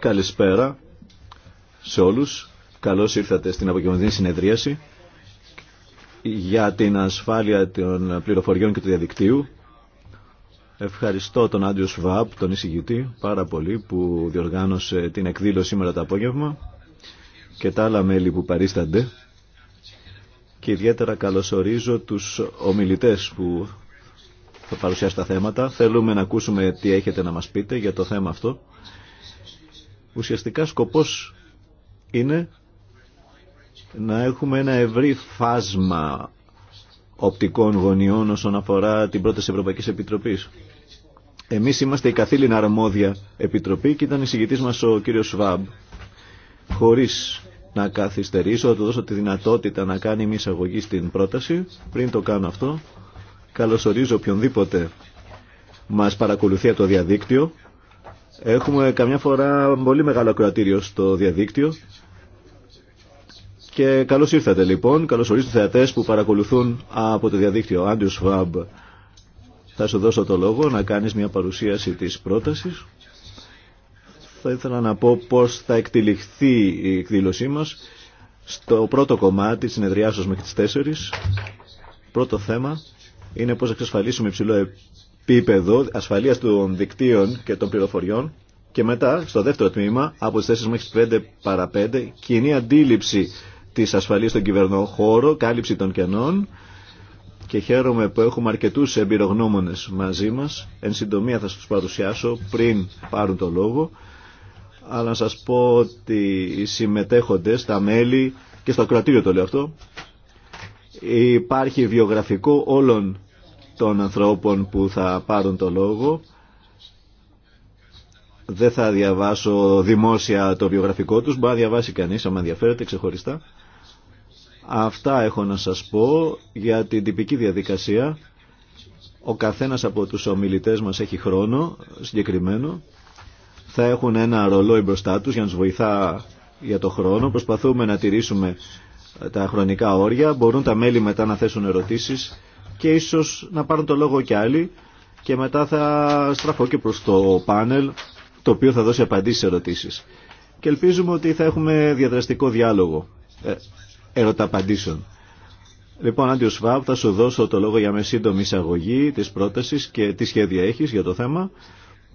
Καλησπέρα σε όλους. Καλώς ήρθατε στην απογευματινή συνεδρίαση για την ασφάλεια των πληροφοριών και του διαδικτύου. Ευχαριστώ τον Άντριο Σβάπ, τον εισηγητή, πάρα πολύ που διοργάνωσε την εκδήλωση σήμερα το απόγευμα και τα άλλα μέλη που παρίστανται και ιδιαίτερα καλωσορίζω τους ομιλητές που θα παρουσιάσει τα θέματα. Θέλουμε να ακούσουμε τι έχετε να μας πείτε για το θέμα αυτό. Ουσιαστικά σκοπός είναι να έχουμε ένα ευρύ φάσμα οπτικών γωνιών όσον αφορά την πρόταση Ευρωπαϊκής Επιτροπής. Εμείς είμαστε η καθήλυνα αρμόδια επιτροπή και ήταν εισηγητής μας ο κύριος Σβάμπ. Χωρίς να καθυστερήσω, θα του δώσω τη δυνατότητα να κάνει μια εισαγωγή στην πρόταση. Πριν το κάνω αυτό, Καλωσορίζω οποιονδήποτε μας παρακολουθεί το διαδίκτυο. Έχουμε καμιά φορά πολύ μεγάλο ακροατήριο στο διαδίκτυο. Και καλώς ήρθατε λοιπόν, Καλωσορίζω ορίστε θεατές που παρακολουθούν από το διαδίκτυο. Άντιους Σφαμπ, θα σου δώσω το λόγο να κάνεις μια παρουσίαση της πρότασης. Θα ήθελα να πω πώς θα εκτυλιχθεί η εκδήλωσή μας στο πρώτο κομμάτι της συνεδριάσεως μέχρι τις 4. Πρώτο θέμα, είναι πώς εξασφαλίσουμε υψηλό επίπεδο ασφαλείας των δικτύων και των πληροφοριών και μετά, στο δεύτερο τμήμα, από τις 4 μέχρι 5 παρα 5, κοινή αντίληψη της ασφαλείας στον κυβερνό χώρο, κάλυψη των κενών και χαίρομαι που έχουμε αρκετούς εμπειρογνώμονες μαζί μας. Εν συντομία θα σας παρουσιάσω πριν πάρουν το λόγο, αλλά να σας πω ότι οι συμμετέχοντες, τα μέλη και στο κρατήριο το λέω αυτό, Υπάρχει βιογραφικό όλων των ανθρώπων που θα πάρουν το λόγο. Δεν θα διαβάσω δημόσια το βιογραφικό τους, μπορεί να διαβάσει κανείς, άμα ενδιαφέρεται, ξεχωριστά. Αυτά έχω να σας πω για την τυπική διαδικασία. Ο καθένας από τους ομιλητές μας έχει χρόνο συγκεκριμένο. Θα έχουν ένα ρολόι μπροστά τους για να τους βοηθά για το χρόνο. Προσπαθούμε να τηρήσουμε τα χρονικά όρια, μπορούν τα μέλη μετά να θέσουν ερωτήσεις και ίσως να πάρουν το λόγο κι άλλοι και μετά θα στραφώ και προς το πάνελ το οποίο θα δώσει απαντήσεις σε ερωτήσεις. Και ελπίζουμε ότι θα έχουμε διαδραστικό διάλογο ε, ερωταπαντήσεων. Λοιπόν, Άντιο Σβάμπ, θα σου δώσω το λόγο για μια σύντομη εισαγωγή της πρότασης και τι σχέδια έχεις για το θέμα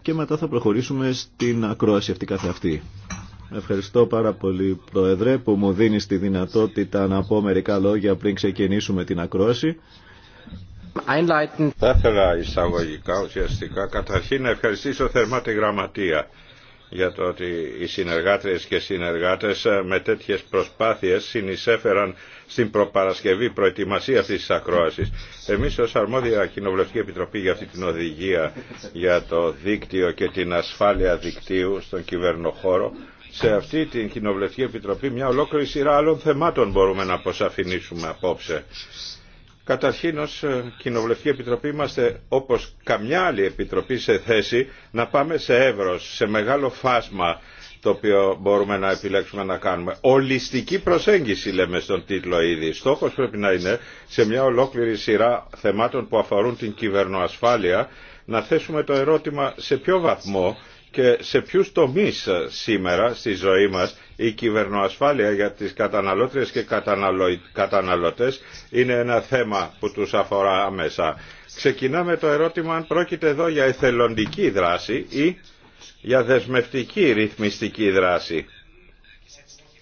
και μετά θα προχωρήσουμε στην ακρόαση αυτή καθεαυτή. αυτή. Ευχαριστώ πάρα πολύ, Πρόεδρε, που μου δίνει τη δυνατότητα να πω μερικά λόγια πριν ξεκινήσουμε την ακρόαση. Θα ήθελα εισαγωγικά, ουσιαστικά, καταρχήν να ευχαριστήσω θερμά τη Γραμματεία για το ότι οι συνεργάτες και συνεργάτες ε, με τέτοιες προσπάθειες συνεισέφεραν στην προπαρασκευή προετοιμασία αυτής της ακρόασης. Εμείς ως αρμόδια Κοινοβουλευτική Επιτροπή για αυτή την οδηγία για το δίκτυο και την ασφάλεια δικτύου στον κυβερνοχώρο σε αυτή την Κοινοβουλευτική Επιτροπή μια ολόκληρη σειρά άλλων θεμάτων μπορούμε να αποσαφηνίσουμε απόψε. Καταρχήν ως ε, Κοινοβουλευτική Επιτροπή είμαστε όπως καμιά άλλη επιτροπή σε θέση να πάμε σε εύρος, σε μεγάλο φάσμα το οποίο μπορούμε να επιλέξουμε να κάνουμε. Ολιστική προσέγγιση λέμε στον τίτλο ήδη. Στόχος πρέπει να είναι σε μια ολόκληρη σειρά θεμάτων που αφορούν την κυβερνοασφάλεια να θέσουμε το ερώτημα σε ποιο βαθμό και σε ποιους τομείς ε, σήμερα στη ζωή μας η κυβερνοασφάλεια για τις καταναλώτριες και καταναλωτές είναι ένα θέμα που τους αφορά άμεσα. Ξεκινάμε το ερώτημα αν πρόκειται εδώ για εθελοντική δράση ή για δεσμευτική ρυθμιστική δράση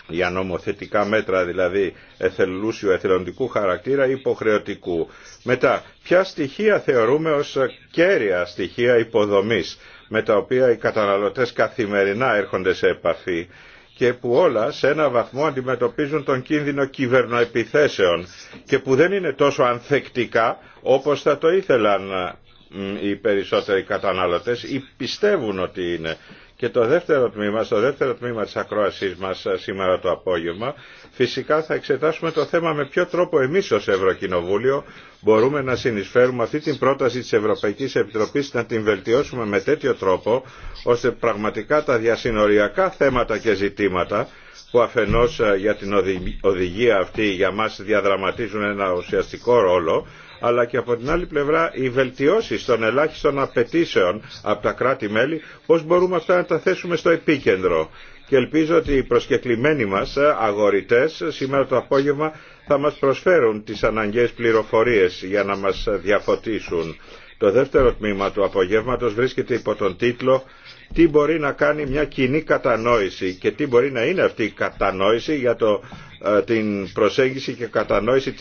για νομοθετικά μέτρα δηλαδή εθελούσιου εθελοντικού χαρακτήρα υποχρεωτικού. Μετά, ποια στοιχεία θεωρούμε ως κέρια στοιχεία υποδομής με τα οποία οι καταναλωτές καθημερινά έρχονται σε επαφή και που όλα σε ένα βαθμό αντιμετωπίζουν τον κίνδυνο κυβερνοεπιθέσεων και που δεν είναι τόσο ανθεκτικά όπως θα το ήθελαν οι περισσότεροι καταναλωτές ή πιστεύουν ότι είναι. Και το δεύτερο τμήμα, στο δεύτερο τμήμα της ακρόασής μας ε, σήμερα το απόγευμα, φυσικά θα εξετάσουμε το θέμα με ποιο τρόπο εμείς ως Ευρωκοινοβούλιο μπορούμε να συνεισφέρουμε αυτή την πρόταση της Ευρωπαϊκής Επιτροπής να την βελτιώσουμε με τέτοιο τρόπο, ώστε πραγματικά τα διασυνοριακά θέματα και ζητήματα που αφενός ε, για την οδηγία αυτή για μας διαδραματίζουν ένα ουσιαστικό ρόλο, αλλά και από την άλλη πλευρά οι βελτιώσει των ελάχιστων απαιτήσεων από τα κράτη-μέλη, πώ μπορούμε αυτά να τα θέσουμε στο επίκεντρο. Και ελπίζω ότι οι προσκεκλημένοι μας ε, αγορητέ σήμερα το απόγευμα θα μας προσφέρουν τις αναγκαίες πληροφορίες για να μας διαφωτίσουν. Το δεύτερο τμήμα του απογεύματος βρίσκεται υπό τον τίτλο «Τι μπορεί να κάνει μια κοινή κατανόηση» και τι μπορεί να είναι αυτή η κατανόηση για το ε, την προσέγγιση και κατανόηση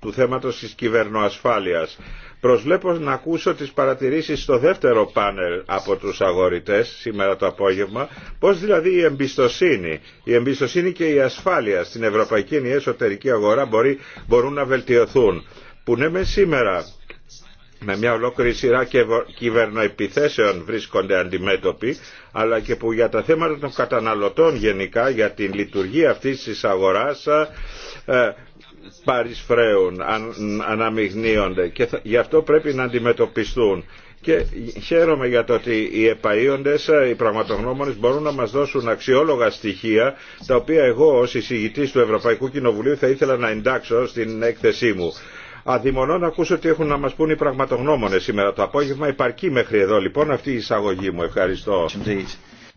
του θέματος της κυβερνοασφάλειας. Προσβλέπω να ακούσω τις παρατηρήσεις στο δεύτερο πάνελ από τους αγορητές σήμερα το απόγευμα, πώς δηλαδή η εμπιστοσύνη, η εμπιστοσύνη και η ασφάλεια στην Ευρωπαϊκή Ενιαία Εσωτερική Αγορά μπορεί, μπορούν να βελτιωθούν. Που ναι με σήμερα με μια ολόκληρη σειρά κυβερνοεπιθέσεων βρίσκονται αντιμέτωποι, αλλά και που για τα θέματα των καταναλωτών γενικά, για την λειτουργία αυτής της αγοράς, ε, παρισφρέουν, αναμειγνύονται και γι' αυτό πρέπει να αντιμετωπιστούν. Και χαίρομαι για το ότι οι επαΐοντες, ε, οι πραγματογνώμονες μπορούν να μας δώσουν αξιόλογα στοιχεία τα οποία εγώ ως εισηγητής του Ευρωπαϊκού Κοινοβουλίου θα ήθελα να εντάξω στην έκθεσή μου. Αδειμονώ να ακούσω τι έχουν να μα πούν οι πραγματογνώμονε σήμερα το απόγευμα. Υπαρκεί μέχρι εδώ λοιπόν αυτή η εισαγωγή μου. Ευχαριστώ.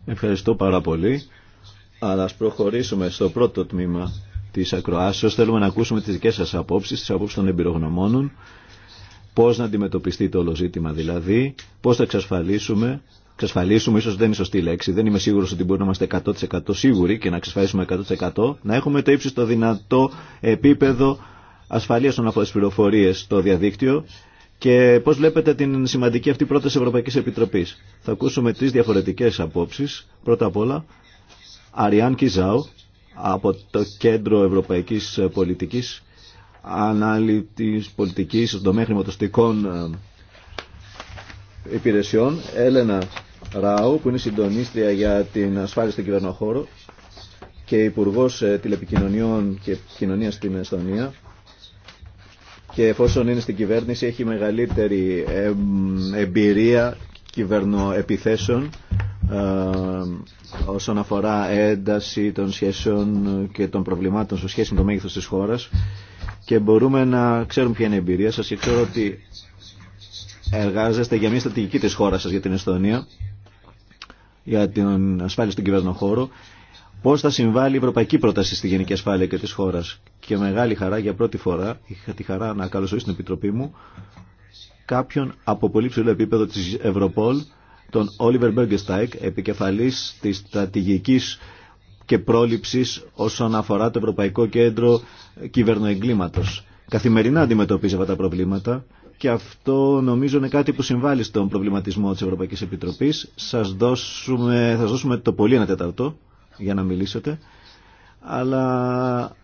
Ευχαριστώ πάρα πολύ. Αλλά α προχωρήσουμε στο πρώτο τμήμα τη ακροάσεω. Θέλουμε να ακούσουμε τι δικέ σα απόψει τι απόψει των εμπειρογνωμόνων. Πώ να αντιμετωπιστεί το όλο ζήτημα δηλαδή, πώ θα εξασφαλίσουμε εξασφαλίσουμε, ίσω δεν είναι σωστή λέξη, δεν είμαι σίγουρο ότι μπορούμε να είμαστε 100% σίγουροι και να εξασφαλίσουμε 100%, να έχουμε το ύψιστο δυνατό επίπεδο ασφαλεία όσον αφορά πληροφορίε στο διαδίκτυο και πώ βλέπετε την σημαντική αυτή πρόταση Ευρωπαϊκή Επιτροπή. Θα ακούσουμε τρει διαφορετικέ απόψει. Πρώτα απ' όλα, Αριάν Κιζάου από το Κέντρο Ευρωπαϊκή Πολιτική, ανάλυτη πολιτική στον τομέα χρηματοστικών ε, υπηρεσιών, Έλενα Ράου, που είναι συντονίστρια για την ασφάλεια στον κυβερνοχώρο και Υπουργό ε, Τηλεπικοινωνιών και Κοινωνία στην Εστονία, και εφόσον είναι στην κυβέρνηση έχει μεγαλύτερη εμπειρία κυβερνοεπιθέσεων ε, όσον αφορά ένταση των σχέσεων και των προβλημάτων σε σχέση με το μέγεθος της χώρας και μπορούμε να ξέρουμε ποια είναι η εμπειρία σας και ξέρω ότι εργάζεστε για μια στρατηγική της χώρας σας για την Εστονία για την ασφάλεια στον κυβερνοχώρο πώς θα συμβάλλει η ευρωπαϊκή πρόταση στη γενική ασφάλεια και της χώρας. Και μεγάλη χαρά για πρώτη φορά, είχα τη χαρά να καλωσορίσω στην Επιτροπή μου κάποιον από πολύ ψηλό επίπεδο της Ευρωπόλ, τον Όλιβερ Μπέργκεστάικ, επικεφαλής της στρατηγικής και πρόληψης όσον αφορά το Ευρωπαϊκό Κέντρο Κυβερνοεγκλήματος. Καθημερινά αντιμετωπίζει αυτά τα προβλήματα και αυτό νομίζω είναι κάτι που συμβάλλει στον προβληματισμό της Ευρωπαϊκής Επιτροπής. Σας δώσουμε, θα σας δώσουμε το πολύ ένα τέταρτο για να μιλήσετε, αλλά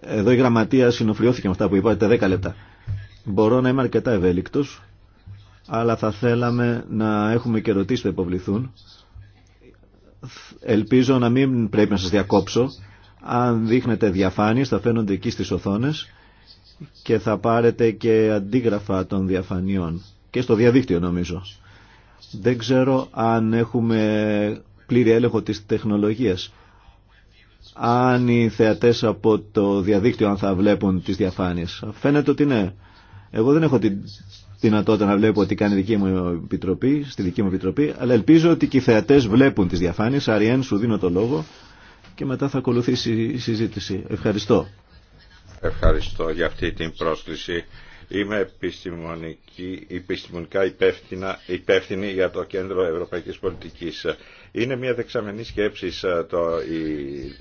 ε, εδώ η γραμματεία συνοφριώθηκε με αυτά που είπατε 10 λεπτά. Μπορώ να είμαι αρκετά ευέλικτο, αλλά θα θέλαμε να έχουμε και ρωτήσει που υποβληθούν. Ελπίζω να μην πρέπει να σας διακόψω. Αν δείχνετε διαφάνειες θα φαίνονται εκεί στις οθόνες και θα πάρετε και αντίγραφα των διαφανειών και στο διαδίκτυο νομίζω. Δεν ξέρω αν έχουμε πλήρη έλεγχο της τεχνολογίας. Αν οι θεατές από το διαδίκτυο αν θα βλέπουν τις διαφάνειες. Φαίνεται ότι ναι. Εγώ δεν έχω την δυνατότητα να βλέπω τι κάνει δική μου επιτροπή, στη δική μου επιτροπή, αλλά ελπίζω ότι και οι θεατές βλέπουν τις διαφάνειες. Αριέν, σου δίνω το λόγο και μετά θα ακολουθήσει η συζήτηση. Ευχαριστώ. Ευχαριστώ για αυτή την πρόσκληση Είμαι επιστημονικά υπεύθυνη για το Κέντρο Ευρωπαϊκής Πολιτικής. Είναι μια δεξαμενή σκέψη ε, το,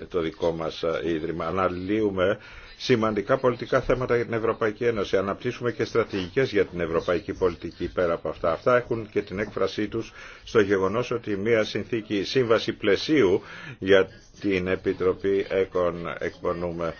το δικό μας ε, Ίδρυμα. Αναλύουμε σημαντικά πολιτικά θέματα για την Ευρωπαϊκή Ένωση. Αναπτύσσουμε και στρατηγικές για την ευρωπαϊκή πολιτική πέρα από αυτά. Αυτά έχουν και την έκφρασή τους στο γεγονός ότι μια συνθήκη σύμβαση πλαισίου για την Επιτροπή ΕΚΟΝ εκπονούμε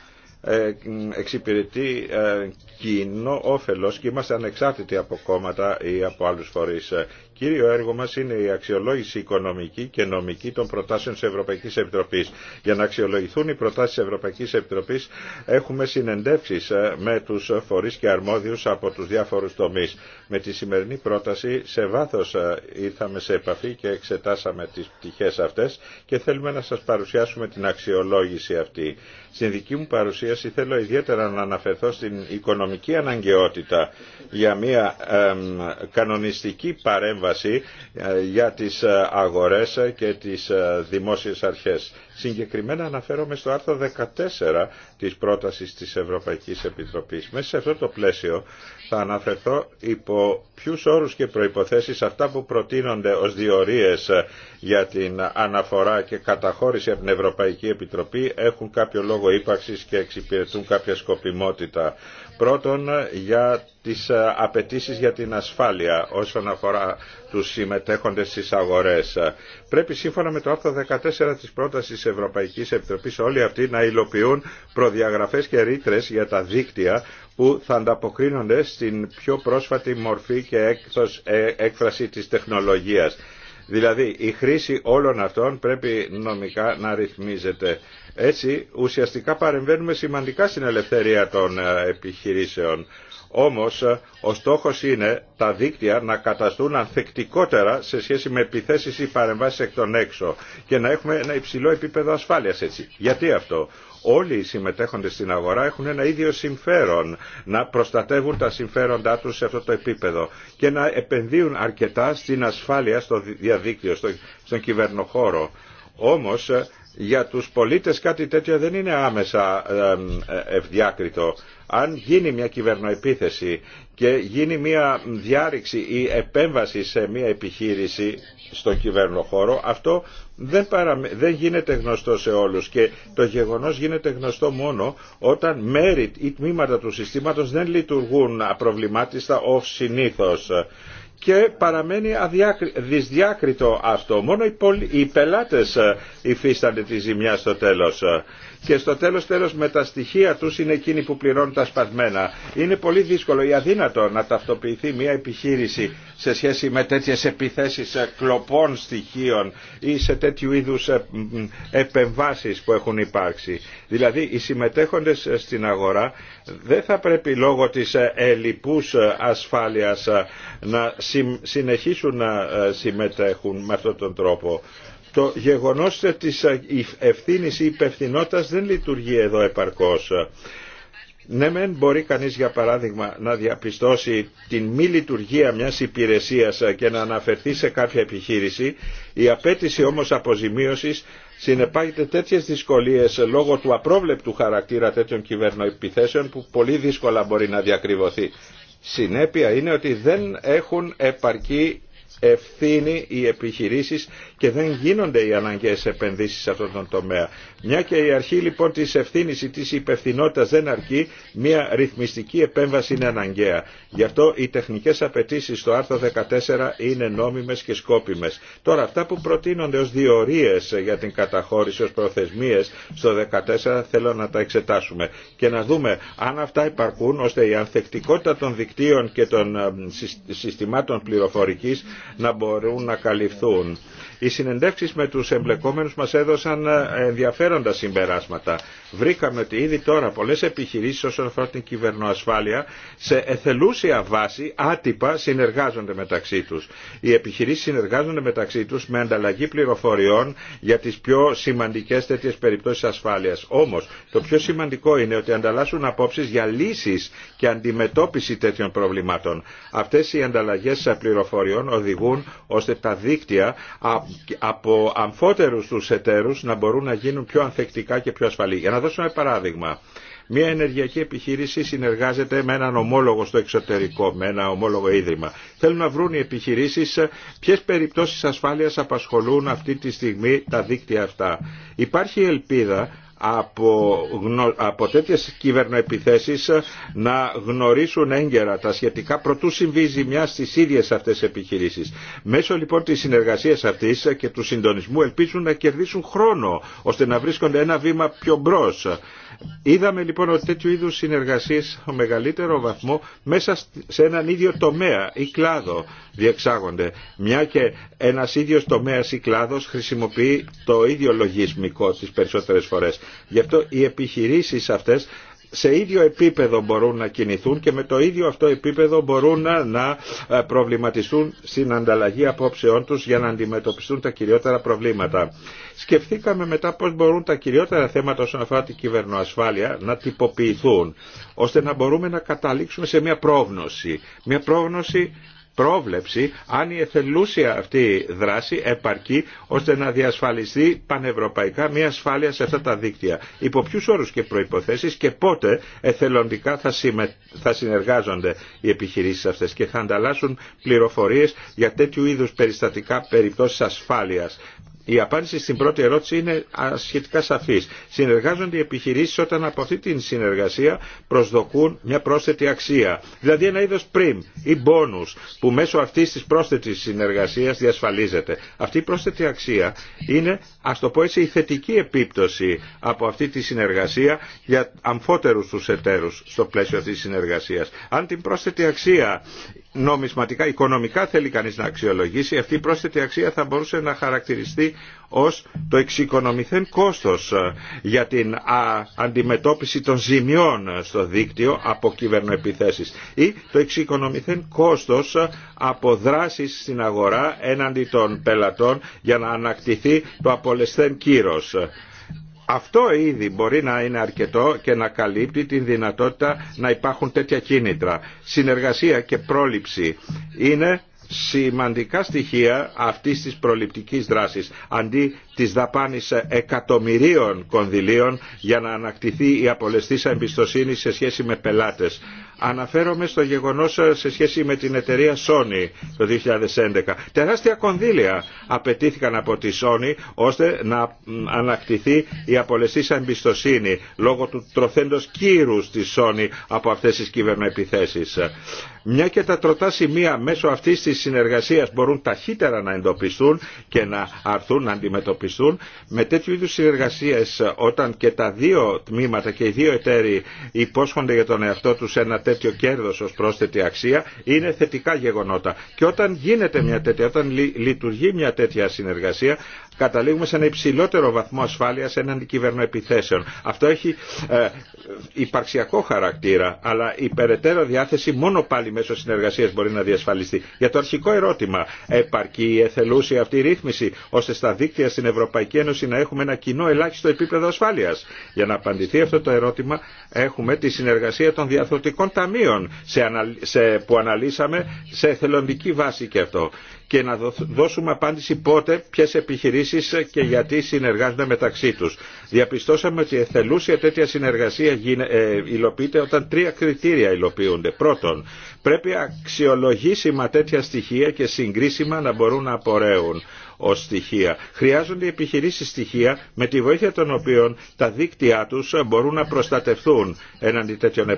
ε, εξυπηρετεί ε, κοινό όφελος και είμαστε ανεξάρτητοι από κόμματα ή από άλλους φορείς κύριο έργο μα είναι η αξιολόγηση οικονομική και νομική των προτάσεων τη Ευρωπαϊκή Επιτροπή. Για να αξιολογηθούν οι προτάσει της Ευρωπαϊκής Επιτροπής έχουμε συνεντεύξεις ε, με του φορεί και αρμόδιου από του διάφορου τομεί. Με τη σημερινή πρόταση σε βάθος ε, ήρθαμε σε επαφή και εξετάσαμε τι πτυχέ αυτέ και θέλουμε να σα παρουσιάσουμε την αξιολόγηση αυτή. Στην δική μου παρουσίαση θέλω ιδιαίτερα να αναφερθώ στην οικονομική αναγκαιότητα για μια κανονιστική παρέμβαση σύμβαση ε, για τις ε, αγορές ε, και τις δημόσιες αρχές. Συγκεκριμένα αναφέρομαι στο άρθρο 14 της πρότασης της Ευρωπαϊκής Επιτροπής. Μέσα σε αυτό το πλαίσιο θα αναφερθώ υπό ποιου όρους και προϋποθέσεις αυτά που προτείνονται ως διορίες για την αναφορά και καταχώρηση από την Ευρωπαϊκή Επιτροπή έχουν κάποιο λόγο ύπαρξης και εξυπηρετούν κάποια σκοπιμότητα. Πρώτον, για τις ε, απαιτήσεις για την ασφάλεια όσον αφορά τους συμμετέχοντες στις αγορές. Πρέπει σύμφωνα με το άρθρο 14 της πρότασης της Ευρωπαϊκής Επιτροπής όλοι αυτοί να υλοποιούν προδιαγραφές και ρήτρε για τα δίκτυα που θα ανταποκρίνονται στην πιο πρόσφατη μορφή και ε, έκφραση της τεχνολογίας. Δηλαδή η χρήση όλων αυτών πρέπει νομικά να ρυθμίζεται. Έτσι ουσιαστικά παρεμβαίνουμε σημαντικά στην ελευθερία των ε, επιχειρήσεων. Όμως ε, ο στόχος είναι τα δίκτυα να καταστούν ανθεκτικότερα σε σχέση με επιθέσεις ή παρεμβάσεις εκ των έξω και να έχουμε ένα υψηλό επίπεδο ασφάλειας έτσι. Γιατί αυτό όλοι οι συμμετέχοντες στην αγορά έχουν ένα ίδιο συμφέρον να προστατεύουν τα συμφέροντά τους σε αυτό το επίπεδο και να επενδύουν αρκετά στην ασφάλεια στο διαδίκτυο, στον κυβερνοχώρο. Όμως ε, για τους πολίτες κάτι τέτοιο δεν είναι άμεσα ε, ευδιάκριτο. Αν γίνει μια κυβερνοεπίθεση και γίνει μια διάρρηξη ή επέμβαση σε μια επιχείρηση στον κυβερνοχώρο, αυτό δεν, δεν γίνεται γνωστό σε όλους και το γεγονός γίνεται γνωστό μόνο όταν μέρη ή τμήματα του συστήματος δεν λειτουργούν απροβλημάτιστα ω συνήθως και παραμένει αδιάκρι, δυσδιάκριτο αυτό. Μόνο οι, πολ... οι πελάτες ε, υφίστανται τη ζημιά στο τέλος και στο τέλος τέλος με τα στοιχεία τους είναι εκείνοι που πληρώνουν τα σπασμένα. Είναι πολύ δύσκολο ή αδύνατο να ταυτοποιηθεί μια επιχείρηση σε σχέση με τέτοιες επιθέσεις ε, κλοπών στοιχείων ή σε τέτοιου είδους ε, επεμβάσεις που έχουν υπάρξει. Δηλαδή οι συμμετέχοντες ε, στην αγορά δεν θα πρέπει λόγω της ελλειπούς ασφάλειας να συνεχίσουν να συμμετέχουν με αυτόν τον τρόπο το γεγονός της ευθύνης ή υπευθυνότητας δεν λειτουργεί εδώ επαρκώς. Ναι, μεν μπορεί κανείς για παράδειγμα να διαπιστώσει την μη λειτουργία μιας υπηρεσίας και να αναφερθεί σε κάποια επιχείρηση, η απέτηση όμως αποζημίωσης συνεπάγεται τέτοιες δυσκολίες λόγω του απρόβλεπτου χαρακτήρα τέτοιων κυβερνοεπιθέσεων που πολύ δύσκολα μπορεί να διακριβωθεί. Συνέπεια είναι ότι δεν έχουν επαρκή ευθύνη οι επιχειρήσεις και δεν γίνονται οι αναγκαίες επενδύσεις σε αυτόν τον τομέα. Μια και η αρχή λοιπόν της ευθύνης ή της υπευθυνότητας δεν αρκεί, μια ρυθμιστική επέμβαση είναι αναγκαία. Γι' αυτό οι τεχνικές απαιτήσεις στο άρθρο 14 είναι νόμιμες και σκόπιμες. Τώρα αυτά που προτείνονται ως διορίες για την καταχώρηση ως προθεσμίες στο 14 θέλω να τα εξετάσουμε και να δούμε αν αυτά υπαρκούν ώστε η ανθεκτικότητα των δικτύων και των ε, συστημάτων πληροφορικής να μπορούν να καλυφθούν. Οι συνεντεύξει με του εμπλεκόμενου μα έδωσαν ε, ενδιαφέροντα συμπεράσματα. Βρήκαμε ότι ήδη τώρα πολλέ επιχειρήσει, όσον αφορά την κυβερνοασφάλεια σε εθελούσια βάση άτυπα συνεργάζονται μεταξύ του. Οι επιχειρήσει συνεργάζονται μεταξύ του με ανταλλαγή πληροφοριών για τι πιο σημαντικέ τέτοιε περιπτώσει ασφάλεια. Όμω, το πιο σημαντικό είναι ότι ανταλλάσσουν απόψει για λύσει και αντιμετώπιση τέτοιων προβλημάτων. Αυτέ οι ανταλλαγέ πληροφοριών οδηγούν ώστε τα δίκτυα από αμφότερους τους εταίρους να μπορούν να γίνουν πιο ανθεκτικά και πιο ασφαλή. Για να δώσουμε ένα παράδειγμα. Μια ενεργειακή επιχείρηση συνεργάζεται με έναν ομόλογο στο εξωτερικό, με ένα ομόλογο ίδρυμα. Θέλουν να βρουν οι επιχειρήσει ποιε περιπτώσει ασφάλεια απασχολούν αυτή τη στιγμή τα δίκτυα αυτά. Υπάρχει ελπίδα από, από τέτοιες κυβερνοεπιθέσεις να γνωρίσουν έγκαιρα τα σχετικά προτού συμβεί ζημιά στις ίδιες αυτές επιχειρήσεις. Μέσω λοιπόν της συνεργασίας αυτής και του συντονισμού ελπίζουν να κερδίσουν χρόνο ώστε να βρίσκονται ένα βήμα πιο μπρος Είδαμε λοιπόν ότι τέτοιου είδου συνεργασίες στο μεγαλύτερο βαθμό μέσα σε έναν ίδιο τομέα ή κλάδο διεξάγονται. Μια και ένας ίδιος τομέας ή κλάδο χρησιμοποιεί το ίδιο λογισμικό τις περισσότερες φορές. Γι' αυτό οι επιχειρήσει αυτές σε ίδιο επίπεδο μπορούν να κινηθούν και με το ίδιο αυτό επίπεδο μπορούν να ε, προβληματιστούν στην ανταλλαγή απόψεών τους για να αντιμετωπιστούν τα κυριότερα προβλήματα. Σκεφτήκαμε μετά πώς μπορούν τα κυριότερα θέματα όσον αφορά την κυβερνοασφάλεια να τυποποιηθούν ώστε να μπορούμε να καταλήξουμε σε μια πρόγνωση. Μια πρόγνωση πρόβλεψη αν η εθελούσια αυτή δράση επαρκεί ώστε να διασφαλιστεί πανευρωπαϊκά μια ασφάλεια σε αυτά τα δίκτυα. Υπό ποιου όρου και προποθέσει και πότε εθελοντικά θα, συνεργάζονται οι επιχειρήσει αυτέ και θα ανταλλάσσουν πληροφορίε για τέτοιου είδου περιστατικά περιπτώσει ασφάλεια η απάντηση στην πρώτη ερώτηση είναι σχετικά σαφή. Συνεργάζονται οι επιχειρήσει όταν από αυτή την συνεργασία προσδοκούν μια πρόσθετη αξία. Δηλαδή ένα είδο πριμ ή μπόνους που μέσω αυτής της πρόσθετης συνεργασίας διασφαλίζεται. Αυτή η πρόσθετη αξία είναι, α το πω έτσι, η θετική επίπτωση από αυτή τη συνεργασία για αμφότερους του εταίρους στο πλαίσιο αυτή τη συνεργασία. Αν την πρόσθετη αξία νομισματικά, οικονομικά θέλει κανείς να αξιολογήσει, αυτή η πρόσθετη αξία θα μπορούσε να χαρακτηριστεί ως το εξοικονομηθέν κόστος ε, για την αντιμετώπιση των ζημιών ε, στο δίκτυο από κυβερνοεπιθέσεις ή το εξοικονομηθέν κόστος ε, από δράσεις στην αγορά έναντι των πελατών για να ανακτηθεί το απολεσθέν κύρος. Αυτό ήδη μπορεί να είναι αρκετό και να καλύπτει την δυνατότητα να υπάρχουν τέτοια κίνητρα. Συνεργασία και πρόληψη είναι σημαντικά στοιχεία αυτής της προληπτικής δράσης της δαπάνης εκατομμυρίων κονδυλίων για να ανακτηθεί η απολεστήσα εμπιστοσύνη σε σχέση με πελάτες. Αναφέρομαι στο γεγονός σε σχέση με την εταιρεία Sony το 2011. Τεράστια κονδύλια απαιτήθηκαν από τη Sony ώστε να ανακτηθεί η απολεστήσα εμπιστοσύνη λόγω του τροθέντος κύρους της Sony από αυτές τις κυβερνοεπιθέσεις. Μια και τα τροτά σημεία μέσω αυτής της συνεργασίας μπορούν ταχύτερα να εντοπιστούν και να αρθούν να αντιμετωπιστούν με τέτοιου είδου συνεργασίες όταν και τα δύο τμήματα και οι δύο εταίροι υπόσχονται για τον εαυτό τους ένα τέτοιο κέρδος ως πρόσθετη αξία είναι θετικά γεγονότα. Και όταν γίνεται μια τέτοια, όταν λειτουργεί μια τέτοια συνεργασία καταλήγουμε σε ένα υψηλότερο βαθμό ασφάλεια έναντι κυβερνοεπιθέσεων. Αυτό έχει ε, υπαρξιακό χαρακτήρα, αλλά η περαιτέρω διάθεση μόνο πάλι μέσω συνεργασία μπορεί να διασφαλιστεί. Για το αρχικό ερώτημα, επαρκεί η εθελούσια αυτή η ρύθμιση, ώστε στα δίκτυα στην Ευρωπαϊκή Ένωση να έχουμε ένα κοινό ελάχιστο επίπεδο ασφάλεια. Για να απαντηθεί αυτό το ερώτημα, έχουμε τη συνεργασία των διαθροτικών ταμείων σε, που αναλύσαμε σε εθελοντική βάση και αυτό και να δώσουμε απάντηση πότε, ποιε επιχειρήσει και γιατί συνεργάζονται μεταξύ του. Διαπιστώσαμε ότι η εθελούσια τέτοια συνεργασία ε, υλοποιείται όταν τρία κριτήρια υλοποιούνται. Πρώτον, πρέπει αξιολογήσιμα τέτοια στοιχεία και συγκρίσιμα να μπορούν να απορρέουν ως στοιχεία. Χρειάζονται επιχειρήσεις στοιχεία με τη βοήθεια των οποίων τα δίκτυά τους μπορούν να προστατευτούν εναντί τέτοιων ε,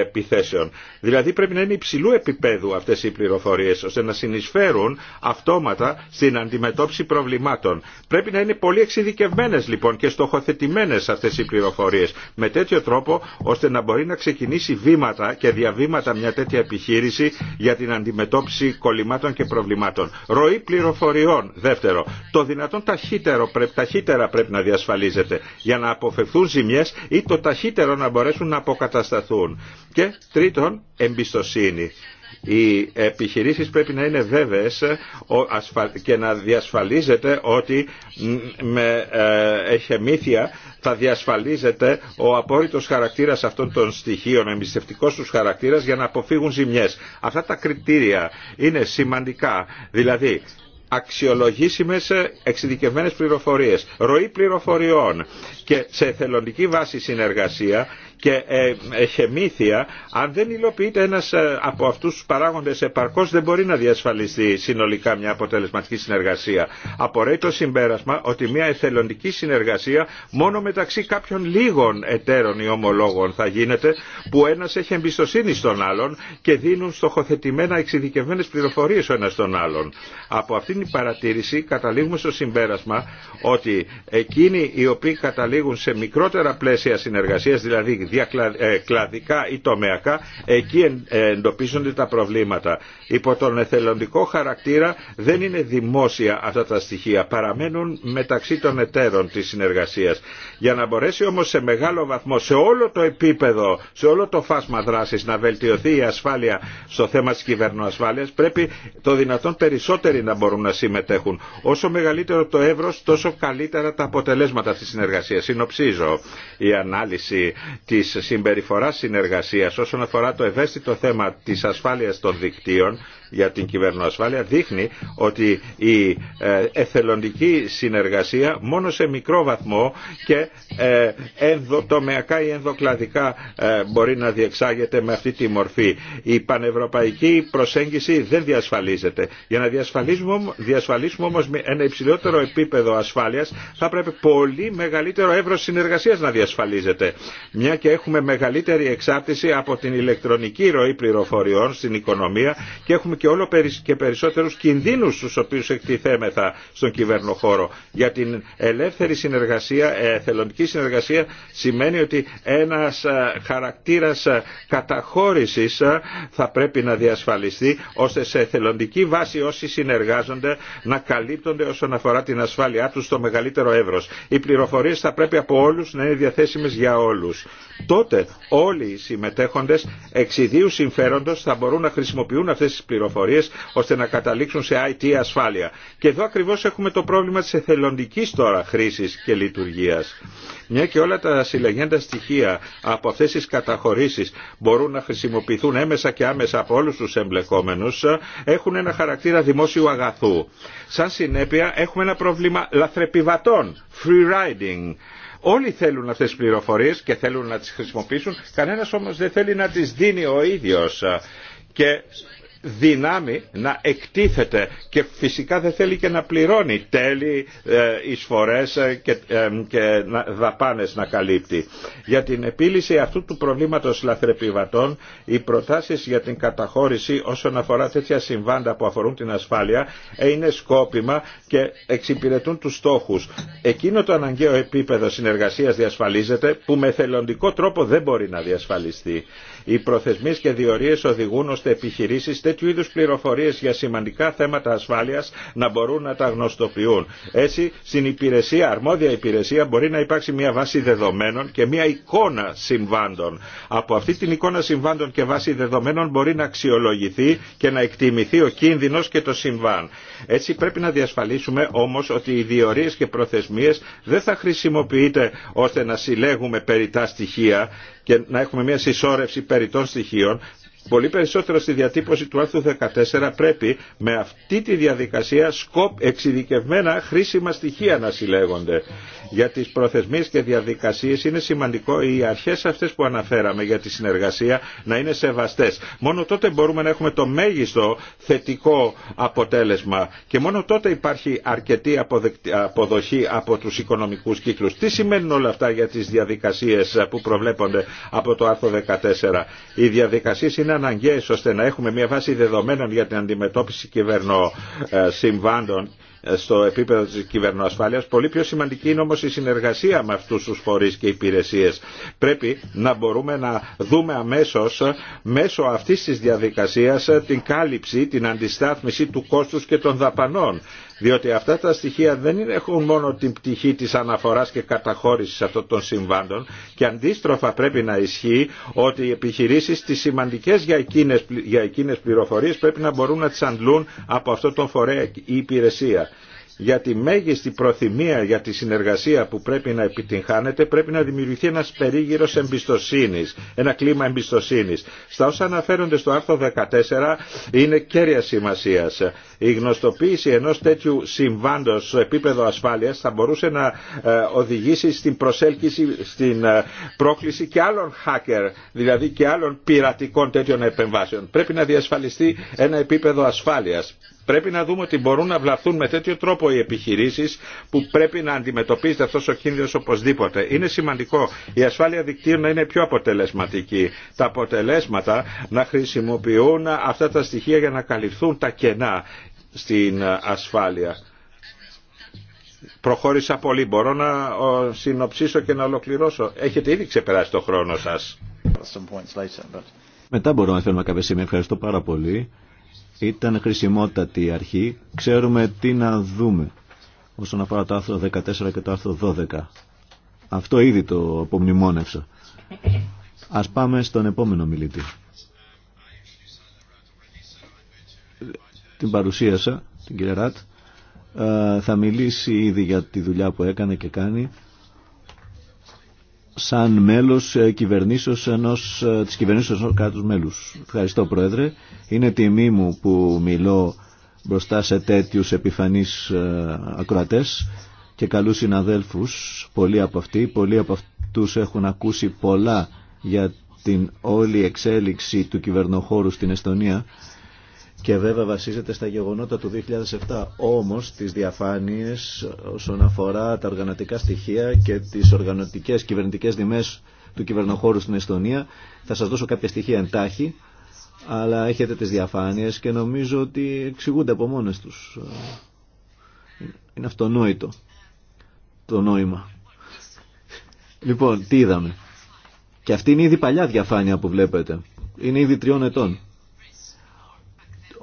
επιθέσεων. Δηλαδή πρέπει να είναι υψηλού επίπεδου αυτές οι πληροφορίες ώστε να συνεισφέρουν αυτόματα στην αντιμετώπιση προβλημάτων. Πρέπει να είναι πολύ εξειδικευμένες λοιπόν και στοχοθετημένες αυτές οι πληροφορίες με τέτοιο τρόπο ώστε να μπορεί να ξεκινήσει βήματα και διαβήματα μια τέτοια επιχείρηση για την αντιμετώπιση κολλημάτων και προβλημάτων. Ροή πληροφοριών το δυνατόν ταχύτερο, ταχύτερα πρέπει να διασφαλίζεται για να αποφευθούν ζημιές ή το ταχύτερο να μπορέσουν να αποκατασταθούν. Και τρίτον, εμπιστοσύνη. Οι επιχειρήσεις πρέπει να είναι βέβαιες και να διασφαλίζεται ότι με ε, εχεμήθεια θα διασφαλίζεται ο απόρριτος χαρακτήρας αυτών των στοιχείων, ο εμπιστευτικός τους χαρακτήρας για να αποφύγουν ζημιές. Αυτά τα κριτήρια είναι σημαντικά. Δηλαδή αξιολογήσιμες ε, εξειδικευμένες πληροφορίες, ροή πληροφοριών και σε εθελοντική βάση συνεργασία και εχεμήθεια, ε, αν δεν υλοποιείται ένας ε, από αυτούς τους παράγοντες επαρκώς δεν μπορεί να διασφαλιστεί συνολικά μια αποτελεσματική συνεργασία. Απορρέει το συμπέρασμα ότι μια εθελοντική συνεργασία μόνο μεταξύ κάποιων λίγων εταίρων ή ομολόγων θα γίνεται που ένας έχει εμπιστοσύνη στον άλλον και δίνουν στοχοθετημένα εξειδικευμένες πληροφορίες ο ένας τον άλλον. Από αυτήν την παρατήρηση καταλήγουμε στο συμπέρασμα ότι εκείνοι οι οποίοι καταλήγουν σε μικρότερα πλαίσια συνεργασίας, δηλαδή διακλαδικά ε, ή τομεακά, εκεί ε, εντοπίζονται τα προβλήματα. Υπό τον εθελοντικό χαρακτήρα δεν είναι δημόσια αυτά τα στοιχεία, παραμένουν μεταξύ των εταίρων της συνεργασίας. Για να μπορέσει όμως σε μεγάλο βαθμό, σε όλο το επίπεδο, σε όλο το φάσμα δράσης να βελτιωθεί η ασφάλεια στο θέμα της κυβερνοασφάλειας, πρέπει το δυνατόν περισσότεροι να μπορούν να συμμετέχουν. Όσο μεγαλύτερο το εύρος, τόσο καλύτερα τα αποτελέσματα της συνεργασίας. Συνοψίζω η ανάλυση τη της συμπεριφοράς συνεργασίας όσον αφορά το ευαίσθητο θέμα της ασφάλειας των δικτύων για την κυβερνοασφάλεια δείχνει ότι η ε, εθελοντική συνεργασία μόνο σε μικρό βαθμό και ε, ενδοτομεακά ή ενδοκλαδικά ε, μπορεί να διεξάγεται με αυτή τη μορφή. Η πανευρωπαϊκή προσέγγιση δεν διασφαλίζεται. Για να διασφαλίσουμε, διασφαλίσουμε όμως ένα υψηλότερο επίπεδο ασφάλειας θα πρέπει πολύ μεγαλύτερο εύρος συνεργασίας να διασφαλίζεται. Μια και έχουμε μεγαλύτερη εξάρτηση από την ηλεκτρονική ροή πληροφοριών στην οικονομία και έχουμε και όλο και περισσότερους κινδύνους στους οποίους εκτιθέμεθα στον κυβερνοχώρο. Για την ελεύθερη συνεργασία, ε, εθελοντική συνεργασία σημαίνει ότι ένας ε, χαρακτήρας ε, καταχώρησης θα πρέπει να διασφαλιστεί ώστε σε εθελοντική βάση όσοι συνεργάζονται να καλύπτονται όσον αφορά την ασφάλειά τους στο μεγαλύτερο εύρος. Οι πληροφορίες θα πρέπει από όλους να είναι διαθέσιμες για όλους. Τότε όλοι οι συμμετέχοντες εξ ιδίου συμφέροντος θα μπορούν να χρησιμοποιούν αυτές τις πληροφορίε ώστε να καταλήξουν σε IT ασφάλεια. Και εδώ ακριβώς έχουμε το πρόβλημα της εθελοντικής τώρα χρήσης και λειτουργίας. Μια και όλα τα συλλεγέντα στοιχεία από αυτές τις καταχωρήσεις μπορούν να χρησιμοποιηθούν έμεσα και άμεσα από όλους τους εμπλεκόμενους, έχουν ένα χαρακτήρα δημόσιου αγαθού. Σαν συνέπεια έχουμε ένα πρόβλημα λαθρεπιβατών, free riding. Όλοι θέλουν αυτές τις πληροφορίες και θέλουν να τις χρησιμοποιήσουν, κανένας όμως δεν θέλει να τις δίνει ο ίδιος. Και δυνάμει να εκτίθεται και φυσικά δεν θέλει και να πληρώνει τέλη, ε, εισφορές ε, και, ε, και δαπάνες να καλύπτει. Για την επίλυση αυτού του προβλήματος λαθρεπιβατών, οι προτάσεις για την καταχώρηση όσον αφορά τέτοια συμβάντα που αφορούν την ασφάλεια είναι σκόπιμα και εξυπηρετούν τους στόχους. Εκείνο το αναγκαίο επίπεδο συνεργασίας διασφαλίζεται που με θελοντικό τρόπο δεν μπορεί να διασφαλιστεί. Οι προθεσμίες και διορίες οδηγούν ώστε επιχειρήσεις τέτοιου είδους πληροφορίες για σημαντικά θέματα ασφάλειας να μπορούν να τα γνωστοποιούν. Έτσι, στην υπηρεσία, αρμόδια υπηρεσία μπορεί να υπάρξει μια βάση δεδομένων και μια εικόνα συμβάντων. Από αυτή την εικόνα συμβάντων και βάση δεδομένων μπορεί να αξιολογηθεί και να εκτιμηθεί ο κίνδυνος και το συμβάν. Έτσι πρέπει να διασφαλίσουμε όμως ότι οι διορίες και προθεσμίες δεν θα χρησιμοποιείται ώστε να συλλέγουμε περιτά στοιχεία και να έχουμε μια συσσόρευση περιττών στοιχείων πολύ περισσότερο στη διατύπωση του άρθρου 14 πρέπει με αυτή τη διαδικασία σκοπ εξειδικευμένα χρήσιμα στοιχεία να συλλέγονται για τις προθεσμίες και διαδικασίες είναι σημαντικό οι αρχές αυτές που αναφέραμε για τη συνεργασία να είναι σεβαστές. Μόνο τότε μπορούμε να έχουμε το μέγιστο θετικό αποτέλεσμα και μόνο τότε υπάρχει αρκετή αποδοχή από τους οικονομικούς κύκλους. Τι σημαίνουν όλα αυτά για τις διαδικασίες που προβλέπονται από το άρθρο 14. Οι διαδικασίες είναι αναγκαίες ώστε να έχουμε μια βάση δεδομένων για την αντιμετώπιση κυβερνοσυμβάντων ε, στο επίπεδο της κυβερνοασφάλειας. Πολύ πιο σημαντική είναι όμως η συνεργασία με αυτούς τους φορείς και υπηρεσίες. Πρέπει να μπορούμε να δούμε αμέσως μέσω αυτής της διαδικασίας την κάλυψη, την αντιστάθμιση του κόστους και των δαπανών διότι αυτά τα στοιχεία δεν έχουν μόνο την πτυχή της αναφοράς και καταχώρησης αυτών των συμβάντων και αντίστροφα πρέπει να ισχύει ότι οι επιχειρήσεις τις σημαντικές για εκείνες, για πληροφορίες πρέπει να μπορούν να τις αντλούν από αυτό τον φορέα η υπηρεσία για τη μέγιστη προθυμία για τη συνεργασία που πρέπει να επιτυγχάνεται πρέπει να δημιουργηθεί ένας περίγυρος εμπιστοσύνης, ένα κλίμα εμπιστοσύνης. Στα όσα αναφέρονται στο άρθρο 14 είναι κέρια σημασίας. Η γνωστοποίηση ενός τέτοιου συμβάντος στο επίπεδο ασφάλειας θα μπορούσε να ε, οδηγήσει στην προσέλκυση, στην ε, πρόκληση και άλλων hacker, δηλαδή και άλλων πειρατικών τέτοιων επεμβάσεων. Πρέπει να διασφαλιστεί ένα επίπεδο ασφάλειας Πρέπει να δούμε ότι μπορούν να βλαφθούν με τέτοιο τρόπο οι επιχειρήσει που πρέπει να αντιμετωπίζεται αυτό ο κίνδυνο οπωσδήποτε. Είναι σημαντικό η ασφάλεια δικτύων να είναι πιο αποτελεσματική. Τα αποτελέσματα να χρησιμοποιούν αυτά τα στοιχεία για να καλυφθούν τα κενά στην ασφάλεια. Προχώρησα πολύ. Μπορώ να συνοψίσω και να ολοκληρώσω. Έχετε ήδη ξεπεράσει το χρόνο σας. Μετά μπορούμε να φέρουμε κάποια σημεία. Ευχαριστώ πάρα πολύ. Ήταν χρησιμότατη η αρχή. Ξέρουμε τι να δούμε όσον αφορά το άρθρο 14 και το άρθρο 12. Αυτό ήδη το απομνημόνευσα. Ας πάμε στον επόμενο μιλητή. Την παρουσίασα, την κυρία Ράτ. Ε, θα μιλήσει ήδη για τη δουλειά που έκανε και κάνει σαν μέλος ε, κυβερνήσεως ενός, ε, της κυβερνήσεως ενός κράτους μέλους. Ευχαριστώ Πρόεδρε. Είναι τιμή μου που μιλώ μπροστά σε τέτοιους επιφανείς ε, ακροατές και καλούς συναδέλφους. Πολλοί από αυτοί, πολλοί από αυτούς έχουν ακούσει πολλά για την όλη εξέλιξη του κυβερνοχώρου στην Εστονία και βέβαια βασίζεται στα γεγονότα του 2007. Όμως τις διαφάνειες όσον αφορά τα οργανωτικά στοιχεία και τις οργανωτικές κυβερνητικές δημές του κυβερνοχώρου στην Εστονία θα σας δώσω κάποια στοιχεία εντάχει αλλά έχετε τις διαφάνειες και νομίζω ότι εξηγούνται από μόνες τους. Είναι αυτονόητο το νόημα. Λοιπόν, τι είδαμε. Και αυτή είναι ήδη παλιά διαφάνεια που βλέπετε. Είναι ήδη τριών ετών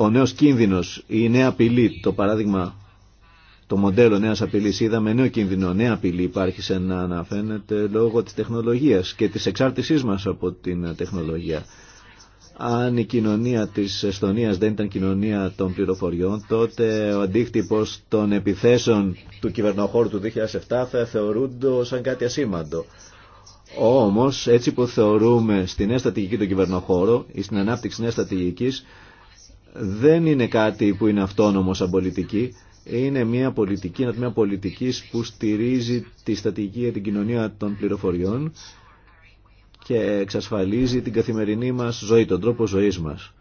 ο νέο κίνδυνος, η νέα απειλή, το παράδειγμα, το μοντέλο νέας απειλής, είδαμε νέο κίνδυνο, νέα απειλή υπάρχει σε να αναφέρεται λόγω της τεχνολογίας και της εξάρτησής μας από την τεχνολογία. Αν η κοινωνία της Εστονίας δεν ήταν κοινωνία των πληροφοριών, τότε ο αντίκτυπος των επιθέσεων του κυβερνοχώρου του 2007 θα θεωρούνται σαν κάτι ασήμαντο. Όμως, έτσι που θεωρούμε στην νέα στρατηγική του κυβερνοχώρο ή στην ανάπτυξη νέα στρατηγικής, δεν είναι κάτι που είναι αυτόνομο σαν πολιτική. Είναι μια πολιτική, ένα τμήμα πολιτικής που στηρίζει τη στατική για την κοινωνία των πληροφοριών και εξασφαλίζει την καθημερινή μας ζωή, τον τρόπο ζωής μας.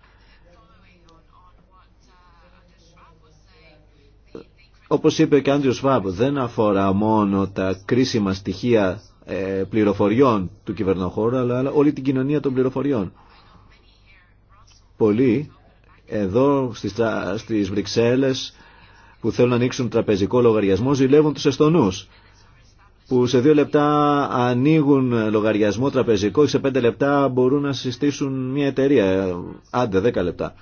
Όπως είπε και Άντριο Σφάμπ, δεν αφορά μόνο τα κρίσιμα στοιχεία ε, πληροφοριών του κυβερνοχώρου, αλλά όλη την κοινωνία των πληροφοριών. Πολλοί εδώ στις, στις Βρυξέλλες που θέλουν να ανοίξουν τραπεζικό λογαριασμό ζηλεύουν τους Εστονούς που σε δύο λεπτά ανοίγουν λογαριασμό τραπεζικό και σε πέντε λεπτά μπορούν να συστήσουν μια εταιρεία, άντε δέκα λεπτά.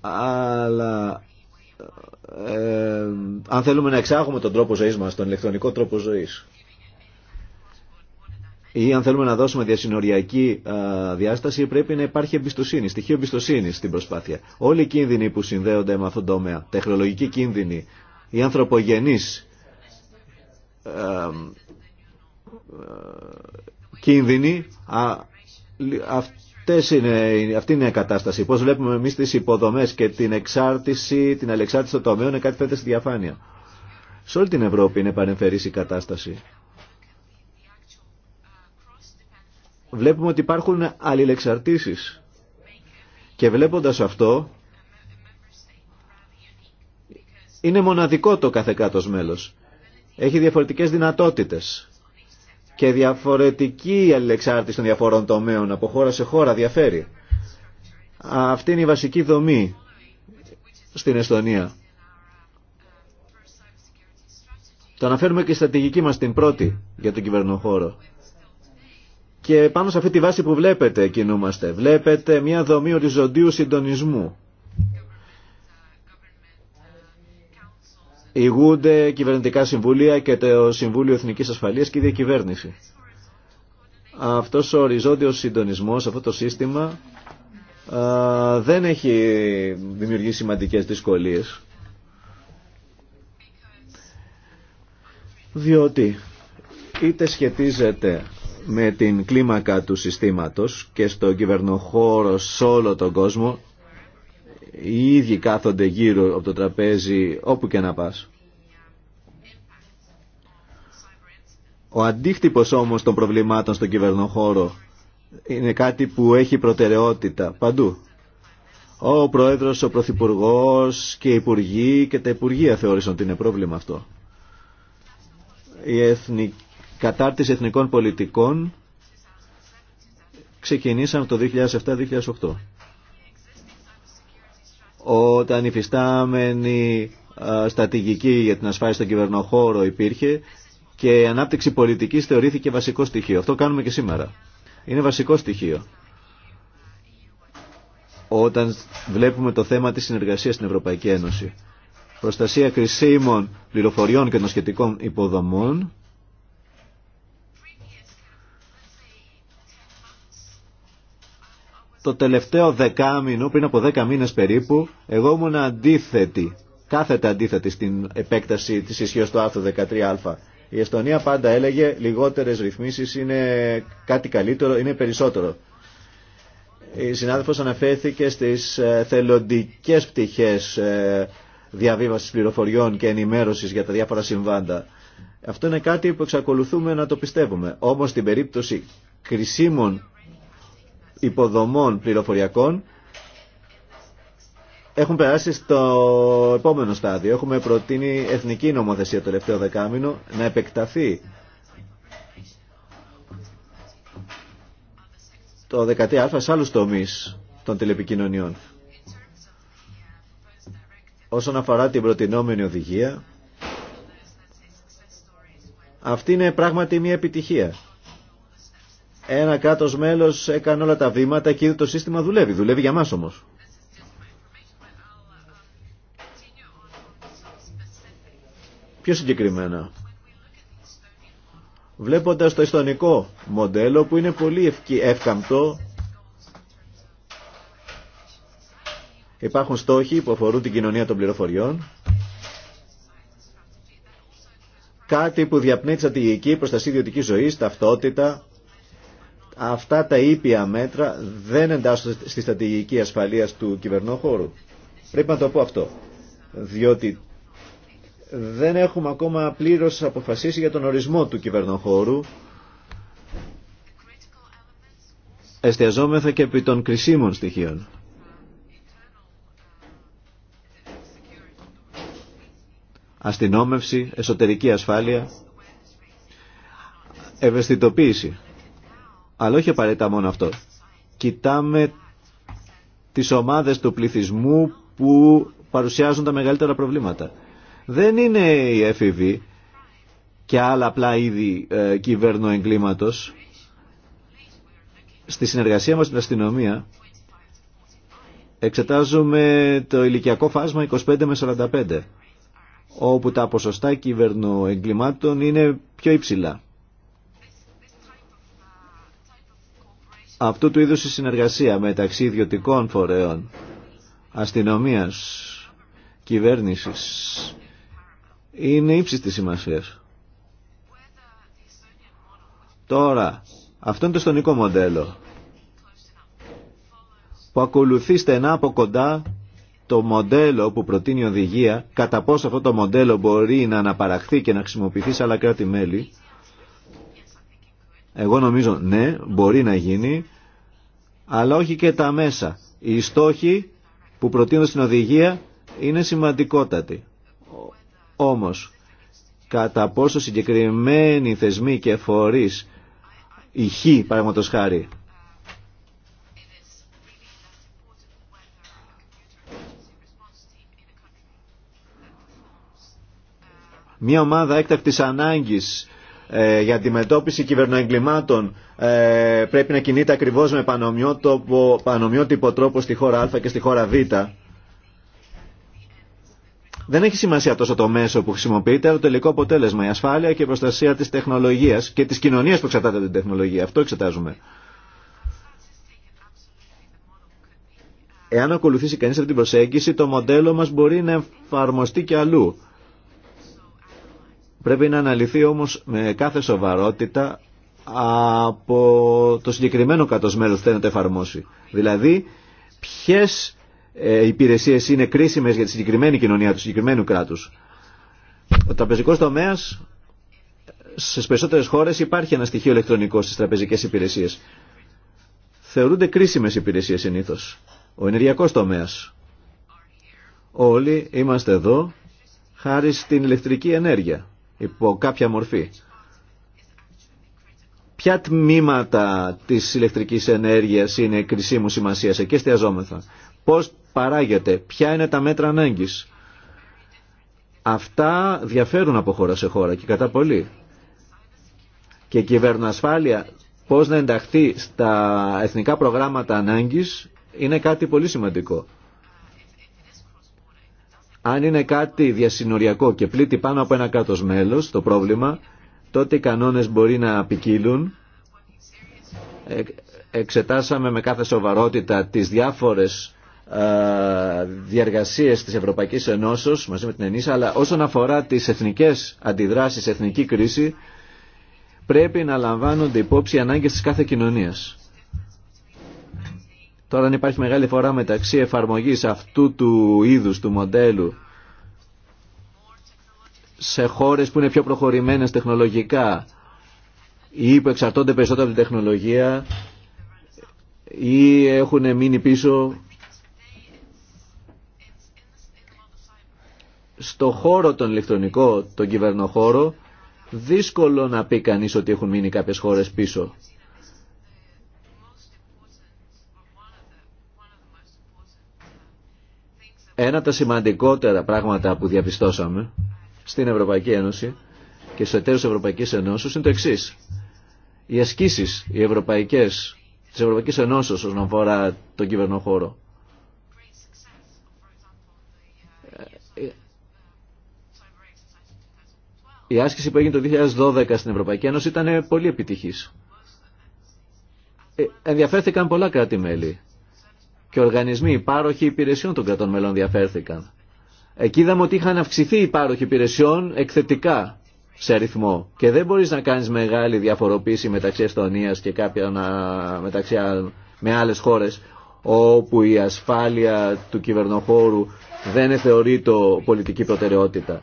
Αλλά ε, αν θέλουμε να εξάγουμε τον τρόπο ζωής μας, τον ηλεκτρονικό τρόπο ζωής, ή αν θέλουμε να δώσουμε διασυνοριακή διάσταση πρέπει να υπάρχει εμπιστοσύνη, στοιχείο εμπιστοσύνη στην προσπάθεια. Όλοι οι κίνδυνοι που συνδέονται με αυτόν τον τομέα, τεχνολογικοί κίνδυνοι, οι ανθρωπογενείς κίνδυνοι, αυτές είναι, αυτή είναι η κατάσταση. Πώς βλέπουμε ειναι αυτη ειναι η κατασταση πως βλεπουμε εμεις τις υποδομές και την εξάρτηση, την αλεξάρτηση των τομέων είναι κάτι φέτες στη διαφάνεια. Σε όλη την Ευρώπη είναι παρεμφερής η κατάσταση. βλέπουμε ότι υπάρχουν αλληλεξαρτήσεις. Και βλέποντας αυτό, είναι μοναδικό το κάθε κάτος μέλος. Έχει διαφορετικές δυνατότητες και διαφορετική αλληλεξάρτηση των διαφορών τομέων από χώρα σε χώρα διαφέρει. Αυτή είναι η βασική δομή στην Εστονία. Το αναφέρουμε και η στρατηγική μας την πρώτη για τον κυβερνοχώρο. Και πάνω σε αυτή τη βάση που βλέπετε κινούμαστε. Βλέπετε μια δομή οριζοντίου συντονισμού. Υγούνται κυβερνητικά συμβούλια και το Συμβούλιο Εθνικής Ασφαλείας και η Διακυβέρνηση. Αυτός ο οριζόντιος συντονισμός, αυτό το σύστημα δεν έχει δημιουργήσει σημαντικές δυσκολίες. Διότι είτε σχετίζεται με την κλίμακα του συστήματος και στο κυβερνοχώρο σε όλο τον κόσμο οι ίδιοι κάθονται γύρω από το τραπέζι όπου και να πας. Ο αντίκτυπος όμως των προβλημάτων στον κυβερνοχώρο είναι κάτι που έχει προτεραιότητα παντού. Ο Πρόεδρος, ο Πρωθυπουργός και οι Υπουργοί και τα Υπουργεία θεώρησαν ότι είναι πρόβλημα αυτό. Η Εθνική κατάρτιση εθνικών πολιτικών ξεκινήσαμε το 2007-2008 όταν η φυστάμενη στατηγική για την ασφάλεια στον κυβερνοχώρο υπήρχε και η ανάπτυξη πολιτικής θεωρήθηκε βασικό στοιχείο. Αυτό κάνουμε και σήμερα. Είναι βασικό στοιχείο. Όταν βλέπουμε το θέμα της συνεργασίας στην Ευρωπαϊκή Ένωση. Προστασία κρισίμων πληροφοριών και των σχετικών υποδομών Το τελευταίο δεκάμινο, πριν από δέκα μήνες περίπου, εγώ ήμουν αντίθετη, κάθετα αντίθετη στην επέκταση της ισχύω του άρθρου 13α. Η Εστονία πάντα έλεγε λιγότερες ρυθμίσεις είναι κάτι καλύτερο, είναι περισσότερο. Η συνάδελφος αναφέρθηκε στις ε, θελοντικές πτυχές ε, διαβίβασης πληροφοριών και ενημέρωσης για τα διάφορα συμβάντα. Αυτό είναι κάτι που εξακολουθούμε να το πιστεύουμε. Όμως στην περίπτωση κρισίμων υποδομών πληροφοριακών έχουν περάσει στο επόμενο στάδιο. Έχουμε προτείνει εθνική νομοθεσία το τελευταίο δεκάμινο να επεκταθεί το 13α σε άλλους τομείς των τηλεπικοινωνιών. Όσον αφορά την προτινόμενη οδηγία, αυτή είναι πράγματι μια επιτυχία ένα κράτος μέλος έκανε όλα τα βήματα και το σύστημα δουλεύει. Δουλεύει για μα. όμως. Πιο συγκεκριμένα. Βλέποντας το ιστονικό μοντέλο που είναι πολύ εύκαμπτο Υπάρχουν στόχοι που αφορούν την κοινωνία των πληροφοριών. Κάτι που διαπνέει τη στρατηγική προστασία ιδιωτική ζωή, ταυτότητα, αυτά τα ήπια μέτρα δεν εντάσσονται στη στρατηγική ασφαλείας του κυβερνόχωρου. Πρέπει να το πω αυτό. Διότι δεν έχουμε ακόμα πλήρως αποφασίσει για τον ορισμό του κυβερνοχώρου. Εστιαζόμεθα και επί των κρισίμων στοιχείων. Αστυνόμευση, εσωτερική ασφάλεια, ευαισθητοποίηση. Αλλά όχι απαραίτητα μόνο αυτό. Κοιτάμε τις ομάδες του πληθυσμού που παρουσιάζουν τα μεγαλύτερα προβλήματα. Δεν είναι η έφηβοι e και άλλα απλά είδη ε, κυβέρνο Στη συνεργασία μας στην αστυνομία εξετάζουμε το ηλικιακό φάσμα 25 με 45 όπου τα ποσοστά εγκλημάτων είναι πιο υψηλά. αυτού του είδους η συνεργασία μεταξύ ιδιωτικών φορέων, αστυνομίας, κυβέρνησης είναι ύψης της σημασίας. Τώρα, αυτό είναι το στονικό μοντέλο που ακολουθεί στενά από κοντά το μοντέλο που προτείνει η οδηγία, κατά πόσο αυτό το μοντέλο μπορεί να αναπαραχθεί και να χρησιμοποιηθεί σε άλλα κράτη-μέλη, εγώ νομίζω ναι, μπορεί να γίνει, αλλά όχι και τα μέσα. Οι στόχοι που προτείνω στην οδηγία είναι σημαντικότατοι. Όμως, κατά πόσο συγκεκριμένοι θεσμοί και φορείς, η χ, χάρη, μια ομάδα έκτακτης ανάγκης ε, για αντιμετώπιση κυβερνοεγκλημάτων ε, πρέπει να κινείται ακριβώς με πανομοιότυπο τρόπο στη χώρα Α και στη χώρα Β. Δεν έχει σημασία τόσο το μέσο που χρησιμοποιείται, αλλά το τελικό αποτέλεσμα, η ασφάλεια και η προστασία της τεχνολογίας και της κοινωνίας που εξετάζεται την τεχνολογία. Αυτό εξετάζουμε. Εάν ακολουθήσει κανείς αυτή την προσέγγιση, το μοντέλο μας μπορεί να εφαρμοστεί και αλλού. Πρέπει να αναλυθεί όμως με κάθε σοβαρότητα από το συγκεκριμένο κατός μέρος που θέλει να το εφαρμόσει. Δηλαδή, ποιες ε, υπηρεσίες είναι κρίσιμες για τη συγκεκριμένη κοινωνία του συγκεκριμένου κράτους. Ο τραπεζικός τομέας στις περισσότερες χώρες υπάρχει ένα στοιχείο ηλεκτρονικό στις τραπεζικές υπηρεσίες. Θεωρούνται κρίσιμες υπηρεσίες συνήθω. Ο ενεργειακός τομέας. Όλοι είμαστε εδώ χάρη στην ηλεκτρική ενέργεια υπό κάποια μορφή. Ποια τμήματα της ηλεκτρικής ενέργειας είναι κρισίμου σημασία εκεί εστιαζόμεθα. Πώς παράγεται, ποια είναι τα μέτρα ανάγκης. Αυτά διαφέρουν από χώρα σε χώρα και κατά πολύ. Και η κυβερνοασφάλεια πώς να ενταχθεί στα εθνικά προγράμματα ανάγκης είναι κάτι πολύ σημαντικό. Αν είναι κάτι διασυνοριακό και πλήττει πάνω από ένα κάτω μέλος το πρόβλημα, τότε οι κανόνες μπορεί να ποικίλουν. Ε, εξετάσαμε με κάθε σοβαρότητα τις διάφορες διαργασίες της Ευρωπαϊκής Ενώσεως μαζί με την ΕΝΗΣΑ αλλά όσον αφορά τις εθνικές αντιδράσεις, εθνική κρίση πρέπει να λαμβάνονται υπόψη οι ανάγκες της κάθε κοινωνίας. Τώρα αν υπάρχει μεγάλη φορά μεταξύ εφαρμογής αυτού του είδους του μοντέλου σε χώρες που είναι πιο προχωρημένες τεχνολογικά ή που εξαρτώνται περισσότερο από την τεχνολογία ή έχουν μείνει πίσω στο χώρο τον ηλεκτρονικό, τον κυβερνοχώρο δύσκολο να πει κανείς ότι έχουν μείνει κάποιες χώρες πίσω Ένα από τα σημαντικότερα πράγματα που διαπιστώσαμε στην Ευρωπαϊκή Ένωση και στους εταίρους Ευρωπαϊκή Ένωση είναι το εξή. Οι ασκήσει οι ευρωπαϊκές, της Ευρωπαϊκής Ενώσεω όσον αφορά τον κυβερνοχώρο. Η άσκηση που έγινε το 2012 στην Ευρωπαϊκή Ένωση ήταν πολύ επιτυχής. Ε, ενδιαφέρθηκαν πολλά κράτη-μέλη και οργανισμοί, οι υπηρεσιών των κρατών μελών διαφέρθηκαν. Εκεί είδαμε ότι είχαν αυξηθεί οι πάροχοι υπηρεσιών εκθετικά σε αριθμό και δεν μπορείς να κάνεις μεγάλη διαφοροποίηση μεταξύ Εστονίας και κάποια μεταξύ με άλλες χώρες όπου η ασφάλεια του κυβερνοχώρου δεν θεωρεί το πολιτική προτεραιότητα.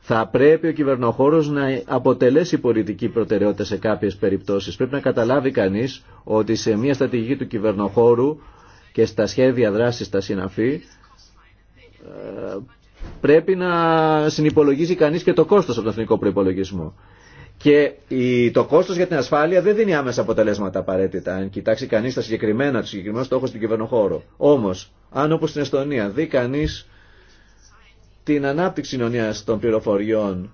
Θα πρέπει ο κυβερνοχώρος να αποτελέσει πολιτική προτεραιότητα σε κάποιες περιπτώσεις. Πρέπει να καταλάβει κανείς ότι σε μια στρατηγική του κυβερνοχώρου και στα σχέδια δράσης στα συναφή ε, πρέπει να συνυπολογίζει κανείς και το κόστος από τον εθνικό προϋπολογισμό. Και το κόστος για την ασφάλεια δεν δίνει άμεσα αποτελέσματα απαραίτητα, αν κοιτάξει κανείς τα συγκεκριμένα, τους συγκεκριμένους στόχους στην κυβερνοχώρο. Όμως, αν όπως στην Εστονία δει κανείς την ανάπτυξη κοινωνία των πληροφοριών,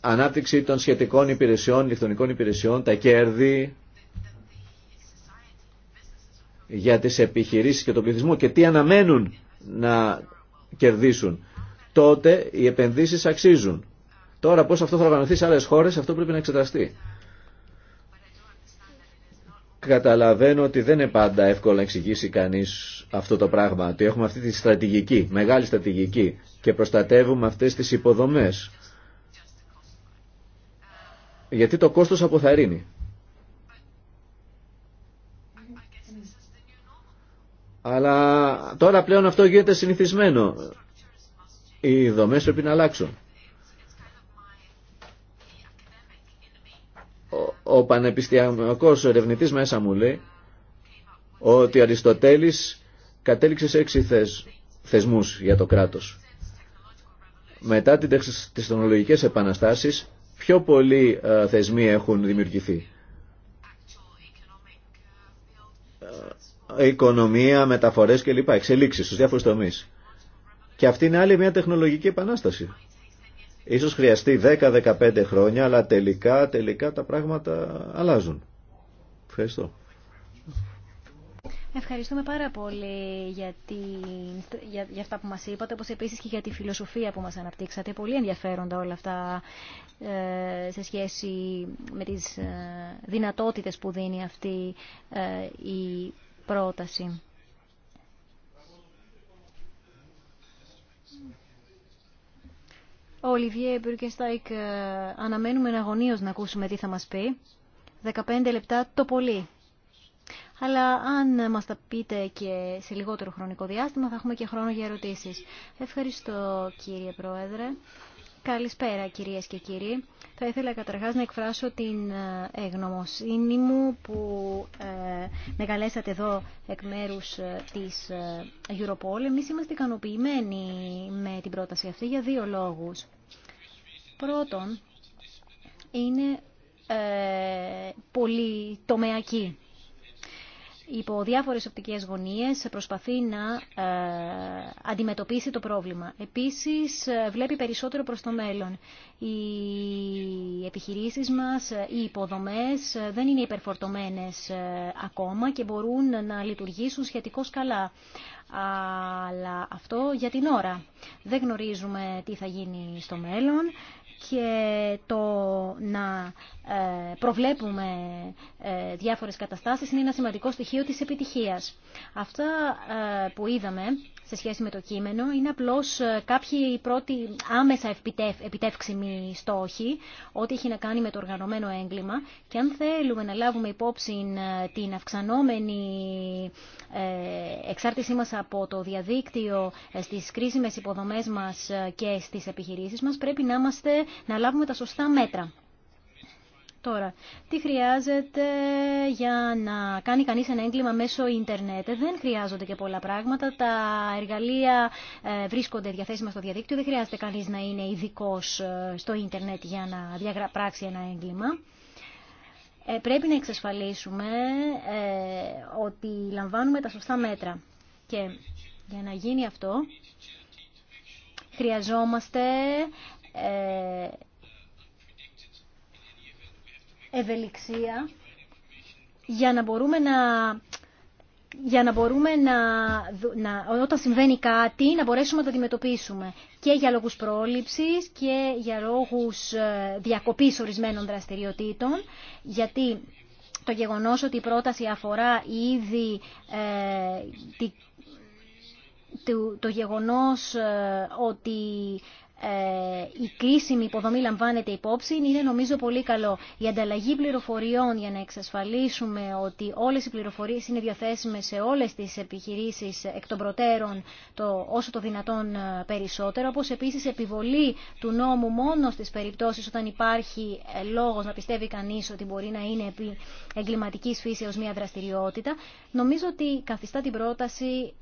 ανάπτυξη των σχετικών υπηρεσιών, ηλεκτρονικών υπηρεσιών, τα κέρδη, για τις επιχειρήσεις και τον πληθυσμό και τι αναμένουν να κερδίσουν, τότε οι επενδύσεις αξίζουν. Τώρα πώς αυτό θα οργανωθεί σε άλλες χώρες, αυτό πρέπει να εξεταστεί. Καταλαβαίνω ότι δεν είναι πάντα εύκολο να εξηγήσει κανείς αυτό το πράγμα, ότι έχουμε αυτή τη στρατηγική, μεγάλη στρατηγική και προστατεύουμε αυτές τις υποδομές. Γιατί το κόστος αποθαρρύνει. Αλλά τώρα πλέον αυτό γίνεται συνηθισμένο. Οι δομές πρέπει να αλλάξουν. Ο, ο πανεπιστημιακός ερευνητής μέσα μου λέει ότι ο Αριστοτέλης κατέληξε σε έξι θεσ, θεσμούς για το κράτος. Μετά τις τεχνολογικές επαναστάσεις πιο πολλοί ε, θεσμοί έχουν δημιουργηθεί ε, οικονομία, μεταφορέ κλπ. Εξελίξεις στου διάφορου τομείς. Και αυτή είναι άλλη μια τεχνολογική επανάσταση. Ίσως χρειαστεί 10-15 χρόνια, αλλά τελικά, τελικά τα πράγματα αλλάζουν. Ευχαριστώ. Ευχαριστούμε πάρα πολύ για, αυτά που μας είπατε, όπως επίσης και για τη φιλοσοφία που μας αναπτύξατε. Πολύ ενδιαφέροντα όλα αυτά ε, σε σχέση με τις ε, δυνατότητες που δίνει αυτή ε, η πρόταση. Ο Ολιβιέ Μπουργκεστάικ ε, αναμένουμε αγωνίως να ακούσουμε τι θα μας πει. 15 λεπτά το πολύ. Αλλά αν μας τα πείτε και σε λιγότερο χρονικό διάστημα θα έχουμε και χρόνο για ερωτήσεις. Ευχαριστώ κύριε Πρόεδρε. Καλησπέρα κυρίες και κύριοι. Θα ήθελα καταρχάς να εκφράσω την ε, εγνωμοσύνη μου που ε, με καλέσατε εδώ εκ μέρους ε, της Europol. Εμείς είμαστε ικανοποιημένοι με την πρόταση αυτή για δύο λόγους. Πρώτον, είναι πολύ τομεακή υπό διάφορες οπτικές γωνίες προσπαθεί να ε, αντιμετωπίσει το πρόβλημα. Επίσης ε, βλέπει περισσότερο προς το μέλλον. Οι επιχειρήσεις μας, ε, οι υποδομές δεν είναι υπερφορτωμένες ακόμα και μπορούν να λειτουργήσουν σχετικώς καλά. Αλλά αυτό για την ώρα. Δεν γνωρίζουμε τι θα γίνει στο μέλλον και το να ε, προβλέπουμε ε, διάφορες καταστάσεις είναι ένα σημαντικό στοιχείο της επιτυχίας. Αυτά ε, που είδαμε σε σχέση με το κείμενο είναι απλώς κάποιοι πρώτοι άμεσα επιτεύξιμοι στόχοι, ό,τι έχει να κάνει με το οργανωμένο έγκλημα και αν θέλουμε να λάβουμε υπόψη την αυξανόμενη εξάρτησή μας από το διαδίκτυο στις κρίσιμες υποδομές μας και στις επιχειρήσεις μας, πρέπει να είμαστε να λάβουμε τα σωστά μέτρα. Τώρα, τι χρειάζεται για να κάνει κανείς ένα έγκλημα μέσω ίντερνετ. Δεν χρειάζονται και πολλά πράγματα. Τα εργαλεία ε, βρίσκονται διαθέσιμα στο διαδίκτυο. Δεν χρειάζεται κανείς να είναι ειδικό ε, στο ίντερνετ για να διαπράξει ένα έγκλημα. Ε, πρέπει να εξασφαλίσουμε ότι λαμβάνουμε τα σωστά μέτρα. Και για να γίνει αυτό χρειαζόμαστε ε, ευελιξία για να μπορούμε να για να μπορούμε να, να, όταν συμβαίνει κάτι να μπορέσουμε να το αντιμετωπίσουμε και για λόγους πρόληψης και για λόγους ε, διακοπής ορισμένων δραστηριοτήτων γιατί το γεγονός ότι η πρόταση αφορά ήδη ε, το, το γεγονός ότι ε, η κρίσιμη υποδομή λαμβάνεται υπόψη είναι νομίζω πολύ καλό. Η ανταλλαγή πληροφοριών για να εξασφαλίσουμε ότι όλες οι πληροφορίες είναι διαθέσιμες σε όλες τις επιχειρήσεις εκ των προτέρων το, όσο το δυνατόν ε, περισσότερο, όπως επίσης επιβολή του νόμου μόνο στις περιπτώσεις όταν υπάρχει ε, λόγος να πιστεύει κανείς ότι μπορεί να είναι επί εγκληματικής φύσεως μια δραστηριότητα, νομίζω ότι καθιστά την πρόταση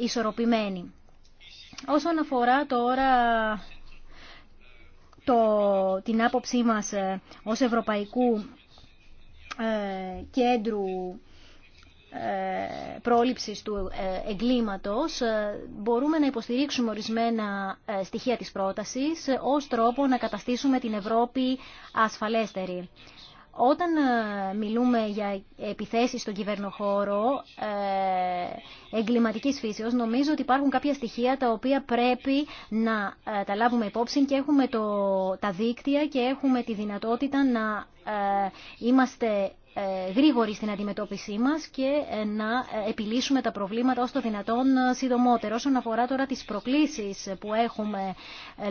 ισορροπημένη. Όσον αφορά τώρα το, την άποψή μας ε, ως Ευρωπαϊκού ε, Κέντρου ε, πρόληψης του εγκλήματος μπορούμε να υποστηρίξουμε ορισμένα στοιχεία της πρότασης ως τρόπο να καταστήσουμε την Ευρώπη ασφαλέστερη. Όταν ε, μιλούμε για επιθέσεις στον κυβερνοχώρο ε, εγκληματικής φύσεως, νομίζω ότι υπάρχουν κάποια στοιχεία τα οποία πρέπει να ε, τα λάβουμε υπόψη και έχουμε το, τα δίκτυα και έχουμε τη δυνατότητα να είμαστε ε, γρήγοροι στην αντιμετώπιση μας και ε, να ε, επιλύσουμε τα προβλήματα όσο το δυνατόν συντομότερο. Όσον αφορά τώρα τις προκλήσεις που έχουμε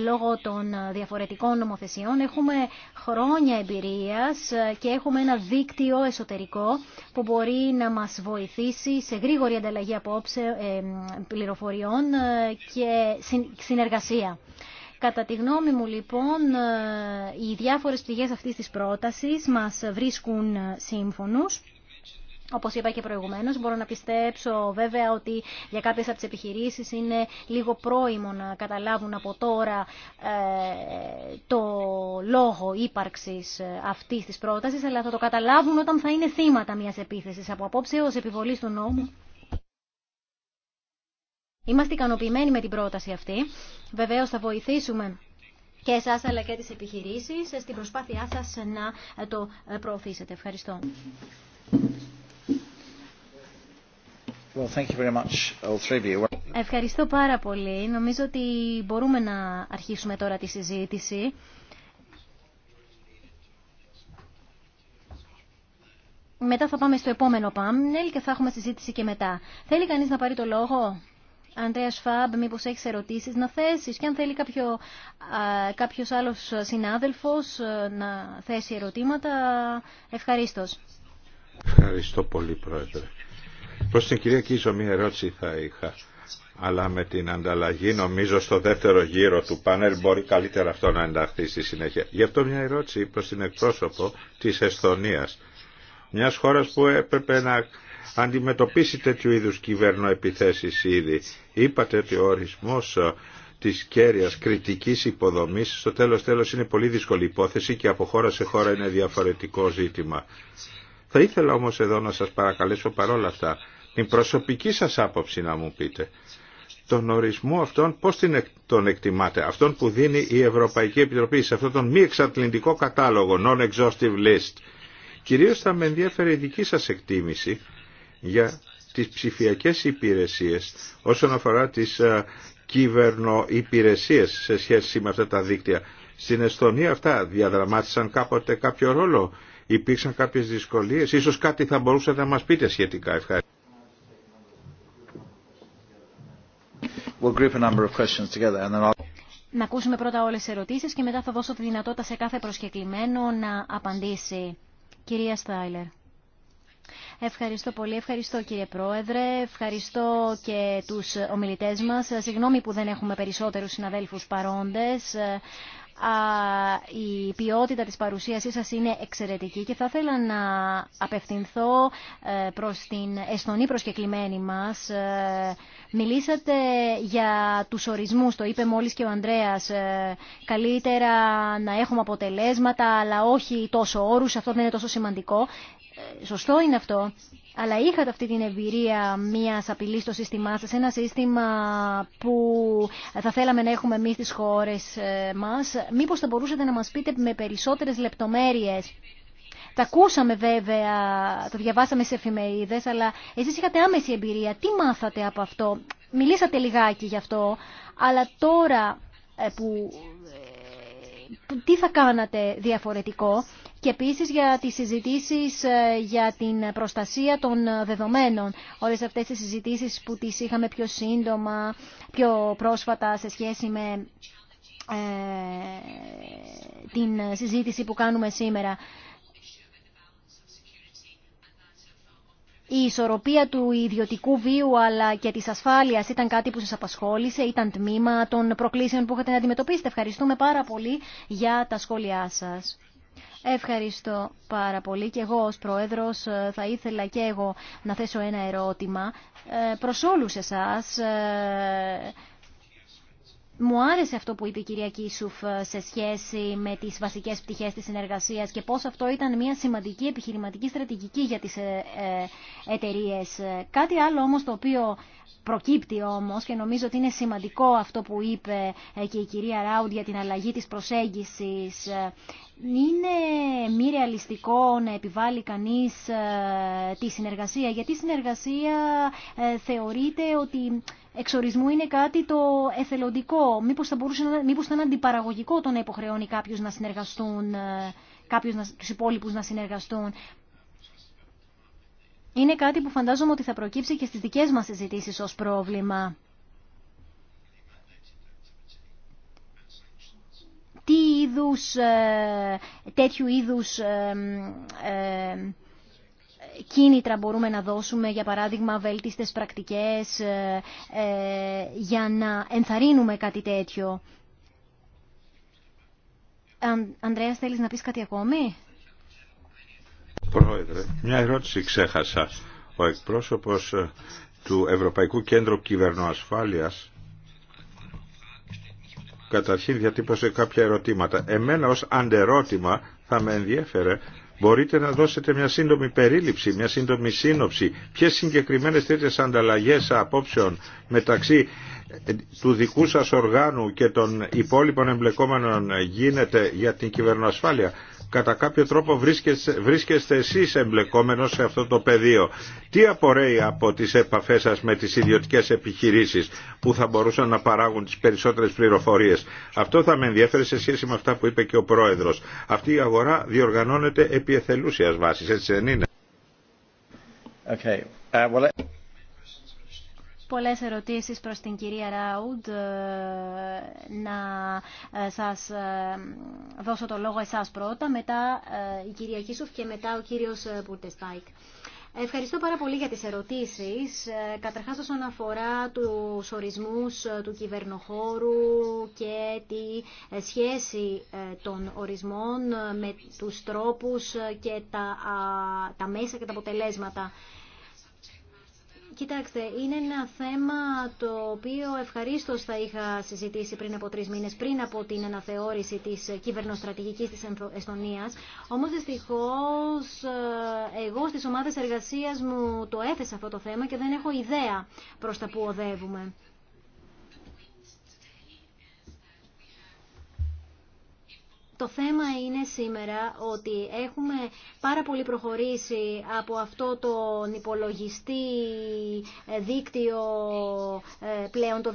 λόγω των διαφορετικών νομοθεσιών, έχουμε χρόνια εμπειρίας και έχουμε ένα δίκτυο εσωτερικό που μπορεί να μας βοηθήσει σε γρήγορη ανταλλαγή απόψε πληροφοριών και συνεργασία. Κατά τη γνώμη μου λοιπόν ε, οι διάφορες πηγές αυτής της πρότασης μας βρίσκουν ε, σύμφωνους. Όπω είπα και προηγουμένω, μπορώ να πιστέψω βέβαια ότι για κάποιε από τι επιχειρήσει είναι λίγο πρόημο να καταλάβουν από τώρα ε, το λόγο ύπαρξη αυτή τη πρόταση, αλλά θα το καταλάβουν όταν θα είναι θύματα μια επίθεση. Από απόψε ω επιβολή του νόμου Είμαστε ικανοποιημένοι με την πρόταση αυτή. Βεβαίως θα βοηθήσουμε και εσά αλλά και τι επιχειρήσει στην προσπάθειά σας να ε, το ε, προωθήσετε. Ευχαριστώ. Well, thank you very much, Ευχαριστώ πάρα πολύ. Νομίζω ότι μπορούμε να αρχίσουμε τώρα τη συζήτηση. Μετά θα πάμε στο επόμενο πάνελ και θα έχουμε συζήτηση και μετά. Θέλει κανείς να πάρει το λόγο? Αντρέας Φάμπ, μήπω έχει ερωτήσει να θέσει. και αν θέλει κάποιο, κάποιος άλλος συνάδελφος ε, να θέσει ερωτήματα, Ευχαριστώ. Ευχαριστώ πολύ, Πρόεδρε. Προς την κυρία Κίζο μία ερώτηση θα είχα, αλλά με την ανταλλαγή νομίζω στο δεύτερο γύρο του πάνελ μπορεί καλύτερα αυτό να ενταχθεί στη συνέχεια. Γι' αυτό μια ερώτηση προς την εκπρόσωπο της Εσθονίας, μιας χώρας που έπρεπε να αντιμετωπίσει τέτοιου είδους επιθέσεις ήδη. Είπατε ότι ο ορισμός ε, της κέρια κριτικής υποδομής στο τέλος τέλος είναι πολύ δύσκολη υπόθεση και από χώρα σε χώρα είναι διαφορετικό ζήτημα. Θα ήθελα όμως εδώ να σας παρακαλέσω παρόλα αυτά την προσωπική σας άποψη να μου πείτε. Τον ορισμό αυτόν πώς τον εκτιμάτε, αυτόν που δίνει η Ευρωπαϊκή Επιτροπή σε αυτόν τον μη εξατλητικό κατάλογο, non-exhaustive list. Κυρίως θα με ενδιαφέρει η δική σας εκτίμηση για τις ψηφιακές υπηρεσίες όσον αφορά τις ε, κυβερνοϊπηρεσίες σε σχέση με αυτά τα δίκτυα. Στην Εστονία αυτά διαδραμάτισαν κάποτε κάποιο ρόλο. Υπήρξαν κάποιες δυσκολίες. Ίσως κάτι θα μπορούσατε να μας πείτε σχετικά. Ευχαριστώ. Να ακούσουμε πρώτα όλες τις ερωτήσεις και μετά θα δώσω τη δυνατότητα σε κάθε προσκεκλημένο να απαντήσει. Κυρία Στάιλερ. Ευχαριστώ πολύ. Ευχαριστώ κύριε Πρόεδρε. Ευχαριστώ και τους ομιλητές μας. Συγγνώμη που δεν έχουμε περισσότερους συναδέλφους παρόντες. Η ποιότητα της παρουσίασής σας είναι εξαιρετική και θα ήθελα να απευθυνθώ ε, προς την εστονή προσκεκλημένη μας. Ε, μιλήσατε για τους ορισμούς, το είπε μόλις και ο Ανδρέας. Ε, καλύτερα να έχουμε αποτελέσματα, αλλά όχι τόσο όρους, αυτό δεν είναι τόσο σημαντικό. Ε, σωστό είναι αυτό, αλλά είχατε αυτή την εμπειρία μια απειλή στο σύστημά σα, ένα σύστημα που θα θέλαμε να έχουμε εμεί στι χώρε ε, μα. Μήπω θα μπορούσατε να μα πείτε με περισσότερε λεπτομέρειε. Τα ακούσαμε βέβαια, το διαβάσαμε σε εφημερίδε, αλλά εσεί είχατε άμεση εμπειρία. Τι μάθατε από αυτό. Μιλήσατε λιγάκι γι' αυτό, αλλά τώρα ε, που τι θα κάνατε διαφορετικό και επίσης για τις συζητήσεις ε, για την προστασία των ε, δεδομένων. Όλες αυτές τις συζητήσεις που τις είχαμε πιο σύντομα, πιο πρόσφατα σε σχέση με ε, την συζήτηση που κάνουμε σήμερα. η ισορροπία του ιδιωτικού βίου αλλά και της ασφάλειας ήταν κάτι που σας απασχόλησε, ήταν τμήμα των προκλήσεων που είχατε να αντιμετωπίσετε. Ευχαριστούμε πάρα πολύ για τα σχόλιά σας. Ευχαριστώ πάρα πολύ και εγώ ως Πρόεδρος ε, θα ήθελα και εγώ να θέσω ένα ερώτημα ε, προς όλους εσάς ε, μου άρεσε αυτό που είπε η κυρία Κίσουφ ε, σε σχέση με τις βασικές πτυχές της συνεργασίας και πώς αυτό ήταν μια σημαντική επιχειρηματική στρατηγική για τις ε, ε, εταιρείε. Κάτι άλλο όμως το οποίο προκύπτει όμως και νομίζω ότι είναι σημαντικό αυτό που είπε και η κυρία Ράουντ για την αλλαγή της προσέγγισης. Είναι μη ρεαλιστικό να επιβάλλει κανείς τη συνεργασία, γιατί η συνεργασία θεωρείται ότι εξορισμού είναι κάτι το εθελοντικό. Μήπως θα, μπορούσε, μήπως θα είναι αντιπαραγωγικό το να υποχρεώνει κάποιους να συνεργαστούν, ε, κάποιους να, τους υπόλοιπους να συνεργαστούν. Είναι κάτι που φαντάζομαι ότι θα προκύψει και στις δικές μας συζητήσεις ως πρόβλημα. Τι είδους, ε, τέτοιου είδους ε, κίνητρα μπορούμε να δώσουμε, για παράδειγμα βέλτιστες πρακτικές, ε, ε, για να ενθαρρύνουμε κάτι τέτοιο. Αν, Ανδρέας, θέλεις να πεις κάτι ακόμη? Πρόεδρε, μια ερώτηση ξέχασα. Ο εκπρόσωπος ε, του Ευρωπαϊκού Κέντρου Κυβερνοασφάλειας καταρχήν διατύπωσε κάποια ερωτήματα. Εμένα ως αντερώτημα θα με ενδιέφερε Μπορείτε να δώσετε μια σύντομη περίληψη, μια σύντομη σύνοψη. Ποιε συγκεκριμένε τέτοιε ανταλλαγέ απόψεων μεταξύ ε, του δικού σας οργάνου και των υπόλοιπων εμπλεκόμενων γίνεται για την κυβερνοασφάλεια. Κατά κάποιο τρόπο βρίσκεστε, βρίσκεστε εσείς εμπλεκόμενος σε αυτό το πεδίο. Τι απορρέει από τις επαφές σας με τις ιδιωτικές επιχειρήσεις που θα μπορούσαν να παράγουν τις περισσότερες πληροφορίες. Αυτό θα με ενδιαφέρει σε σχέση με αυτά που είπε και ο Πρόεδρος. Αυτή η αγορά διοργανώνεται επί επί εθελούσιας βάσης, έτσι δεν είναι. Okay. Uh, well... Πολλές ερωτήσεις προς την κυρία Ράουντ. Ε, να ε, σας ε, δώσω το λόγο εσάς πρώτα, μετά η κυρία Χίσουφ και μετά ο κύριος Πουρτεστάικ. Ευχαριστώ πάρα πολύ για τις ερωτήσεις. Ε, καταρχάς όσον αφορά του ορισμούς ε, του κυβερνοχώρου και τη ε, σχέση των ορισμών με τους τρόπους και τα, τα μέσα και τα αποτελέσματα. Κοιτάξτε, είναι ένα θέμα το οποίο ευχαρίστω θα είχα συζητήσει πριν από τρει μήνε, πριν από την αναθεώρηση τη κυβερνοστρατηγική τη Εστονία. Όμω δυστυχώ ε, εγώ στι ομάδε εργασία μου το έθεσα αυτό το θέμα και δεν έχω ιδέα προ τα που οδεύουμε. Το θέμα είναι σήμερα ότι έχουμε πάρα πολύ προχωρήσει από αυτό το υπολογιστή ε, δίκτυο ε, πλέον. Το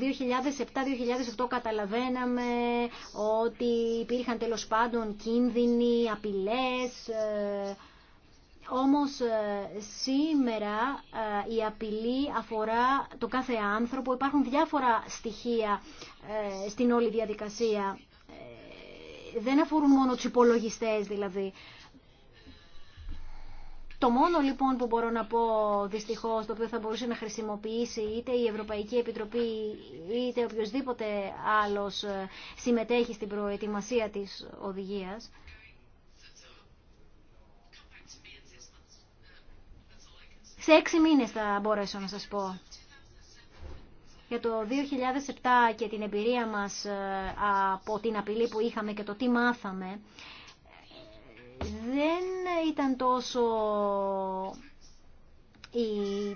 2007-2008 καταλαβαίναμε ότι υπήρχαν τέλος πάντων κίνδυνοι, απειλές... Ε, όμως σήμερα η απειλή αφορά το κάθε άνθρωπο. Υπάρχουν διάφορα στοιχεία στην όλη διαδικασία δεν αφορούν μόνο του υπολογιστέ, δηλαδή. Το μόνο λοιπόν που μπορώ να πω δυστυχώς το οποίο θα μπορούσε να χρησιμοποιήσει είτε η Ευρωπαϊκή Επιτροπή είτε οποιοδήποτε άλλος ε, συμμετέχει στην προετοιμασία της οδηγίας σε έξι μήνες θα μπορέσω να σας πω για το 2007 και την εμπειρία μας ε, από την απειλή που είχαμε και το τι μάθαμε, δεν ήταν τόσο οι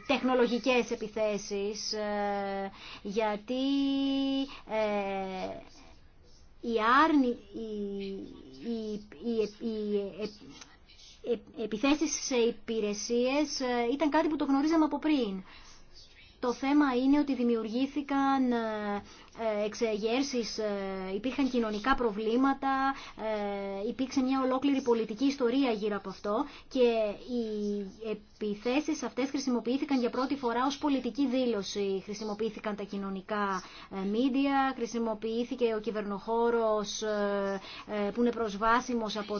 τεχνολογικές επιθέσεις, ε, γιατί ε, η άρνη, η, επιθέσεις σε υπηρεσίες ήταν κάτι που το γνωρίζαμε από πριν. Το θέμα είναι ότι δημιουργήθηκαν ε, εξεγέρσεις, ε, υπήρχαν κοινωνικά προβλήματα, ε, υπήρξε μια ολόκληρη πολιτική ιστορία γύρω από αυτό και οι επιθέσεις αυτές χρησιμοποιήθηκαν για πρώτη φορά ως πολιτική δήλωση. Χρησιμοποιήθηκαν τα κοινωνικά μίντια, χρησιμοποιήθηκε ο κυβερνοχώρος που είναι προσβάσιμος από,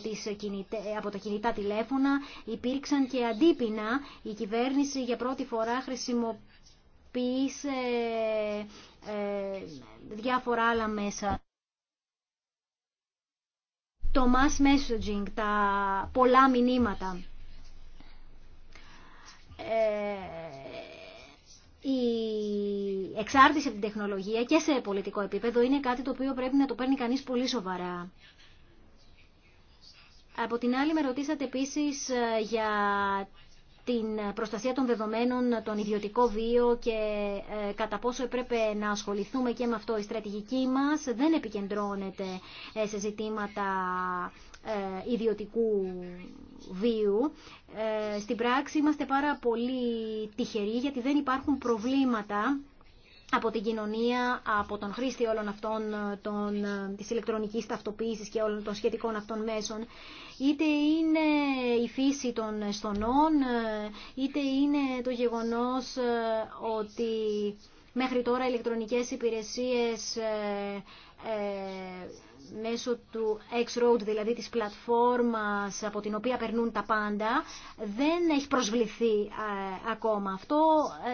από τα κινητά τηλέφωνα. Υπήρξαν και αντίπεινα. Η κυβέρνηση για πρώτη φορά χρησιμοποιήθηκε Επιτροπή, σε ε, ε, διάφορα άλλα μέσα. Το mass messaging, τα πολλά μηνύματα. Ε, η εξάρτηση από την τεχνολογία και σε πολιτικό επίπεδο είναι κάτι το οποίο πρέπει να το παίρνει κανείς πολύ σοβαρά. Από την άλλη με ρωτήσατε επίσης για την ε, προστασία των δεδομένων, τον ιδιωτικό βίο και ε, κατά πόσο έπρεπε να ασχοληθούμε και με αυτό. Η στρατηγική μας δεν επικεντρώνεται ε, σε ζητήματα ιδιωτικού βίου. Στην πράξη είμαστε πάρα πολύ τυχεροί γιατί δεν υπάρχουν προβλήματα από την κοινωνία, από τον χρήστη όλων αυτών των, της ηλεκτρονικής ταυτοποίησης και όλων των σχετικών αυτών μέσων, είτε είναι η φύση των στονών, είτε είναι το γεγονός ε, ότι μέχρι τώρα ηλεκτρονικές υπηρεσίες ε, ε, μέσω του X-Road, δηλαδή της πλατφόρμας από την οποία περνούν τα πάντα, δεν έχει προσβληθεί ε, ακόμα. Αυτό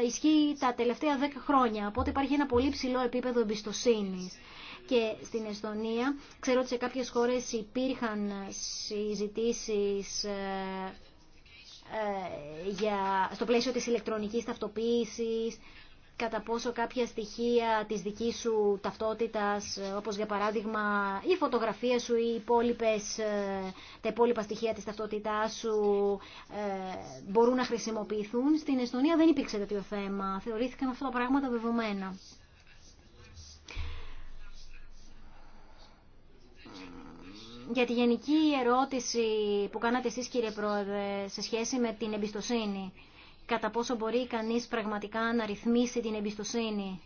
ε, ισχύει τα τελευταία δέκα χρόνια, οπότε υπάρχει ένα πολύ ψηλό επίπεδο εμπιστοσύνης και στην Εστονία. Ξέρω ότι σε κάποιες χώρες υπήρχαν συζητήσεις ε, για, στο πλαίσιο της ηλεκτρονικής ταυτοποίησης κατά πόσο κάποια στοιχεία της δικής σου ταυτότητας, όπως για παράδειγμα η φωτογραφία σου ή υπόλοιπες, ε, τα υπόλοιπα στοιχεία της ταυτότητάς σου ε, μπορούν να χρησιμοποιηθούν. Στην Εστονία δεν υπήρξε τέτοιο θέμα. Θεωρήθηκαν αυτά τα πράγματα δεδομένα. Για τη γενική ερώτηση που κάνατε εσείς κύριε Πρόεδρε σε σχέση με την εμπιστοσύνη κατά πόσο μπορεί κανείς πραγματικά να ρυθμίσει την εμπιστοσύνη.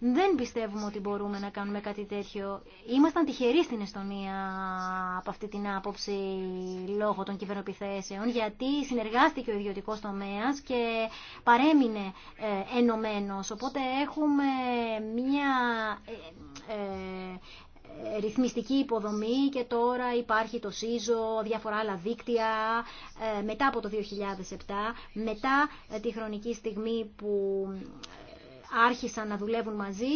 Δεν πιστεύουμε ότι μπορούμε να κάνουμε κάτι τέτοιο. Ήμασταν τυχεροί στην Εστονία από αυτή την άποψη λόγω των κυβερνοπιθέσεων, γιατί συνεργάστηκε ο ιδιωτικό τομέα και παρέμεινε ε, ενωμένο. Οπότε έχουμε μια ε, ε, ρυθμιστική υποδομή και τώρα υπάρχει το ΣΥΖΟ, διάφορα άλλα δίκτυα ε, μετά από το 2007, μετά ε, τη χρονική στιγμή που ε, άρχισαν να δουλεύουν μαζί,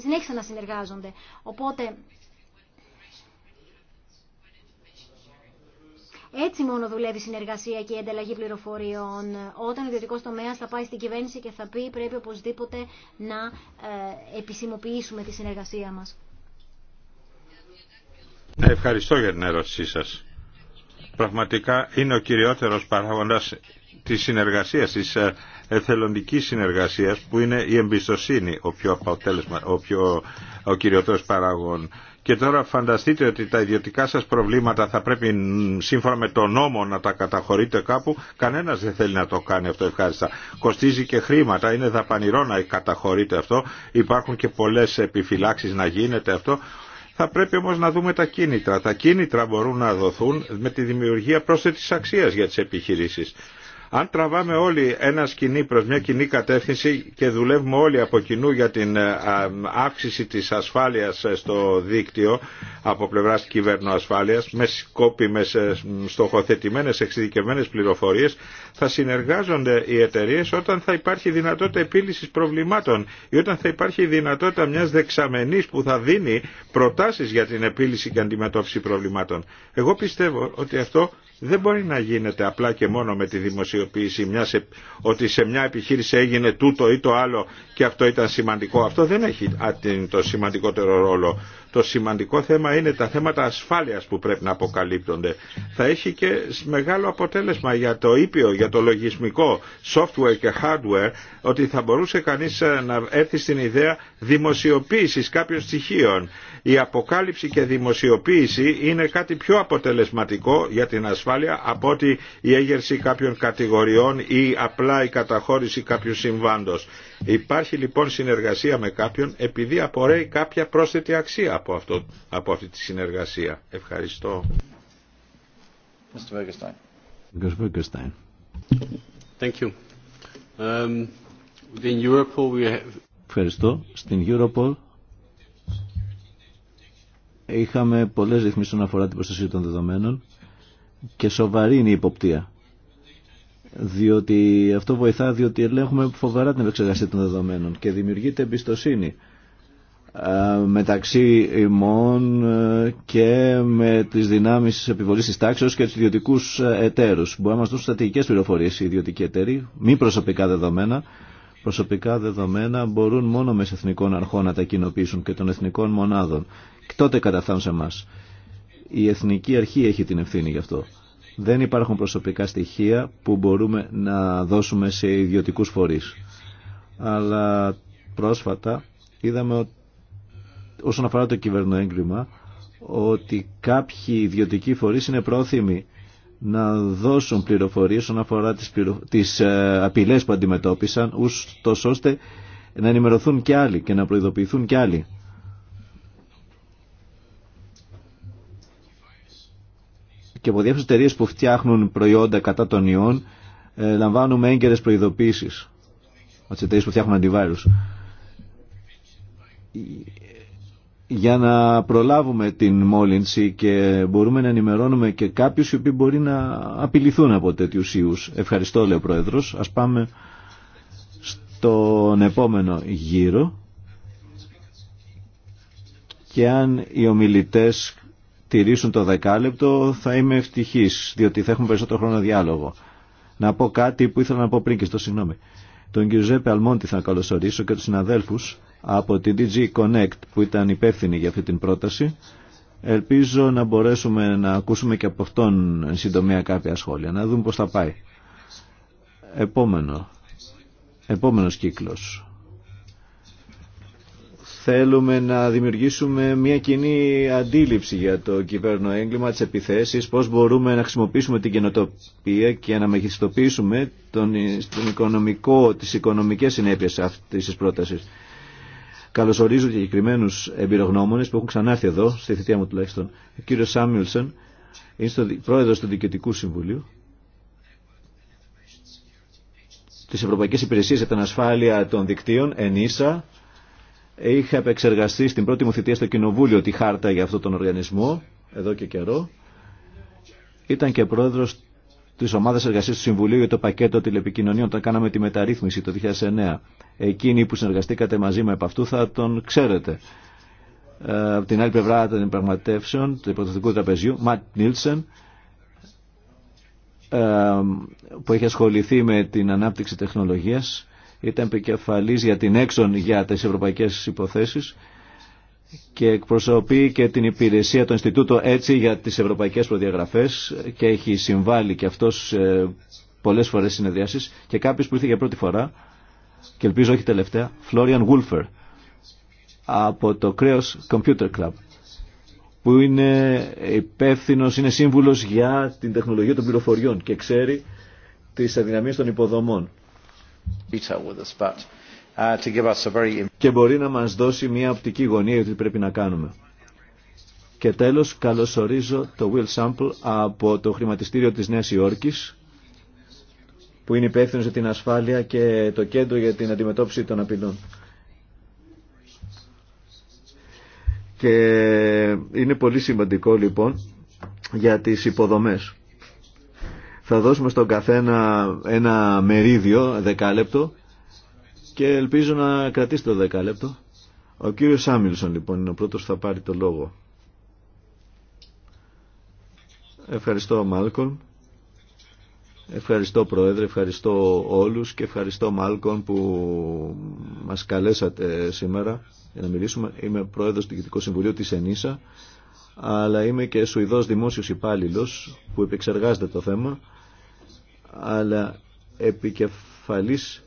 συνέχισαν να συνεργάζονται. Οπότε Έτσι μόνο δουλεύει η συνεργασία και η ανταλλαγή πληροφοριών. Όταν ο ιδιωτικό τομέα θα πάει στην κυβέρνηση και θα πει πρέπει οπωσδήποτε να επισημοποιήσουμε τη συνεργασία μας. Ευχαριστώ για την ερώτησή σας. Πραγματικά είναι ο κυριότερος παράγοντας της συνεργασία, της ε, εθελοντικής συνεργασίας που είναι η εμπιστοσύνη ο πιο, αποτέλεσμα, ο πιο ο κυριότερος παράγον. Και τώρα φανταστείτε ότι τα ιδιωτικά σας προβλήματα θα πρέπει σύμφωνα με τον νόμο να τα καταχωρείτε κάπου. Κανένας δεν θέλει να το κάνει αυτό ευχάριστα. Κοστίζει και χρήματα, είναι δαπανηρό να καταχωρείτε αυτό. Υπάρχουν και πολλές επιφυλάξεις να γίνεται αυτό. Θα πρέπει όμως να δούμε τα κίνητρα. Τα κίνητρα μπορούν να δοθούν με τη δημιουργία πρόσθετης αξίας για τις επιχειρήσεις. Αν τραβάμε όλοι ένα σκηνή προς μια κοινή κατεύθυνση και δουλεύουμε όλοι από κοινού για την ε, αύξηση της ασφάλειας ε, στο δίκτυο από πλευράς ασφάλειας με σκόπιμες ε, στοχοθετημένες εξειδικευμένες πληροφορίες θα συνεργάζονται οι εταιρείες όταν θα υπάρχει δυνατότητα επίλυσης προβλημάτων ή όταν θα υπάρχει δυνατότητα μιας δεξαμενής που θα δίνει προτάσεις για την επίλυση και αντιμετώπιση προβλημάτων. Εγώ πιστεύω ότι αυτό δεν μπορεί να γίνεται απλά και μόνο με τη δημοσιοποίηση μιας, ότι σε μια επιχείρηση έγινε τούτο ή το άλλο και αυτό ήταν σημαντικό. Αυτό δεν έχει το σημαντικότερο ρόλο. Το σημαντικό θέμα είναι τα θέματα ασφάλειας που πρέπει να αποκαλύπτονται. Θα έχει και μεγάλο αποτέλεσμα για το ήπιο, για το λογισμικό, software και hardware, ότι θα μπορούσε κανείς ε, να έρθει στην ιδέα δημοσιοποίησης κάποιων στοιχείων η αποκάλυψη και δημοσιοποίηση είναι κάτι πιο αποτελεσματικό για την ασφάλεια από ότι η έγερση κάποιων κατηγοριών ή απλά η καταχώρηση κάποιου συμβάντος. Υπάρχει λοιπόν συνεργασία με κάποιον επειδή απορρέει κάποια πρόσθετη αξία από, αυτό, από αυτή τη συνεργασία. Ευχαριστώ. Thank you. Um, Ευχαριστώ. Στην Europol Είχαμε πολλέ ρυθμίσει όσον αφορά την προστασία των δεδομένων και σοβαρή είναι η υποπτία. Διότι αυτό βοηθά διότι ελέγχουμε φοβερά την επεξεργασία των δεδομένων και δημιουργείται εμπιστοσύνη μεταξύ ημών ε, και με τις δυνάμεις επιβολής της τάξης και τους ιδιωτικούς ε, εταίρους. Μπορεί να μας δώσουν στρατηγικές πληροφορίες οι ιδιωτικοί εταίροι, μη προσωπικά δεδομένα. Προσωπικά δεδομένα μπορούν μόνο με εθνικών αρχών να τα κοινοποιήσουν και των εθνικών μονάδων και τότε καταφθάνουν σε εμά. Η Εθνική Αρχή έχει την ευθύνη γι' αυτό. Δεν υπάρχουν προσωπικά στοιχεία που μπορούμε να δώσουμε σε ιδιωτικούς φορείς. Αλλά πρόσφατα είδαμε όσον αφορά το κυβερνοέγκλημα ότι κάποιοι ιδιωτικοί φορείς είναι πρόθυμοι να δώσουν πληροφορίες όσον αφορά τις, πληρο... Ε, απειλές που αντιμετώπισαν ώστε να ενημερωθούν και άλλοι και να προειδοποιηθούν κι άλλοι. και από διάφορε εταιρείε που φτιάχνουν προϊόντα κατά των ιών ε, λαμβάνουμε έγκαιρε προειδοποίησει, από τις εταιρείε που φτιάχνουν αντιβάρου. για να προλάβουμε την μόλυνση και μπορούμε να ενημερώνουμε και κάποιους οι οποίοι μπορεί να απειληθούν από τέτοιου Ιου. Ευχαριστώ, λέει ο Πρόεδρος. Ας πάμε στον επόμενο γύρο και αν οι ομιλητές τηρήσουν το δεκάλεπτο θα είμαι ευτυχής, διότι θα έχουμε περισσότερο χρόνο διάλογο. Να πω κάτι που ήθελα να πω πριν και στο συγγνώμη. Τον κύριο Ζέπε Αλμόντι θα καλωσορίσω και τους συναδέλφους από την DG Connect που ήταν υπεύθυνοι για αυτή την πρόταση. Ελπίζω να μπορέσουμε να ακούσουμε και από αυτόν συντομία κάποια σχόλια, να δούμε πώς θα πάει. Επόμενο. Επόμενος κύκλος. Θέλουμε να δημιουργήσουμε μια κοινή αντίληψη για το κυβέρνο έγκλημα, τις επιθέσεις, πώς μπορούμε να χρησιμοποιήσουμε την καινοτοπία και να μεγιστοποιήσουμε τον, τον οικονομικό, τις οικονομικές συνέπειες αυτής της πρότασης. Καλωσορίζω και συγκεκριμένου εμπειρογνώμονε που έχουν ξανάρθει εδώ, στη θητεία μου τουλάχιστον. Ο κύριο Σάμιουλσεν είναι στο, πρόεδρο του Διοικητικού Συμβουλίου τη Ευρωπαϊκή Υπηρεσία για την Ασφάλεια των Δικτύων, ΕΝΙΣΑ, Είχα επεξεργαστεί στην πρώτη μου θητεία στο Κοινοβούλιο τη χάρτα για αυτόν τον οργανισμό, εδώ και καιρό. Ήταν και πρόεδρος τη ομάδα εργασία του Συμβουλίου για το πακέτο τηλεπικοινωνίων όταν κάναμε τη μεταρρύθμιση το 2009. Εκείνοι που συνεργαστήκατε μαζί με από αυτού θα τον ξέρετε. Ε, από την άλλη πλευρά των πραγματεύσεων του υποθετικού τραπεζιού, Ματ Νίλσεν, ε, που έχει ασχοληθεί με την ανάπτυξη τεχνολογίας ήταν επικεφαλής για την έξον για τις ευρωπαϊκές υποθέσεις και εκπροσωπεί και την υπηρεσία του Ινστιτούτου έτσι για τις ευρωπαϊκές προδιαγραφές και έχει συμβάλει και αυτός πολλές φορές συνεδριάσεις και κάποιος που ήρθε για πρώτη φορά και ελπίζω όχι τελευταία, Φλόριαν Γούλφερ από το Κρέος Computer Club που είναι υπεύθυνο, είναι σύμβουλος για την τεχνολογία των πληροφοριών και ξέρει τις αδυναμίες των υποδομών και μπορεί να μας δώσει μια οπτική γωνία για τι πρέπει να κάνουμε. Και τέλος καλωσορίζω το Will Sample από το χρηματιστήριο της Νέας Υόρκης που είναι υπεύθυνο για την ασφάλεια και το κέντρο για την αντιμετώπιση των απειλών. Και είναι πολύ σημαντικό λοιπόν για τις υποδομές. Θα δώσουμε στον καθένα ένα μερίδιο, δεκάλεπτο, και ελπίζω να κρατήσει το δεκάλεπτο. Ο κύριος Σάμιλσον λοιπόν είναι ο πρώτος που θα πάρει το λόγο. Ευχαριστώ Μάλκον. Ευχαριστώ Πρόεδρε, ευχαριστώ όλους και ευχαριστώ Μάλκον που μας καλέσατε σήμερα για να μιλήσουμε. Είμαι Πρόεδρος του Διοικητικού Συμβουλίου της ΕΝΗΣΑ αλλά είμαι και Σουηδός δημόσιος υπάλληλο που επεξεργάζεται το θέμα, αλλά επικεφαλής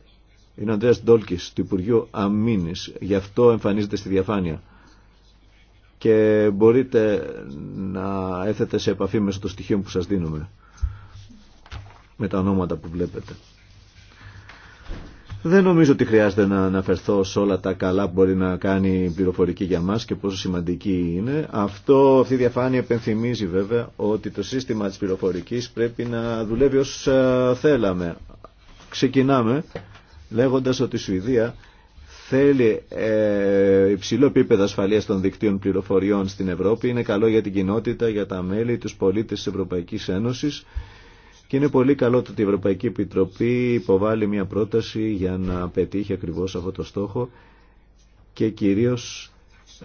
είναι ο Ανδρέας Ντόλκης του Υπουργείου Αμήνης, γι' αυτό εμφανίζεται στη διαφάνεια. Και μπορείτε να έθετε σε επαφή μέσω των στοιχείων που σας δίνουμε με τα ονόματα που βλέπετε. Δεν νομίζω ότι χρειάζεται να αναφερθώ σε όλα τα καλά που μπορεί να κάνει η πληροφορική για μας και πόσο σημαντική είναι. Αυτό, αυτή η διαφάνεια επενθυμίζει βέβαια ότι το σύστημα της πληροφορικής πρέπει να δουλεύει όσο ε, θέλαμε. Ξεκινάμε λέγοντας ότι η Σουηδία θέλει ε, υψηλό επίπεδο ασφαλείας των δικτύων πληροφοριών στην Ευρώπη. Είναι καλό για την κοινότητα, για τα μέλη, τους πολίτες της Ευρωπαϊκής Ένωσης είναι πολύ καλό το ότι η Ευρωπαϊκή Επιτροπή υποβάλλει μια πρόταση για να πετύχει ακριβώς αυτό το στόχο και κυρίως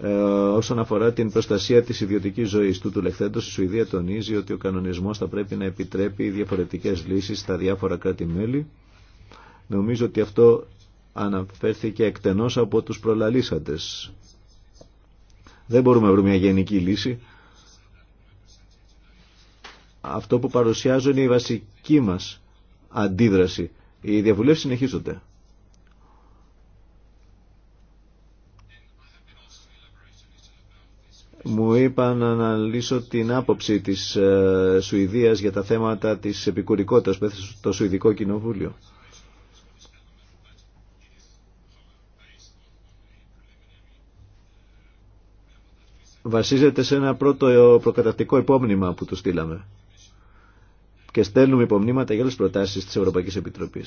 ε, όσον αφορά την προστασία της ιδιωτικής ζωής του του η Σουηδία τονίζει ότι ο κανονισμός θα πρέπει να επιτρέπει διαφορετικές λύσεις στα διάφορα κράτη-μέλη. Νομίζω ότι αυτό αναφέρθηκε εκτενώς από τους προλαλήσαντες. Δεν μπορούμε να βρούμε μια γενική λύση. Αυτό που παρουσιάζω είναι η βασική μας αντίδραση. Οι διαβουλεύσεις συνεχίζονται. Μου είπα να αναλύσω την άποψη της ε, Σουηδίας για τα θέματα της επικουρικότητας που έθεσε το Σουηδικό Κοινοβούλιο. βασίζεται σε ένα πρώτο προκατακτικό υπόμνημα που του στείλαμε και στέλνουμε υπομνήματα για άλλε προτάσει τη Ευρωπαϊκή Επιτροπή.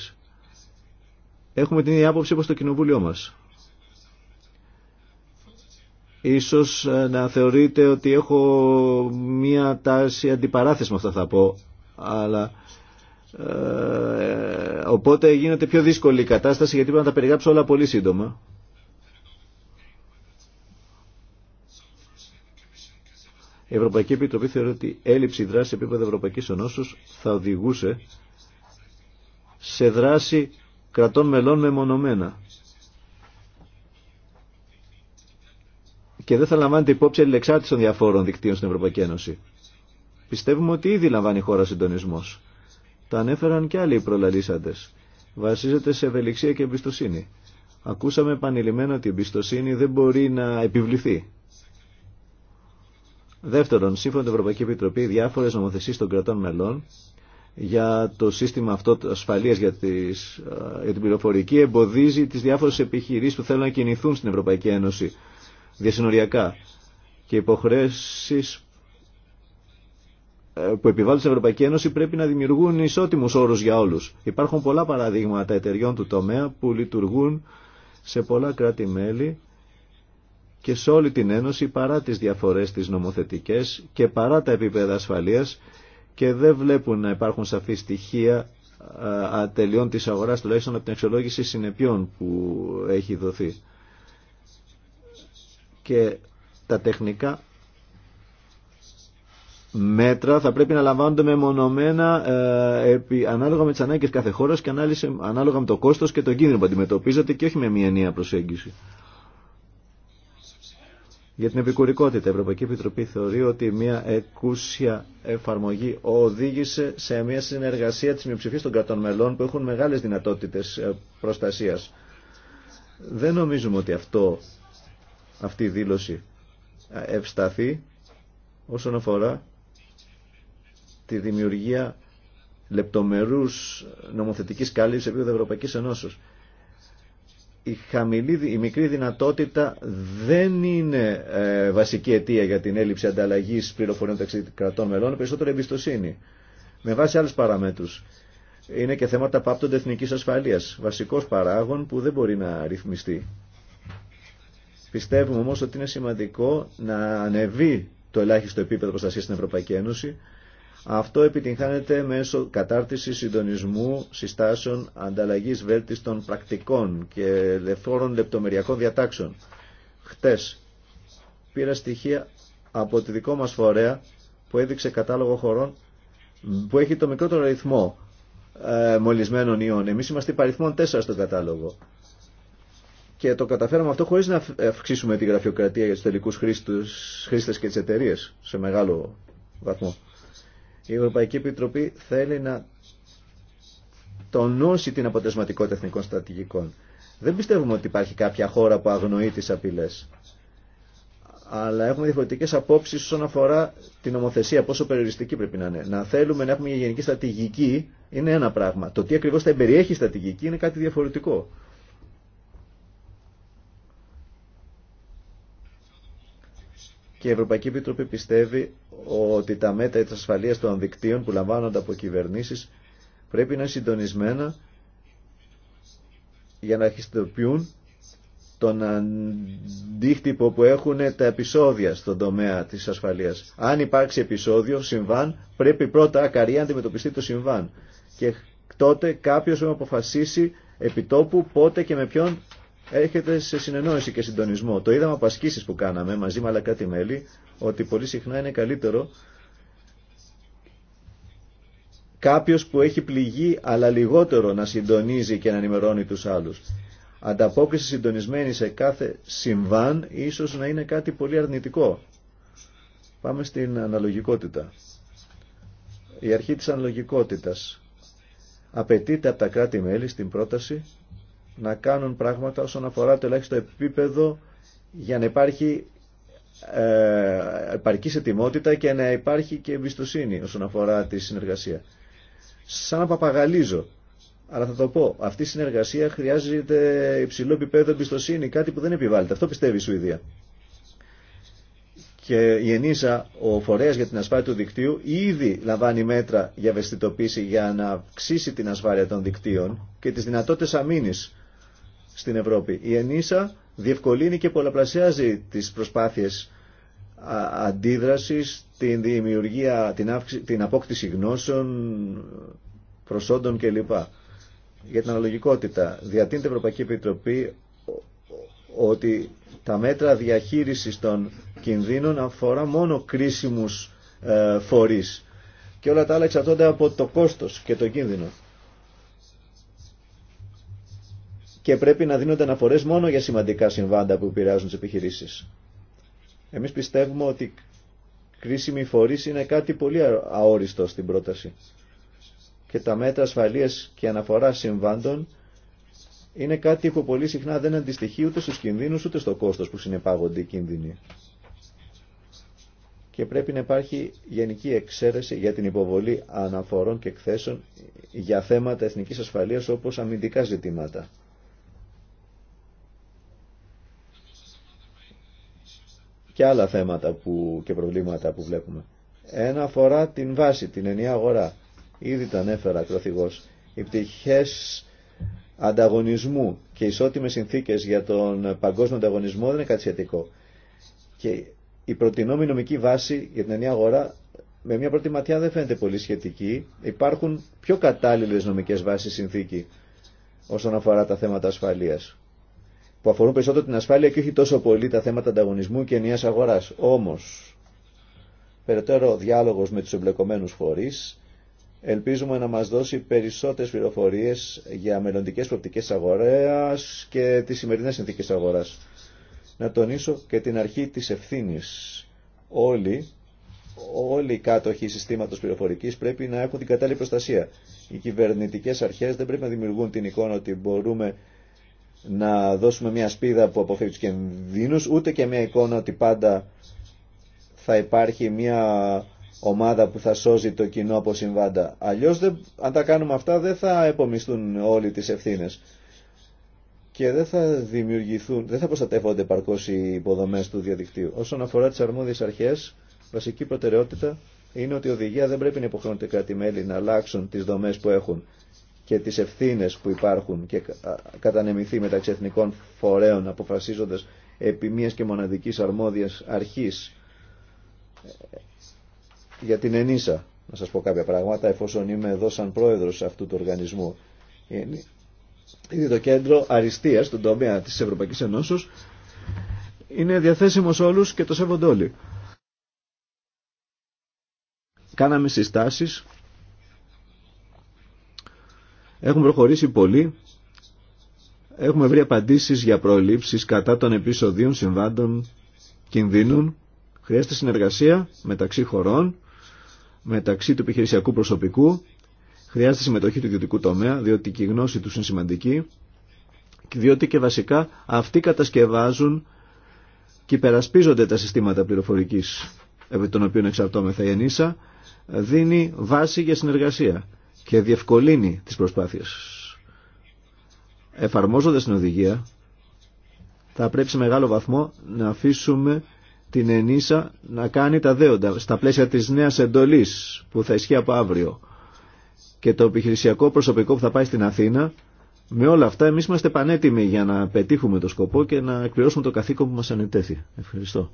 Έχουμε την ίδια άποψη όπω το κοινοβούλιο μα. Ίσως ε, να θεωρείτε ότι έχω μία τάση αντιπαράθεση με αυτά θα πω, αλλά ε, ε, οπότε γίνεται πιο δύσκολη η κατάσταση γιατί πρέπει να τα περιγράψω όλα πολύ σύντομα. Η Ευρωπαϊκή Επιτροπή θεωρεί ότι έλλειψη δράση σε επίπεδο Ευρωπαϊκή Ενώσεω θα οδηγούσε σε δράση κρατών μελών μεμονωμένα. Και δεν θα λαμβάνεται υπόψη ελεξάρτηση των διαφόρων δικτύων στην Ευρωπαϊκή Ένωση. Πιστεύουμε ότι ήδη λαμβάνει η χώρα συντονισμό. Τα ανέφεραν και άλλοι προλαλήσαντε. Βασίζεται σε ευελιξία και εμπιστοσύνη. Ακούσαμε επανειλημμένα ότι η εμπιστοσύνη δεν μπορεί να επιβληθεί. Δεύτερον, σύμφωνα με την Ευρωπαϊκή Επιτροπή, διάφορε νομοθεσίε των κρατών μελών για το σύστημα αυτό ασφαλεία για, ε, για την πληροφορική εμποδίζει τι διάφορε επιχειρήσει που θέλουν να κινηθούν στην Ευρωπαϊκή Ένωση διασυνοριακά και υποχρέσει ε, που επιβάλλουν στην Ευρωπαϊκή Ένωση πρέπει να δημιουργούν ισότιμους όρους για όλους. Υπάρχουν πολλά παραδείγματα εταιριών του τομέα που λειτουργούν σε πολλά κράτη-μέλη και σε όλη την Ένωση παρά τις διαφορές της νομοθετικές και παρά τα επίπεδα ασφαλείας και δεν βλέπουν να υπάρχουν σαφή στοιχεία ατελειών της αγοράς τουλάχιστον από την αξιολόγηση συνεπειών που έχει δοθεί. Και τα τεχνικά μέτρα θα πρέπει να λαμβάνονται μεμονωμένα ε, ανάλογα με τις ανάγκες κάθε χώρας και ανάλογα με το κόστος και τον κίνδυνο που αντιμετωπίζεται και όχι με μια ενιαία προσέγγιση. Για την επικουρικότητα, η Ευρωπαϊκή Επιτροπή θεωρεί ότι μια εκούσια εφαρμογή οδήγησε σε μια συνεργασία της μειοψηφίας των κρατών μελών που έχουν μεγάλες δυνατότητες ε, προστασίας. Δεν νομίζουμε ότι αυτό, αυτή η δήλωση ε, ευσταθεί όσον αφορά τη δημιουργία λεπτομερούς νομοθετικής κάλυψης επίπεδο Ευρωπαϊκής Ενώσεως η, χαμηλή, η μικρή δυνατότητα δεν είναι ε, βασική αιτία για την έλλειψη ανταλλαγή πληροφοριών μεταξύ κρατών μελών, περισσότερο εμπιστοσύνη. Με βάση άλλου παραμέτρου. Είναι και θέματα πάπτονται εθνική ασφαλεία. Βασικό παράγων που δεν μπορεί να ρυθμιστεί. Πιστεύουμε όμω ότι είναι σημαντικό να ανεβεί το ελάχιστο επίπεδο προστασία στην Ευρωπαϊκή Ένωση αυτό επιτυγχάνεται μέσω κατάρτιση συντονισμού συστάσεων ανταλλαγής βέλτιστων πρακτικών και ελευθόρων λεπτομεριακών διατάξεων. Χτες πήρα στοιχεία από τη δικό μας φορέα που έδειξε κατάλογο χωρών που έχει το μικρότερο αριθμό ε, μολυσμένων ιών. Εμείς είμαστε υπαριθμόν 4 στον κατάλογο. Και το καταφέραμε αυτό χωρίς να αυξήσουμε τη γραφειοκρατία για τους τελικούς χρήστες, και τις εταιρείε σε μεγάλο βαθμό. Η Ευρωπαϊκή Επιτροπή θέλει να τονώσει την αποτελεσματικότητα εθνικών στρατηγικών. Δεν πιστεύουμε ότι υπάρχει κάποια χώρα που αγνοεί τις απειλές. Αλλά έχουμε διαφορετικές απόψεις όσον αφορά την νομοθεσία, πόσο περιοριστική πρέπει να είναι. Να θέλουμε να έχουμε μια γενική στρατηγική είναι ένα πράγμα. Το τι ακριβώς θα περιέχει η στρατηγική είναι κάτι διαφορετικό. και η Ευρωπαϊκή Επιτροπή πιστεύει ότι τα μέτρα της ασφαλείας των δικτύων που λαμβάνονται από κυβερνήσεις πρέπει να είναι συντονισμένα για να αρχιστοποιούν τον αντίκτυπο που έχουν τα επεισόδια στον τομέα της ασφαλείας. Αν υπάρξει επεισόδιο, συμβάν, πρέπει πρώτα ακαρία να αντιμετωπιστεί το συμβάν. Και τότε κάποιος να αποφασίσει επιτόπου πότε και με ποιον έρχεται σε συνεννόηση και συντονισμό. Το είδαμε από ασκήσει που κάναμε μαζί με άλλα κάτι μέλη ότι πολύ συχνά είναι καλύτερο κάποιο που έχει πληγεί αλλά λιγότερο να συντονίζει και να ενημερώνει τους άλλους. Ανταπόκριση συντονισμένη σε κάθε συμβάν ίσως να είναι κάτι πολύ αρνητικό. Πάμε στην αναλογικότητα. Η αρχή της αναλογικότητας απαιτείται από τα κράτη-μέλη στην πρόταση να κάνουν πράγματα όσον αφορά το ελάχιστο επίπεδο για να υπάρχει ε, επαρκή ετοιμότητα και να υπάρχει και εμπιστοσύνη όσον αφορά τη συνεργασία. Σαν να παπαγαλίζω, αλλά θα το πω, αυτή η συνεργασία χρειάζεται υψηλό επίπεδο εμπιστοσύνη, κάτι που δεν επιβάλλεται. Αυτό πιστεύει η Σουηδία. Και η ΕΝΙΣΑ, ο φορέα για την ασφάλεια του δικτύου, ήδη λαμβάνει μέτρα για ευαισθητοποίηση για να αυξήσει την ασφάλεια των δικτύων και τι δυνατότητε αμήνη στην Ευρώπη. Η ΕΝΙΣΑ διευκολύνει και πολλαπλασιάζει τις προσπάθειες αντίδρασης, την δημιουργία, την, την απόκτηση γνώσεων, προσόντων κλπ. Για την αναλογικότητα, διατείνεται η Ευρωπαϊκή Επιτροπή ότι τα μέτρα διαχείρισης των κινδύνων αφορά μόνο κρίσιμους ε, φορείς και όλα τα άλλα εξαρτώνται από το κόστος και το κίνδυνο. και πρέπει να δίνονται αναφορές μόνο για σημαντικά συμβάντα που επηρεάζουν τις επιχειρήσεις. Εμείς πιστεύουμε ότι κρίσιμη φορείς είναι κάτι πολύ αόριστο στην πρόταση και τα μέτρα ασφαλείας και αναφορά συμβάντων είναι κάτι που πολύ συχνά δεν αντιστοιχεί ούτε στους κινδύνους ούτε στο κόστος που συνεπάγονται οι κίνδυνοι. Και πρέπει να υπάρχει γενική εξαίρεση για την υποβολή αναφορών και εκθέσεων για θέματα εθνικής ασφαλείας όπως αμυντικά ζητήματα. και άλλα θέματα που, και προβλήματα που βλέπουμε. Ένα αφορά την βάση, την ενιαία αγορά. Ήδη τα ανέφερα ακροθυγός. Οι πτυχές ανταγωνισμού και ισότιμες συνθήκες για τον παγκόσμιο ανταγωνισμό δεν είναι κάτι σχετικό. Και η προτινόμενη νομική βάση για την ενιαία αγορά με μια πρώτη ματιά δεν φαίνεται πολύ σχετική. Υπάρχουν πιο κατάλληλες νομικές βάσεις συνθήκη όσον αφορά τα θέματα ασφαλείας που αφορούν περισσότερο την ασφάλεια και όχι τόσο πολύ τα θέματα ανταγωνισμού και ενιαίας αγοράς. Όμως, περαιτέρω διάλογος με τους εμπλεκομένους φορείς, ελπίζουμε να μας δώσει περισσότερες πληροφορίες για μελλοντικές προοπτικές αγοράς και τις σημερινές συνθήκες αγοράς. Να τονίσω και την αρχή της ευθύνης. Όλοι, όλοι οι κάτοχοι συστήματος πληροφορικής πρέπει να έχουν την κατάλληλη προστασία. Οι κυβερνητικές αρχές δεν πρέπει να δημιουργούν την εικόνα ότι μπορούμε να δώσουμε μια σπίδα που αποφεύγει τους κινδύνους, ούτε και μια εικόνα ότι πάντα θα υπάρχει μια ομάδα που θα σώζει το κοινό από συμβάντα. Αλλιώς δεν, αν τα κάνουμε αυτά δεν θα επομιστούν όλοι τις ευθύνες και δεν θα δημιουργηθούν, δεν θα προστατεύονται παρκώς οι υποδομές του διαδικτύου. Όσον αφορά τις αρμόδιες αρχές, βασική προτεραιότητα είναι ότι η οδηγία δεν πρέπει να υποχρεώνεται κάτι μέλη να αλλάξουν τις δομές που έχουν και τις ευθύνες που υπάρχουν και κατανεμηθεί μεταξύ εθνικών φορέων αποφασίζοντας επί μίας και μοναδικής αρμόδιας αρχής ε, για την ΕΝΙΣΑ να σας πω κάποια πράγματα εφόσον είμαι εδώ σαν πρόεδρος αυτού του οργανισμού είναι το κέντρο αριστείας στον τομέα της Ευρωπαϊκής Ενώσεως είναι διαθέσιμο σε όλους και το σέβονται όλοι κάναμε συστάσεις Έχουμε προχωρήσει πολύ. Έχουμε βρει απαντήσεις για προλήψεις κατά των επεισοδίων συμβάντων κινδύνων. Χρειάζεται συνεργασία μεταξύ χωρών, μεταξύ του επιχειρησιακού προσωπικού. Χρειάζεται συμμετοχή του ιδιωτικού τομέα, διότι και η γνώση του είναι σημαντική. Διότι και βασικά αυτοί κατασκευάζουν και υπερασπίζονται τα συστήματα πληροφορικής επί των οποίων εξαρτώμεθα η ΕΝΗΣΑ, δίνει βάση για συνεργασία και διευκολύνει τις προσπάθειες. Εφαρμόζοντας την οδηγία, θα πρέπει σε μεγάλο βαθμό να αφήσουμε την ενίσα να κάνει τα δέοντα στα πλαίσια της νέας εντολής που θα ισχύει από αύριο και το επιχειρησιακό προσωπικό που θα πάει στην Αθήνα με όλα αυτά εμείς είμαστε πανέτοιμοι για να πετύχουμε το σκοπό και να εκπληρώσουμε το καθήκον που μας ανετέθη. Ευχαριστώ.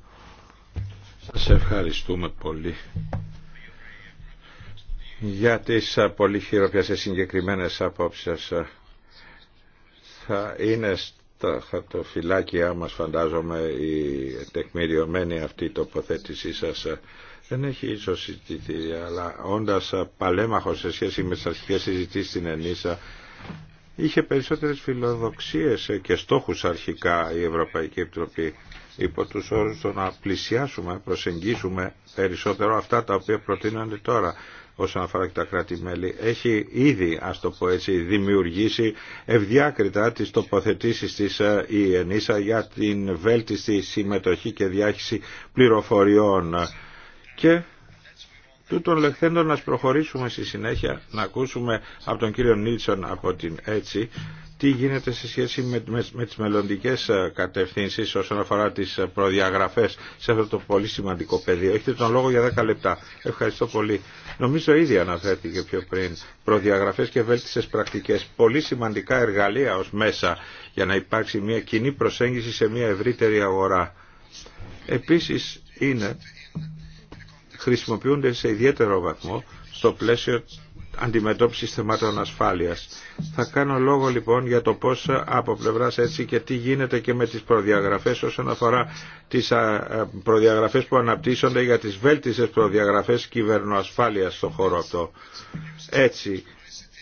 Σας ευχαριστούμε πολύ για τις πολύ χειροπιαστές συγκεκριμένες απόψεις. Θα είναι στα φυλάκια, μας φαντάζομαι η τεκμηριωμένη αυτή τοποθέτησή σας. Δεν έχει ίσως συζητηθεί, αλλά όντας παλέμαχος σε σχέση με τις αρχικές συζητήσεις στην Ενίσα, είχε περισσότερες φιλοδοξίες και στόχους αρχικά η Ευρωπαϊκή Επιτροπή υπό τους όρους το να πλησιάσουμε, προσεγγίσουμε περισσότερο αυτά τα οποία προτείνονται τώρα όσον αφορά και τα κράτη-μέλη έχει ήδη, α το πω έτσι, δημιουργήσει ευδιάκριτα τις τοποθετήσεις της ε, η ΕΝΗΣΑ για την βέλτιστη συμμετοχή και διάχυση πληροφοριών. Και τούτων λεχθέντων να προχωρήσουμε στη συνέχεια να ακούσουμε από τον κύριο Νίλσον από την ΕΤΣΙ τι γίνεται σε σχέση με, με, τις μελλοντικέ ε, κατευθύνσεις όσον αφορά τις ε, προδιαγραφές σε αυτό το πολύ σημαντικό πεδίο. Έχετε τον λόγο για 10 λεπτά. Ευχαριστώ πολύ. Νομίζω ήδη αναφέρθηκε πιο πριν. Προδιαγραφές και βέλτιστες πρακτικές. Πολύ σημαντικά εργαλεία ως μέσα για να υπάρξει μια κοινή προσέγγιση σε μια ευρύτερη αγορά. Επίσης είναι, χρησιμοποιούνται σε ιδιαίτερο βαθμό στο πλαίσιο αντιμετώπιση θεμάτων ασφάλειας. Θα κάνω λόγο λοιπόν για το πώς ε, από πλευράς έτσι και τι γίνεται και με τις προδιαγραφές όσον αφορά τις ε, προδιαγραφές που αναπτύσσονται για τις βέλτιστες προδιαγραφές κυβερνοασφάλειας στο χώρο αυτό. Έτσι,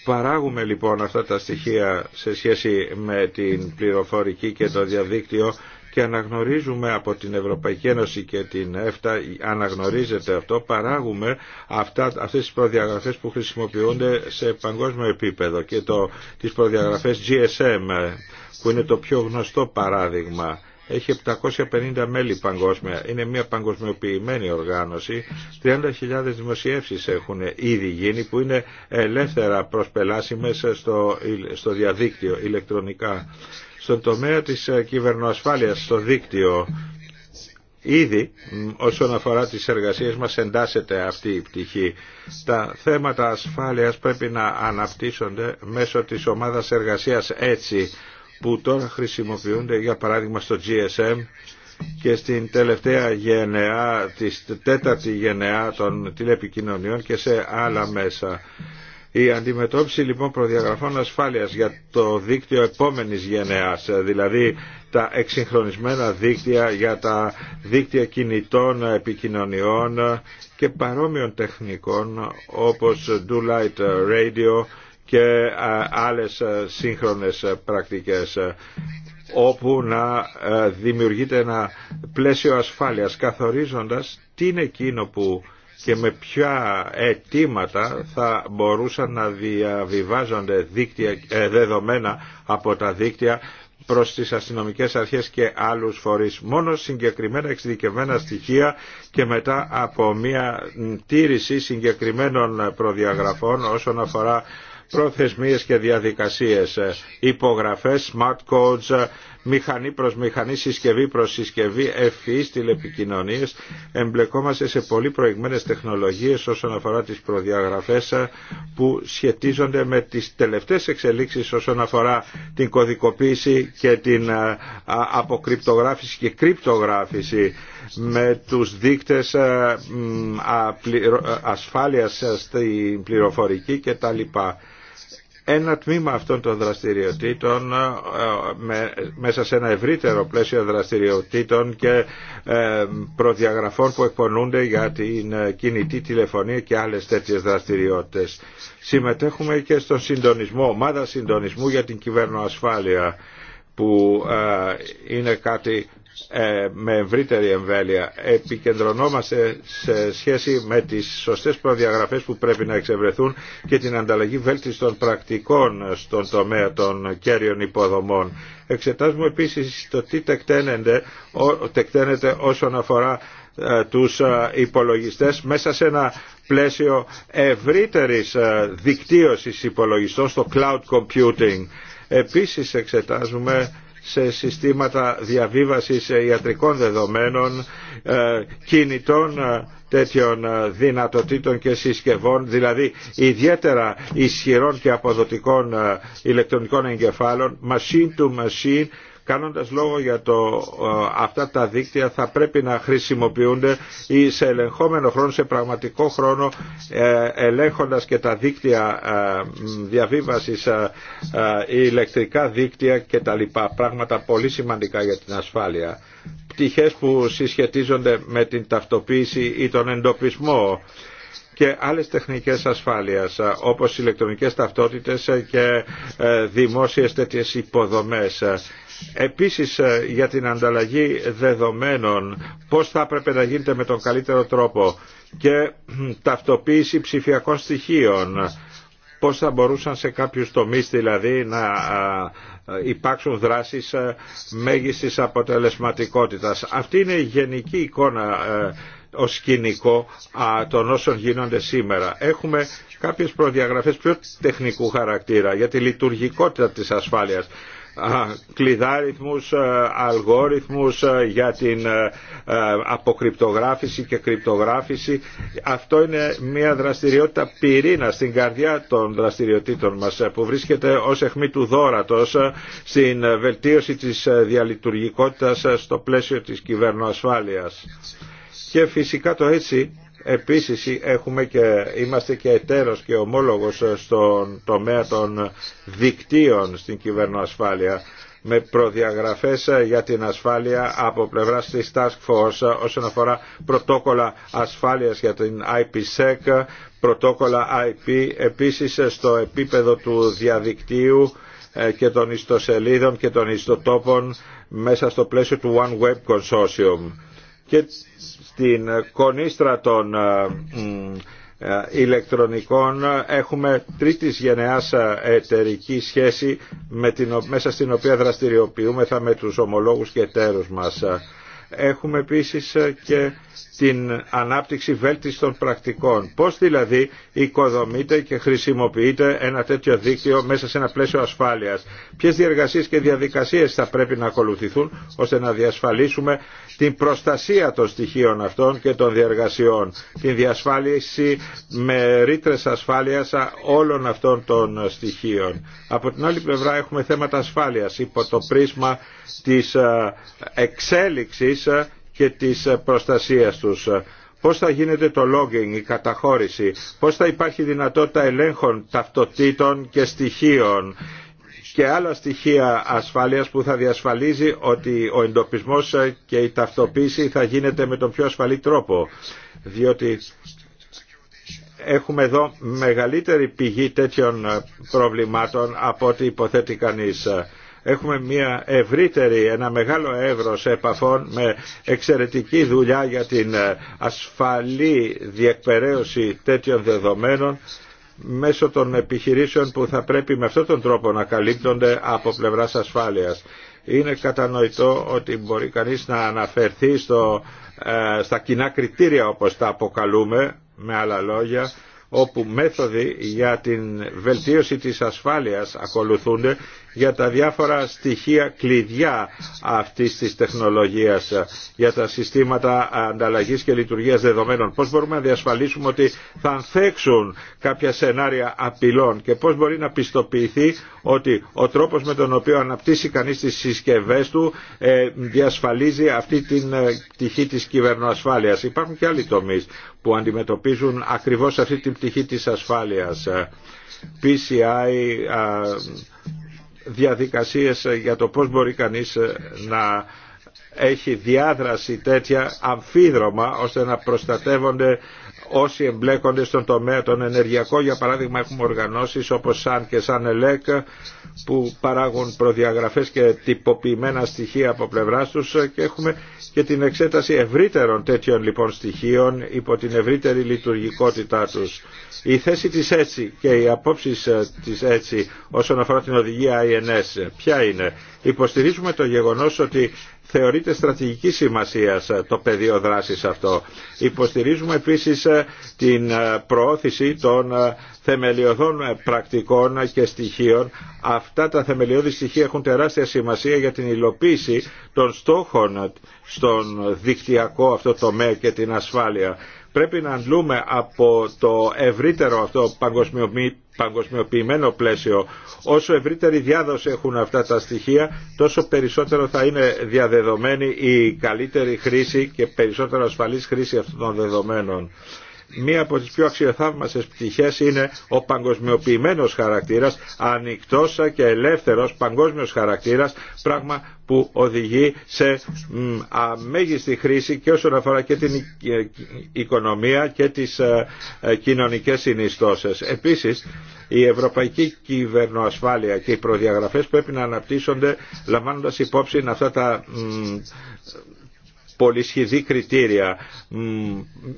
Παράγουμε λοιπόν αυτά τα στοιχεία σε σχέση με την πληροφορική και το διαδίκτυο και αναγνωρίζουμε από την Ευρωπαϊκή Ένωση και την ΕΦΤΑ, αναγνωρίζεται αυτό, παράγουμε αυτά, αυτές τις προδιαγραφές που χρησιμοποιούνται σε παγκόσμιο επίπεδο και το, τις προδιαγραφές GSM που είναι το πιο γνωστό παράδειγμα. Έχει 750 μέλη παγκόσμια. Είναι μια παγκοσμιοποιημένη οργάνωση. 30.000 δημοσιεύσεις έχουν ήδη γίνει που είναι ελεύθερα προσπελάσιμες στο, στο διαδίκτυο ηλεκτρονικά. Στον τομέα της ε, κυβερνοασφάλειας στο δίκτυο Ήδη όσον αφορά τις εργασίες μας εντάσσεται αυτή η πτυχή. Τα θέματα ασφάλειας πρέπει να αναπτύσσονται μέσω της ομάδας εργασίας έτσι που τώρα χρησιμοποιούνται για παράδειγμα στο GSM και στην τελευταία γενεά, της τέταρτη γενεά των τηλεπικοινωνιών και σε άλλα μέσα. Η αντιμετώπιση λοιπόν προδιαγραφών ασφάλειας για το δίκτυο επόμενης γενεάς, δηλαδή τα εξυγχρονισμένα δίκτυα για τα δίκτυα κινητών επικοινωνιών και παρόμοιων τεχνικών όπως Do Light Radio και άλλες σύγχρονες πρακτικές όπου να ε, δημιουργείται ένα πλαίσιο ασφάλειας καθορίζοντας τι είναι εκείνο που και με ποια αιτήματα θα μπορούσαν να διαβιβάζονται ε, δεδομένα από τα δίκτυα προς τις αστυνομικές αρχές και άλλους φορείς. Μόνο συγκεκριμένα εξειδικευμένα στοιχεία και μετά από μια τήρηση συγκεκριμένων προδιαγραφών όσον αφορά προθεσμίες και διαδικασίες, ε, υπογραφές, smart codes, ε, μηχανή προς μηχανή, συσκευή προς συσκευή, ευφυείς τηλεπικοινωνίες. Εμπλεκόμαστε σε πολύ προηγμένες τεχνολογίες όσον αφορά τις προδιαγραφές ε, που σχετίζονται με τις τελευταίες εξελίξεις όσον αφορά την κωδικοποίηση και την αποκρυπτογράφηση και κρυπτογράφηση με τους δείκτες ασφάλειας στην πληροφορική κτλ ένα τμήμα αυτών των δραστηριοτήτων ε, μέσα σε ένα ευρύτερο πλαίσιο δραστηριοτήτων και ε, προδιαγραφών που εκπονούνται για την ε, κινητή τηλεφωνία και άλλες τέτοιες δραστηριότητες. Συμμετέχουμε και στον συντονισμό, ομάδα συντονισμού για την ασφάλεια που είναι κάτι ε, με ευρύτερη εμβέλεια. Επικεντρωνόμαστε σε σχέση με τις σωστές προδιαγραφές που πρέπει να εξευρεθούν και την ανταλλαγή βέλτιστων πρακτικών στον τομέα των κέριων υποδομών. Εξετάζουμε επίσης το τι τεκταίνεται όσον αφορά ε, τους ε, υπολογιστές μέσα σε ένα πλαίσιο ευρύτερης δικτύωσης υπολογιστών στο cloud computing. Επίσης εξετάζουμε σε συστήματα διαβίβασης ιατρικών δεδομένων, ε, κινητών ε, τέτοιων ε, δυνατοτήτων και συσκευών, δηλαδή ιδιαίτερα ισχυρών και αποδοτικών ηλεκτρονικών εγκεφάλων, machine to machine, κάνοντας λόγο για το, ε, αυτά τα δίκτυα θα πρέπει να χρησιμοποιούνται ή σε ελεγχόμενο χρόνο, σε πραγματικό χρόνο ε, ελέγχοντας και τα δίκτυα ε, διαβίβασης, ηλεκτρικά δίκτυα κτλ. Πράγματα πολύ σημαντικά για την ασφάλεια. Πτυχές που συσχετίζονται με την ταυτοποίηση ή τον εντοπισμό και άλλες τεχνικές ασφάλειας όπως ηλεκτρονικές ταυτότητες και δημόσιες τέτοιες υποδομές. Επίσης ε, για την ανταλλαγή δεδομένων, πώς θα έπρεπε να γίνεται με τον καλύτερο τρόπο και hm, ταυτοποίηση ψηφιακών στοιχείων, πώς θα μπορούσαν σε κάποιους τομείς δηλαδή να υπάρξουν δράσεις ε, μέγιστης αποτελεσματικότητας. Αυτή είναι η γενική εικόνα ο ε, σκηνικό α, των όσων γίνονται σήμερα. Έχουμε κάποιες προδιαγραφές πιο τεχνικού χαρακτήρα για τη λειτουργικότητα της ασφάλειας κλειδάριθμους, αλγόριθμους για την αποκρυπτογράφηση και κρυπτογράφηση. Αυτό είναι μια δραστηριότητα πυρήνα στην καρδιά των δραστηριοτήτων μας ε, που βρίσκεται ως αιχμή του δόρατος στην βελτίωση της ε, διαλειτουργικότητας στο πλαίσιο της κυβερνοασφάλειας. Και φυσικά το έτσι Επίσης έχουμε και, είμαστε και εταίρος και ομόλογος στον τομέα των δικτύων στην κυβερνοασφάλεια με προδιαγραφές για την ασφάλεια από πλευράς της Task Force όσον αφορά πρωτόκολλα ασφάλειας για την IPSEC, πρωτόκολλα IP, επίσης στο επίπεδο του διαδικτύου ε, και των ιστοσελίδων και των ιστοτόπων μέσα στο πλαίσιο του One Web Consortium και στην κονίστρα των ε, ε, ηλεκτρονικών έχουμε τρίτης γενεάς εταιρική σχέση με την, μέσα στην οποία δραστηριοποιούμεθα με τους ομολόγους και εταίρους μας. Έχουμε επίσης και την ανάπτυξη βέλτιστων πρακτικών. Πώς δηλαδή οικοδομείται και χρησιμοποιείται ένα τέτοιο δίκτυο μέσα σε ένα πλαίσιο ασφάλειας. Ποιες διεργασίες και διαδικασίες θα πρέπει να ακολουθηθούν ώστε να διασφαλίσουμε την προστασία των στοιχείων αυτών και των διεργασιών. Την διασφάλιση με ρήτρε ασφάλειας όλων αυτών των στοιχείων. Από την άλλη πλευρά έχουμε θέματα ασφάλειας υπό το πρίσμα της ε, εξέλιξης και της ε, προστασίας τους. Πώς θα γίνεται το logging, η καταχώρηση, πώς θα υπάρχει δυνατότητα ελέγχων ταυτοτήτων και στοιχείων και άλλα στοιχεία ασφάλειας που θα διασφαλίζει ότι ο εντοπισμός ε, και η ταυτοποίηση θα γίνεται με τον πιο ασφαλή τρόπο. Διότι έχουμε εδώ μεγαλύτερη πηγή τέτοιων ε, προβλημάτων από ό,τι υποθέτει κανείς. Έχουμε μια ευρύτερη, ένα μεγάλο εύρος επαφών με εξαιρετική δουλειά για την ε, ασφαλή διεκπαιρέωση τέτοιων δεδομένων μέσω των επιχειρήσεων που θα πρέπει με αυτόν τον τρόπο να καλύπτονται από πλευράς ασφάλειας. Είναι κατανοητό ότι μπορεί κανείς να αναφερθεί στο, ε, στα κοινά κριτήρια όπως τα αποκαλούμε, με άλλα λόγια, όπου μέθοδοι για την βελτίωση της ασφάλειας ακολουθούνται για τα διάφορα στοιχεία κλειδιά αυτής της τεχνολογίας για τα συστήματα ανταλλαγής και λειτουργίας δεδομένων. Πώς μπορούμε να διασφαλίσουμε ότι θα ανθέξουν κάποια σενάρια απειλών και πώς μπορεί να πιστοποιηθεί ότι ο τρόπος με τον οποίο αναπτύσσει κανείς τις συσκευές του ε, διασφαλίζει αυτή την ε, πτυχή της κυβερνοασφάλειας. Υπάρχουν και άλλοι τομείς που αντιμετωπίζουν ακριβώς αυτή την πτυχή της ασφάλειας. PCI, ε, διαδικασίες για το πώς μπορεί κανείς ε, να έχει διάδραση τέτοια αμφίδρομα ώστε να προστατεύονται όσοι εμπλέκονται στον τομέα των ενεργειακών, Για παράδειγμα έχουμε οργανώσεις όπως ΣΑΝ και ΣΑΝ ΕΛΕΚ που παράγουν προδιαγραφές και τυποποιημένα στοιχεία από πλευρά τους και έχουμε και την εξέταση ευρύτερων τέτοιων λοιπόν στοιχείων υπό την ευρύτερη λειτουργικότητά τους. Η θέση της έτσι και οι απόψεις ε, της έτσι όσον αφορά την οδηγία INS ποια είναι. Υποστηρίζουμε το γεγονός ότι θεωρείται στρατηγική σημασία ε, το πεδίο δράσης αυτό. Υποστηρίζουμε επίσης ε, την ε, προώθηση των θεμελιωδών πρακτικών και στοιχείων. Αυτά τα θεμελιώδη στοιχεία έχουν τεράστια σημασία για την υλοποίηση των στόχων στον δικτυακό αυτό τομέα και την ασφάλεια πρέπει να αντλούμε από το ευρύτερο αυτό παγκοσμιοποιημένο πλαίσιο. Όσο ευρύτερη διάδοση έχουν αυτά τα στοιχεία, τόσο περισσότερο θα είναι διαδεδομένη η καλύτερη χρήση και περισσότερο ασφαλής χρήση αυτών των δεδομένων μία από τις πιο αξιοθαύμασες πτυχές είναι ο παγκοσμιοποιημένος χαρακτήρας, ανοιχτός και ελεύθερος παγκόσμιος χαρακτήρας, πράγμα που οδηγεί σε αμέγιστη χρήση και όσον αφορά και την οικονομία και τις ε, ε, κοινωνικές συνιστώσεις. Επίσης, η ευρωπαϊκή κυβερνοασφάλεια και οι προδιαγραφές πρέπει να αναπτύσσονται λαμβάνοντας υπόψη αυτά τα πολυσχηδή κριτήρια,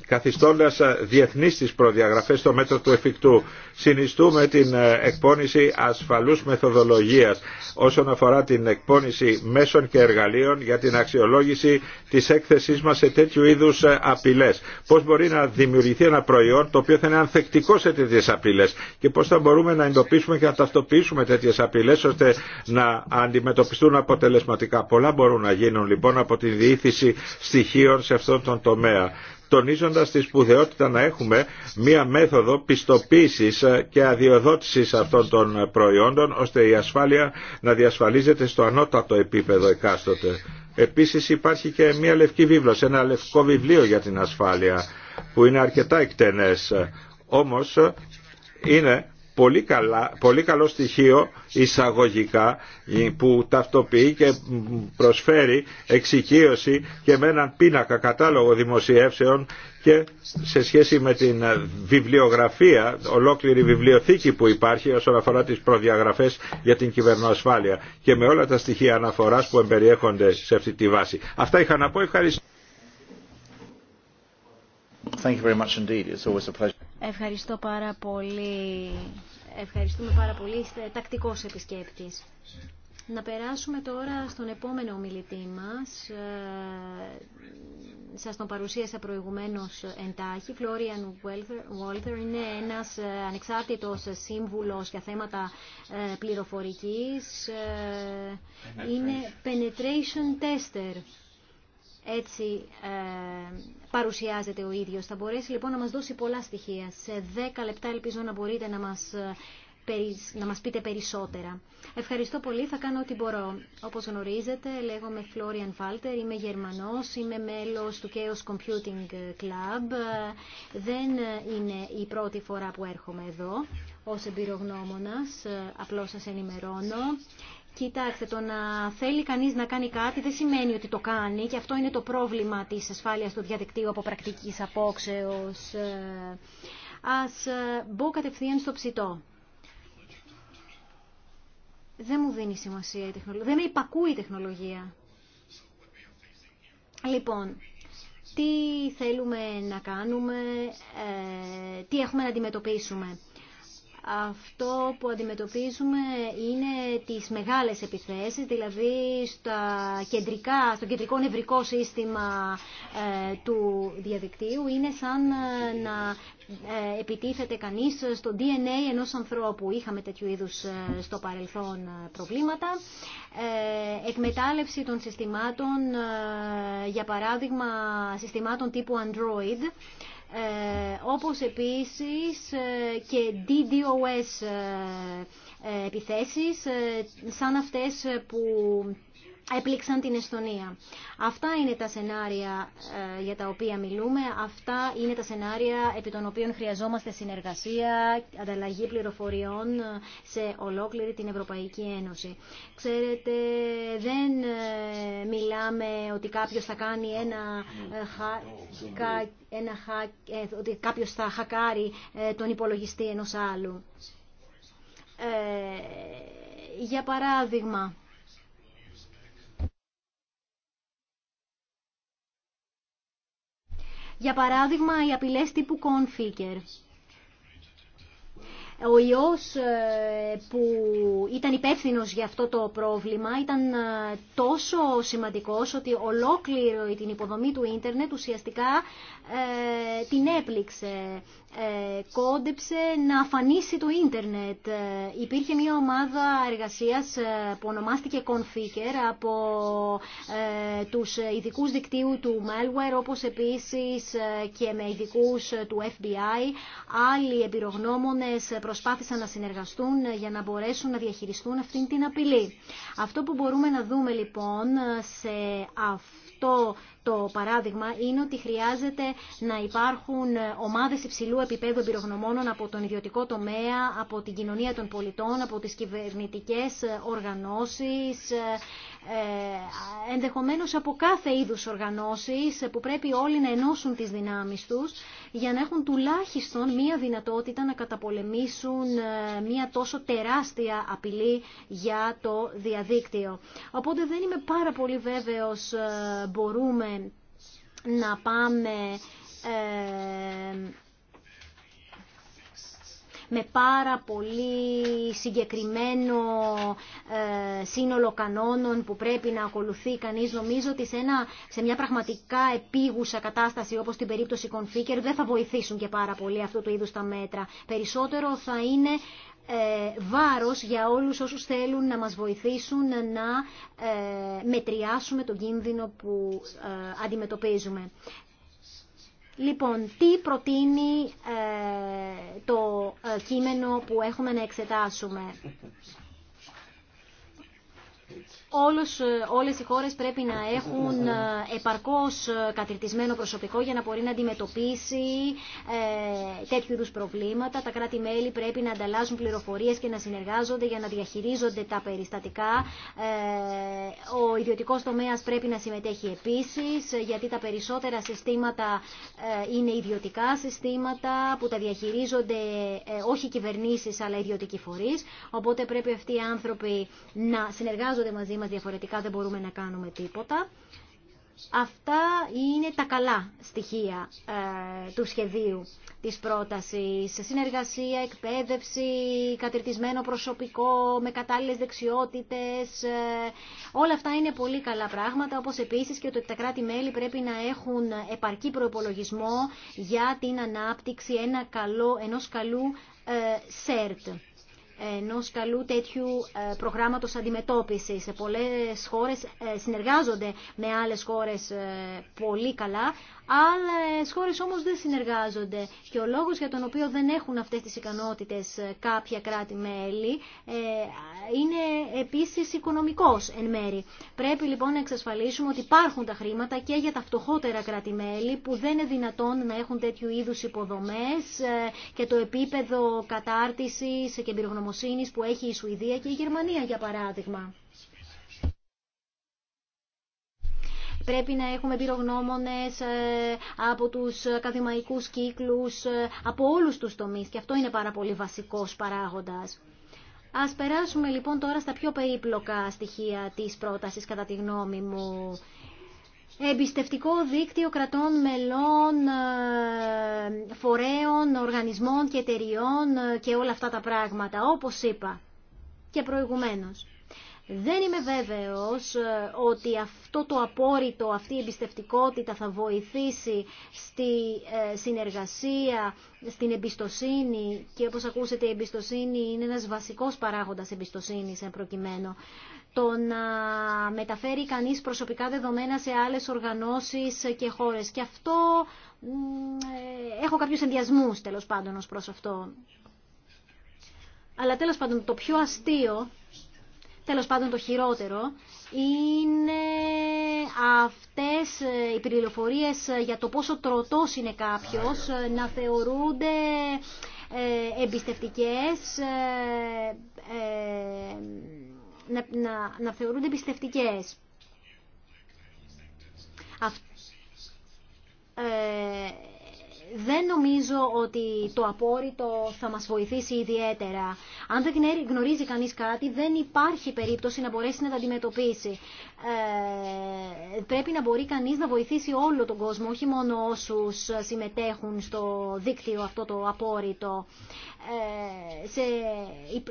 καθιστώντας ε, διεθνείς τις προδιαγραφές στο μέτρο του εφικτού. Συνιστούμε την ε, εκπόνηση ασφαλούς μεθοδολογίας όσον αφορά την εκπόνηση μέσων και εργαλείων για την αξιολόγηση της έκθεσής μας σε τέτοιου είδους ε, απειλές. Πώς μπορεί να δημιουργηθεί ένα προϊόν το οποίο θα είναι ανθεκτικό σε τέτοιες απειλές και πώς θα μπορούμε να εντοπίσουμε και να ταυτοποιήσουμε τέτοιες απειλές ώστε να αντιμετωπιστούν αποτελεσματικά. Πολλά μπορούν να γίνουν λοιπόν από τη διήθηση στοιχείων σε αυτόν τον τομέα τονίζοντας τη σπουδαιότητα να έχουμε μία μέθοδο πιστοποίησης ε, και αδειοδότησης αυτών των προϊόντων, ώστε η ασφάλεια να διασφαλίζεται στο ανώτατο επίπεδο εκάστοτε. Επίσης υπάρχει και μία λευκή βίβλος, ένα λευκό βιβλίο για την ασφάλεια, που είναι αρκετά εκτενές. Όμως ε, είναι πολύ, καλά, πολύ καλό στοιχείο εισαγωγικά ε, που ταυτοποιεί και προσφέρει εξοικείωση και με έναν πίνακα κατάλογο δημοσιεύσεων και σε σχέση με την βιβλιογραφία, ολόκληρη βιβλιοθήκη που υπάρχει όσον αφορά τις προδιαγραφές για την κυβερνοασφάλεια και με όλα τα στοιχεία αναφοράς που εμπεριέχονται σε αυτή τη βάση. Αυτά είχα να πω. Ευχαριστώ. Thank you very much indeed. It's always a pleasure. Ευχαριστώ πάρα πολύ. Ευχαριστούμε πάρα πολύ. Είστε τακτικός επισκέπτης. Να περάσουμε τώρα στον επόμενο ομιλητή μας. Ε, σας τον παρουσίασα προηγουμένως εντάχει. Φλόριαν Walter είναι ένας ε, ανεξάρτητος σύμβουλος για θέματα ε, πληροφορικής. Είναι penetration tester έτσι ε, παρουσιάζεται ο ίδιος. Θα μπορέσει λοιπόν να μας δώσει πολλά στοιχεία. Σε 10 λεπτά ελπίζω να μπορείτε ε, να μας, πείτε περισσότερα. Ευχαριστώ πολύ, θα κάνω ό,τι μπορώ. Όπως γνωρίζετε, λέγομαι Florian Walter, είμαι Γερμανός, είμαι μέλος του Chaos Computing Club. Δεν είναι η πρώτη φορά που έρχομαι εδώ ως εμπειρογνώμονας, ε, απλώς σας ενημερώνω. Κοιτάξτε, το να θέλει κανείς να κάνει κάτι δεν σημαίνει ότι το κάνει και αυτό είναι το πρόβλημα της ασφάλειας του διαδικτύου από πρακτική απόξεω. Ε, ας ε, μπω κατευθείαν στο ψητό. Δεν μου δίνει σημασία η τεχνολογία. Δεν με υπακούει η τεχνολογία. Λοιπόν, τι θέλουμε να κάνουμε, ε, τι έχουμε να αντιμετωπίσουμε αυτό που αντιμετωπίζουμε είναι τις μεγάλες επιθέσεις, δηλαδή στα κεντρικά, στο κεντρικό νευρικό σύστημα ε, του διαδικτύου. Είναι σαν ε, να ε, επιτίθεται κανείς στο DNA ενός ανθρώπου. Είχαμε τέτοιου είδους στο παρελθόν προβλήματα. Εκμετάλλευση των συστημάτων, για παράδειγμα συστημάτων τύπου Android, ε, όπως επίσης ε, και DDoS ε, επιθέσεις σαν αυτές που έπληξαν την Εστονία. Αυτά είναι τα σενάρια ε, για τα οποία μιλούμε, αυτά είναι τα σενάρια επί των οποίων χρειαζόμαστε συνεργασία, ανταλλαγή πληροφοριών ε, σε ολόκληρη την Ευρωπαϊκή Ένωση. Ξέρετε, δεν ε, μιλάμε ότι κάποιος θα κάνει ένα, ένα ότι κάποιος θα χακάρει τον υπολογιστή ενός άλλου. για παράδειγμα, Για παράδειγμα, οι απειλές τύπου Configure. Ο ιός ε, που ήταν υπεύθυνο για αυτό το πρόβλημα ήταν ε, τόσο σημαντικός ότι ολόκληρο την υποδομή του ίντερνετ ουσιαστικά ε, την έπληξε. Ε, κόντεψε να αφανίσει το ίντερνετ. Ε, υπήρχε μια ομάδα εργασίας ε, που ονομάστηκε Conficker από τους ειδικού δικτύου του malware όπως επίσης και με ειδικού του FBI. Άλλοι εμπειρογνώμονες προσπάθησαν να συνεργαστούν για να μπορέσουν να διαχειριστούν αυτήν την απειλή. Αυτό που μπορούμε να δούμε λοιπόν σε αυτό αυτό το παράδειγμα είναι ότι χρειάζεται να υπάρχουν ομάδες υψηλού επίπεδου εμπειρογνωμόνων από τον ιδιωτικό τομέα, από την κοινωνία των πολιτών, από τις κυβερνητικέ οργανώσεις, ε, ενδεχομένως από κάθε είδους οργανώσεις που πρέπει όλοι να ενώσουν τις δυνάμεις τους για να έχουν τουλάχιστον μία δυνατότητα να καταπολεμήσουν ε, μία τόσο τεράστια απειλή για το διαδίκτυο. Οπότε δεν είμαι πάρα πολύ βέβαιος ε, μπορούμε να πάμε με πάρα πολύ συγκεκριμένο ε, σύνολο κανόνων που πρέπει να ακολουθεί κανείς. Νομίζω ότι σε, ένα, μια πραγματικά επίγουσα κατάσταση όπως την περίπτωση Κονφίκερ δεν θα βοηθήσουν και πάρα πολύ αυτού του είδους τα μέτρα. Περισσότερο θα είναι ε, βάρος για όλους όσους θέλουν να μας βοηθήσουν να ε, μετριάσουμε τον κίνδυνο που αντιμετωπίζουμε. Λοιπόν, τι προτείνει ε, το ε, κείμενο που έχουμε να εξετάσουμε όλους, ε, όλες οι χώρες πρέπει να έχουν ε, επαρκώς ε, κατηρτισμένο προσωπικό για να μπορεί να αντιμετωπίσει ε, τέτοιου είδους προβλήματα. Τα κράτη-μέλη πρέπει να ανταλλάσσουν πληροφορίες και να συνεργάζονται για να διαχειρίζονται τα περιστατικά. ο ιδιωτικός τομέας πρέπει να συμμετέχει επίσης, γιατί τα περισσότερα συστήματα είναι ιδιωτικά συστήματα που τα διαχειρίζονται όχι κυβερνήσεις αλλά ιδιωτικοί φορείς. Οπότε πρέπει αυτοί οι άνθρωποι να συνεργάζονται μαζί μας διαφορετικά δεν μπορούμε να κάνουμε τίποτα. Αυτά είναι τα καλά στοιχεία ε, του σχεδίου της πρότασης. Συνεργασία, εκπαίδευση, κατηρτισμένο προσωπικό, με κατάλληλες δεξιότητες. Ε, όλα αυτά είναι πολύ καλά πράγματα, όπως επίσης και ότι τα κράτη-μέλη πρέπει να έχουν επαρκή προπολογισμό για την ανάπτυξη ένα καλό, ενός καλού ε, ΣΕΡΤ. Ενό καλού τέτοιου ε, προγράμματος αντιμετώπισης. Σε πολλές χώρες ε, συνεργάζονται με άλλες χώρες ε, πολύ καλά, Άλλες χώρες όμως δεν συνεργάζονται και ο λόγος για τον οποίο δεν έχουν αυτές τις ικανότητες ε, κάποια κράτη-μέλη ε, είναι επίσης οικονομικός εν μέρη. Πρέπει λοιπόν να εξασφαλίσουμε ότι υπάρχουν τα χρήματα και για τα φτωχότερα κράτη-μέλη που δεν είναι δυνατόν να έχουν τέτοιου είδους υποδομές ε, και το επίπεδο κατάρτισης και εμπειρογνωμοσύνης που έχει η Σουηδία και η Γερμανία για παράδειγμα. Πρέπει να έχουμε πυρογνώμονε ε, από τους ακαδημαϊκού κύκλους, ε, από όλους τους τομεί, και αυτό είναι πάρα πολύ βασικός παράγοντας. Ας περάσουμε λοιπόν τώρα στα πιο περίπλοκα στοιχεία της πρότασης κατά τη γνώμη μου. Εμπιστευτικό δίκτυο κρατών μελών, ε, φορέων, οργανισμών και εταιριών και όλα αυτά τα πράγματα, όπως είπα και προηγουμένως. Δεν είμαι βέβαιος ε, ότι αυτό το απόρριτο, αυτή η εμπιστευτικότητα θα βοηθήσει στη ε, συνεργασία, στην εμπιστοσύνη και όπως ακούσετε η εμπιστοσύνη είναι ένας βασικός παράγοντας εμπιστοσύνης εν προκειμένου. Το να μεταφέρει κανείς προσωπικά δεδομένα σε άλλες οργανώσεις και χώρες. Και αυτό ε, έχω κάποιους ενδιασμούς τέλος πάντων ως προς αυτό. Αλλά τέλος πάντων το πιο αστείο τέλος πάντων το χειρότερο, είναι αυτές ε, οι πληροφορίες ε, για το πόσο τροτός είναι κάποιος ε, να θεωρούνται εμπιστευτικές, να, να, να θεωρούνται εμπιστευτικές δεν νομίζω ότι το απόρριτο θα μας βοηθήσει ιδιαίτερα. Αν δεν γνωρίζει κανείς κάτι, δεν υπάρχει περίπτωση να μπορέσει να τα αντιμετωπίσει. Ε, πρέπει να μπορεί κανείς να βοηθήσει όλο τον κόσμο, όχι μόνο όσους συμμετέχουν στο δίκτυο αυτό το απόρριτο. Ε,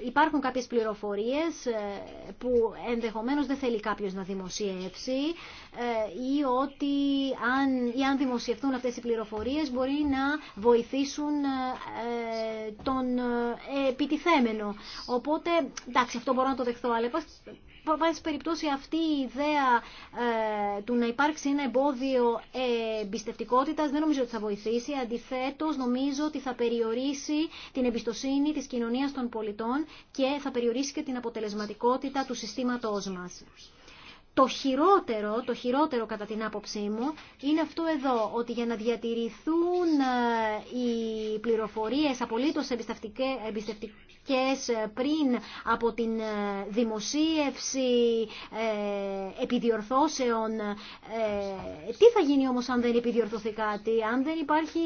υπάρχουν κάποιες πληροφορίες ε, που ενδεχομένως δεν θέλει κάποιος να δημοσιεύσει ή ότι αν, δημοσιευτούν αυτές οι πληροφορίες μπορεί να βοηθήσουν ε, ε, τον ε, επιτιθέμενο. Οπότε, εντάξει, αυτό μπορώ να το δεχθώ, αλλά πάση περιπτώσει αυτή η ιδέα του να υπάρξει ένα εμπόδιο εμπιστευτικότητα δεν νομίζω ότι θα βοηθήσει. Αντιθέτω, νομίζω ότι θα περιορίσει την εμπιστοσύνη τη κοινωνία των πολιτών και θα περιορίσει και την αποτελεσματικότητα του συστήματό μα. Το χειρότερο, το χειρότερο κατά την άποψή μου, είναι αυτό εδώ, ότι για να διατηρηθούν ε, οι πληροφορίες απολύτως εμπιστευτικές ε, πριν από την ε, δημοσίευση επιδιορθώσεων, τι θα γίνει όμως αν δεν επιδιορθωθεί κάτι, αν δεν, υπάρχει,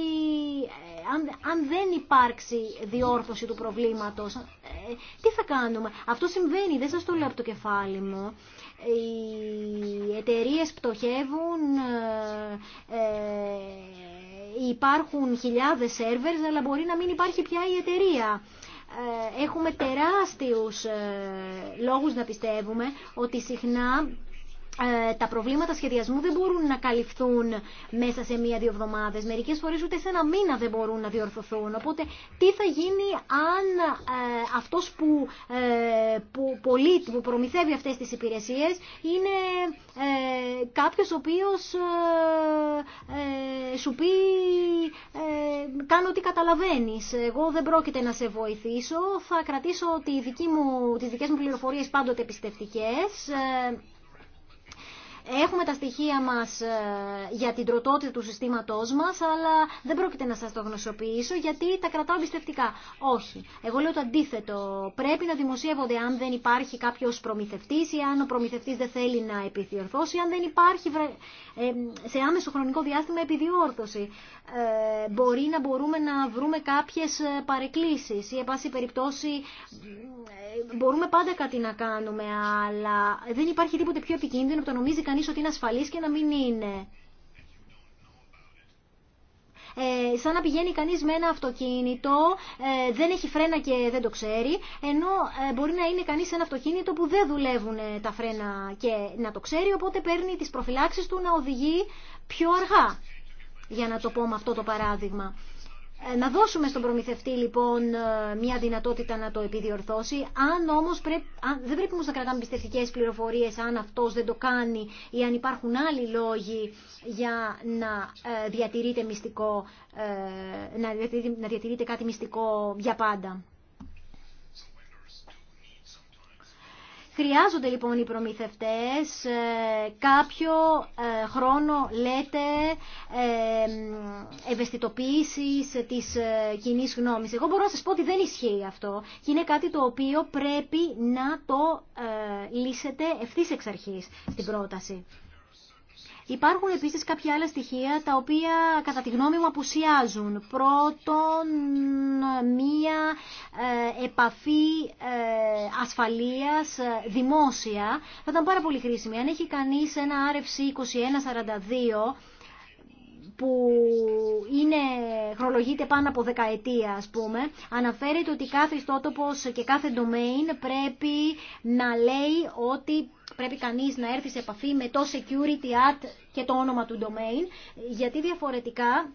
αν, δεν υπάρξει διόρθωση του προβλήματος, τι θα κάνουμε. Αυτό συμβαίνει, δεν σας το λέω από το κεφάλι μου οι εταιρείες πτωχεύουν, ε, ε, υπάρχουν χιλιάδες σερβερς, αλλά μπορεί να μην υπάρχει πια η εταιρεία. Ε, έχουμε τεράστιους λόγους να πιστεύουμε ότι συχνά ε, τα προβλήματα σχεδιασμού δεν μπορούν να καλυφθούν μέσα σε μία-δύο εβδομάδε. Μερικέ φορέ ούτε σε ένα μήνα δεν μπορούν να διορθωθούν. Οπότε, τι θα γίνει αν ε, αυτό που, ε, που, προμηθεύει αυτέ τι υπηρεσίε είναι ε, κάποιο ο οποίο ε, ε, σου πει κάνω ό,τι καταλαβαίνει. Εγώ δεν πρόκειται να σε βοηθήσω. Θα κρατήσω τι δικέ μου, μου πληροφορίες πάντοτε πιστευτικές Έχουμε τα στοιχεία μας ε, για την τροτότητα του συστήματός μας, αλλά δεν πρόκειται να σας το γνωσοποιήσω γιατί τα κρατάω εμπιστευτικά. Όχι. Εγώ λέω το αντίθετο. Πρέπει να δημοσιεύονται αν δεν υπάρχει κάποιος προμηθευτής ή αν ο προμηθευτής δεν θέλει να επιδιορθώσει, αν δεν υπάρχει ε, σε άμεσο χρονικό διάστημα επιδιόρθωση. Ε, μπορεί να μπορούμε να βρούμε κάποιες παρεκκλήσεις ή, εν πάση περιπτώσει, μπορούμε πάντα κάτι να κάνουμε, αλλά δεν υπάρχει τίποτε πιο επικίνδυνο από το νομίζει κανείς ότι είναι ασφαλής και να μην είναι. Ε, σαν να πηγαίνει κανείς με ένα αυτοκίνητο, ε, δεν έχει φρένα και δεν το ξέρει, ενώ ε, μπορεί να είναι κανείς σε ένα αυτοκίνητο που δεν δουλεύουν ε, τα φρένα και να το ξέρει, οπότε παίρνει τις προφυλάξεις του να οδηγεί πιο αργά, για να το πω με αυτό το παράδειγμα. Ε, να δώσουμε στον προμηθευτή λοιπόν ε, μια δυνατότητα να το επιδιορθώσει. Αν όμως δεν πρέπει όμως να κρατάμε πιστευτικέ πληροφορίε, αν αυτός δεν το κάνει ή αν υπάρχουν άλλοι λόγοι για να ε, διατηρείται μυστικό, να διατηρείται κάτι μυστικό για πάντα. Χρειάζονται λοιπόν οι προμηθευτές ε, κάποιο ε, χρόνο, λέτε, ε, ευαισθητοποίησης της κοινή γνώμης. Εγώ μπορώ να σας πω ότι δεν ισχύει αυτό και είναι κάτι το οποίο πρέπει να το λύσετε ευθύς εξ αρχής στην πρόταση. Υπάρχουν επίσης κάποια άλλα στοιχεία τα οποία κατά τη γνώμη μου απουσιάζουν. Πρώτον, μία ε, επαφή ε, ασφαλείας ε, δημόσια. Θα ήταν πάρα πολύ χρήσιμη. Αν έχει κανείς ένα RFC 2142 που είναι, χρολογείται πάνω από δεκαετία ας πούμε, αναφέρεται ότι κάθε ιστότοπος και κάθε domain πρέπει να λέει ότι πρέπει κανείς να έρθει σε επαφή με το Security at και το όνομα του domain, γιατί διαφορετικά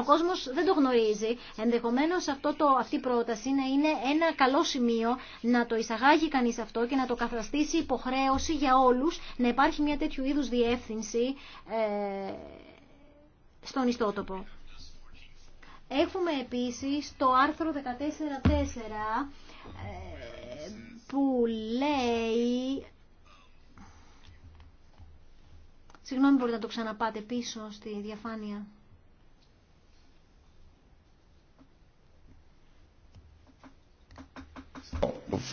ο κόσμος δεν το γνωρίζει. Ενδεχομένως αυτό το, αυτή η πρόταση να είναι ένα καλό σημείο να το εισαγάγει κανείς αυτό και να το καθαστήσει υποχρέωση για όλους να υπάρχει μια τέτοιου είδους διεύθυνση ε, στον ιστότοπο. Έχουμε επίσης το άρθρο 14.4 ε, που λέει Συγγνώμη, μπορείτε να το ξαναπάτε πίσω στη διαφάνεια.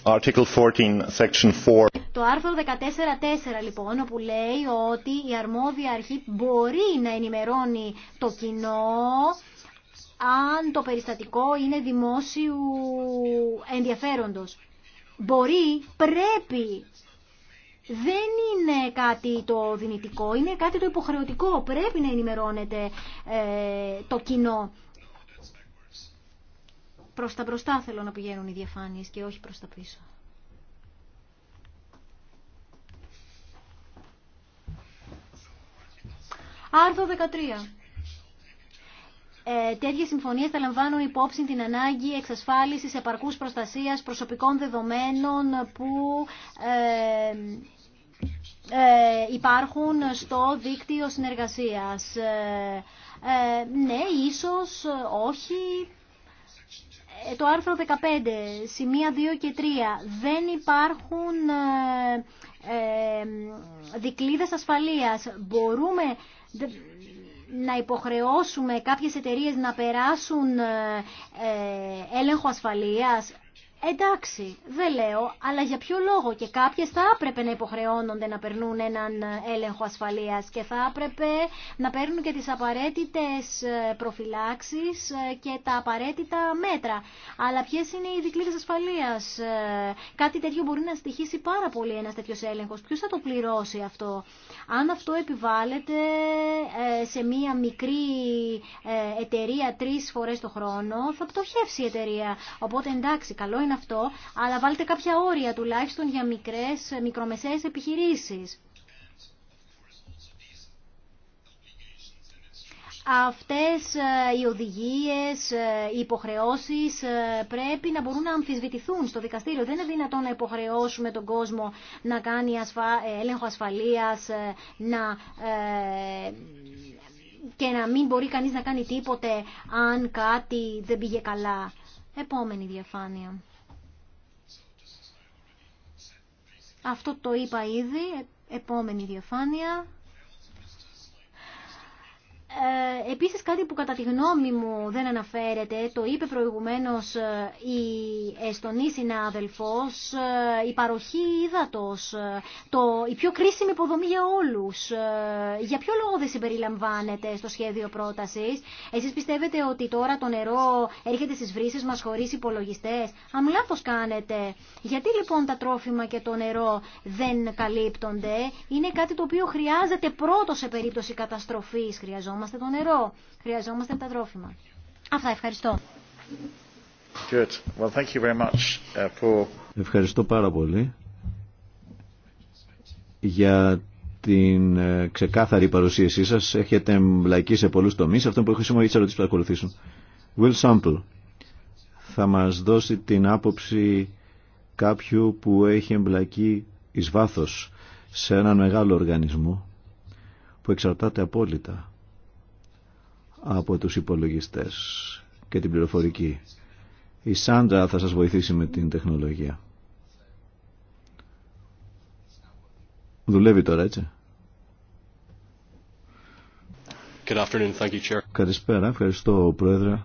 Article 14, 4. Το άρθρο 14.4 λοιπόν, όπου λέει ότι η αρμόδια αρχή μπορεί να ενημερώνει το κοινό αν το περιστατικό είναι δημόσιου ενδιαφέροντος. Μπορεί, πρέπει δεν είναι κάτι το δυνητικό, είναι κάτι το υποχρεωτικό. Πρέπει να ενημερώνεται ε, το κοινό. Προς τα μπροστά θέλω να πηγαίνουν οι διαφάνειες και όχι προς τα πίσω. Άρθρο 13. Ε, Τέτοιε συμφωνίε θα λαμβάνουν υπόψη την ανάγκη εξασφάλισης επαρκούς προστασίας προσωπικών δεδομένων που ε, ε, υπάρχουν στο δίκτυο συνεργασίας. Ε, ε, ναι, ίσως, όχι. Το άρθρο 15, σημεία 2 και 3, δεν υπάρχουν δικλείδες ασφαλείας. Μπορούμε να υποχρεώσουμε κάποιες εταιρείες να περάσουν έλεγχο ασφαλείας. Εντάξει, δεν λέω, αλλά για ποιο λόγο και κάποιες θα έπρεπε να υποχρεώνονται να περνούν έναν έλεγχο ασφαλείας και θα έπρεπε να παίρνουν και τις απαραίτητες ε, προφυλάξεις ε, και τα απαραίτητα μέτρα. Αλλά ποιες είναι οι δικλείδες ασφαλείας. Ε, κάτι τέτοιο μπορεί να στοιχήσει πάρα πολύ ένας τέτοιος έλεγχος. Ποιο θα το πληρώσει αυτό. Αν αυτό επιβάλλεται σε μία μικρή εταιρεία τρει φορές το χρόνο, θα πτωχεύσει η εταιρεία. Οπότε εντάξει, καλό είναι αυτό, αλλά βάλτε κάποια όρια τουλάχιστον για μικρές, μικρομεσαίες επιχειρήσεις. Αυτές ε, οι οδηγίες, ε, οι υποχρεώσεις ε, πρέπει να μπορούν να αμφισβητηθούν στο δικαστήριο. Δεν είναι δυνατόν να υποχρεώσουμε τον κόσμο να κάνει έλεγχο ασφαλείας να... και να μην μπορεί κανείς να κάνει τίποτε αν κάτι δεν πήγε καλά. Επόμενη διαφάνεια. Αυτό το είπα ήδη, επόμενη διαφάνεια. Ε, επίσης κάτι που κατά τη γνώμη μου δεν αναφέρεται, το είπε προηγουμένως ε, η Εστονή συνάδελφος, ε, η παροχή ύδατος, το, η πιο κρίσιμη υποδομή για όλους. Για ποιο λόγο δεν συμπεριλαμβάνεται στο σχέδιο πρότασης. Εσείς πιστεύετε ότι τώρα το νερό έρχεται στις βρύσεις μας χωρίς υπολογιστές. Αν λάθος κάνετε, γιατί λοιπόν τα τρόφιμα και το νερό δεν καλύπτονται. Είναι κάτι το οποίο χρειάζεται πρώτο σε περίπτωση καταστροφής. Χρειαζόμαστε Χρειαζόμαστε το νερό. Χρειαζόμαστε τα τρόφιμα. Αυτά. Ευχαριστώ. Good. Well, thank you very much uh, for... Ευχαριστώ πάρα πολύ για την ε, ξεκάθαρη παρουσίασή σας. Έχετε εμπλακεί σε πολλούς τομείς. Αυτό που έχω σήμερα για τις ερωτήσεις που θα ακολουθήσουν. Will Sample θα μας δώσει την άποψη κάποιου που έχει εμπλακεί εις βάθος σε έναν μεγάλο οργανισμό που εξαρτάται απόλυτα από τους υπολογιστές και την πληροφορική. Η Σάντρα θα σας βοηθήσει με την τεχνολογία. Δουλεύει τώρα, έτσι. Good afternoon. Thank you, Chair. Καλησπέρα, ευχαριστώ Πρόεδρε.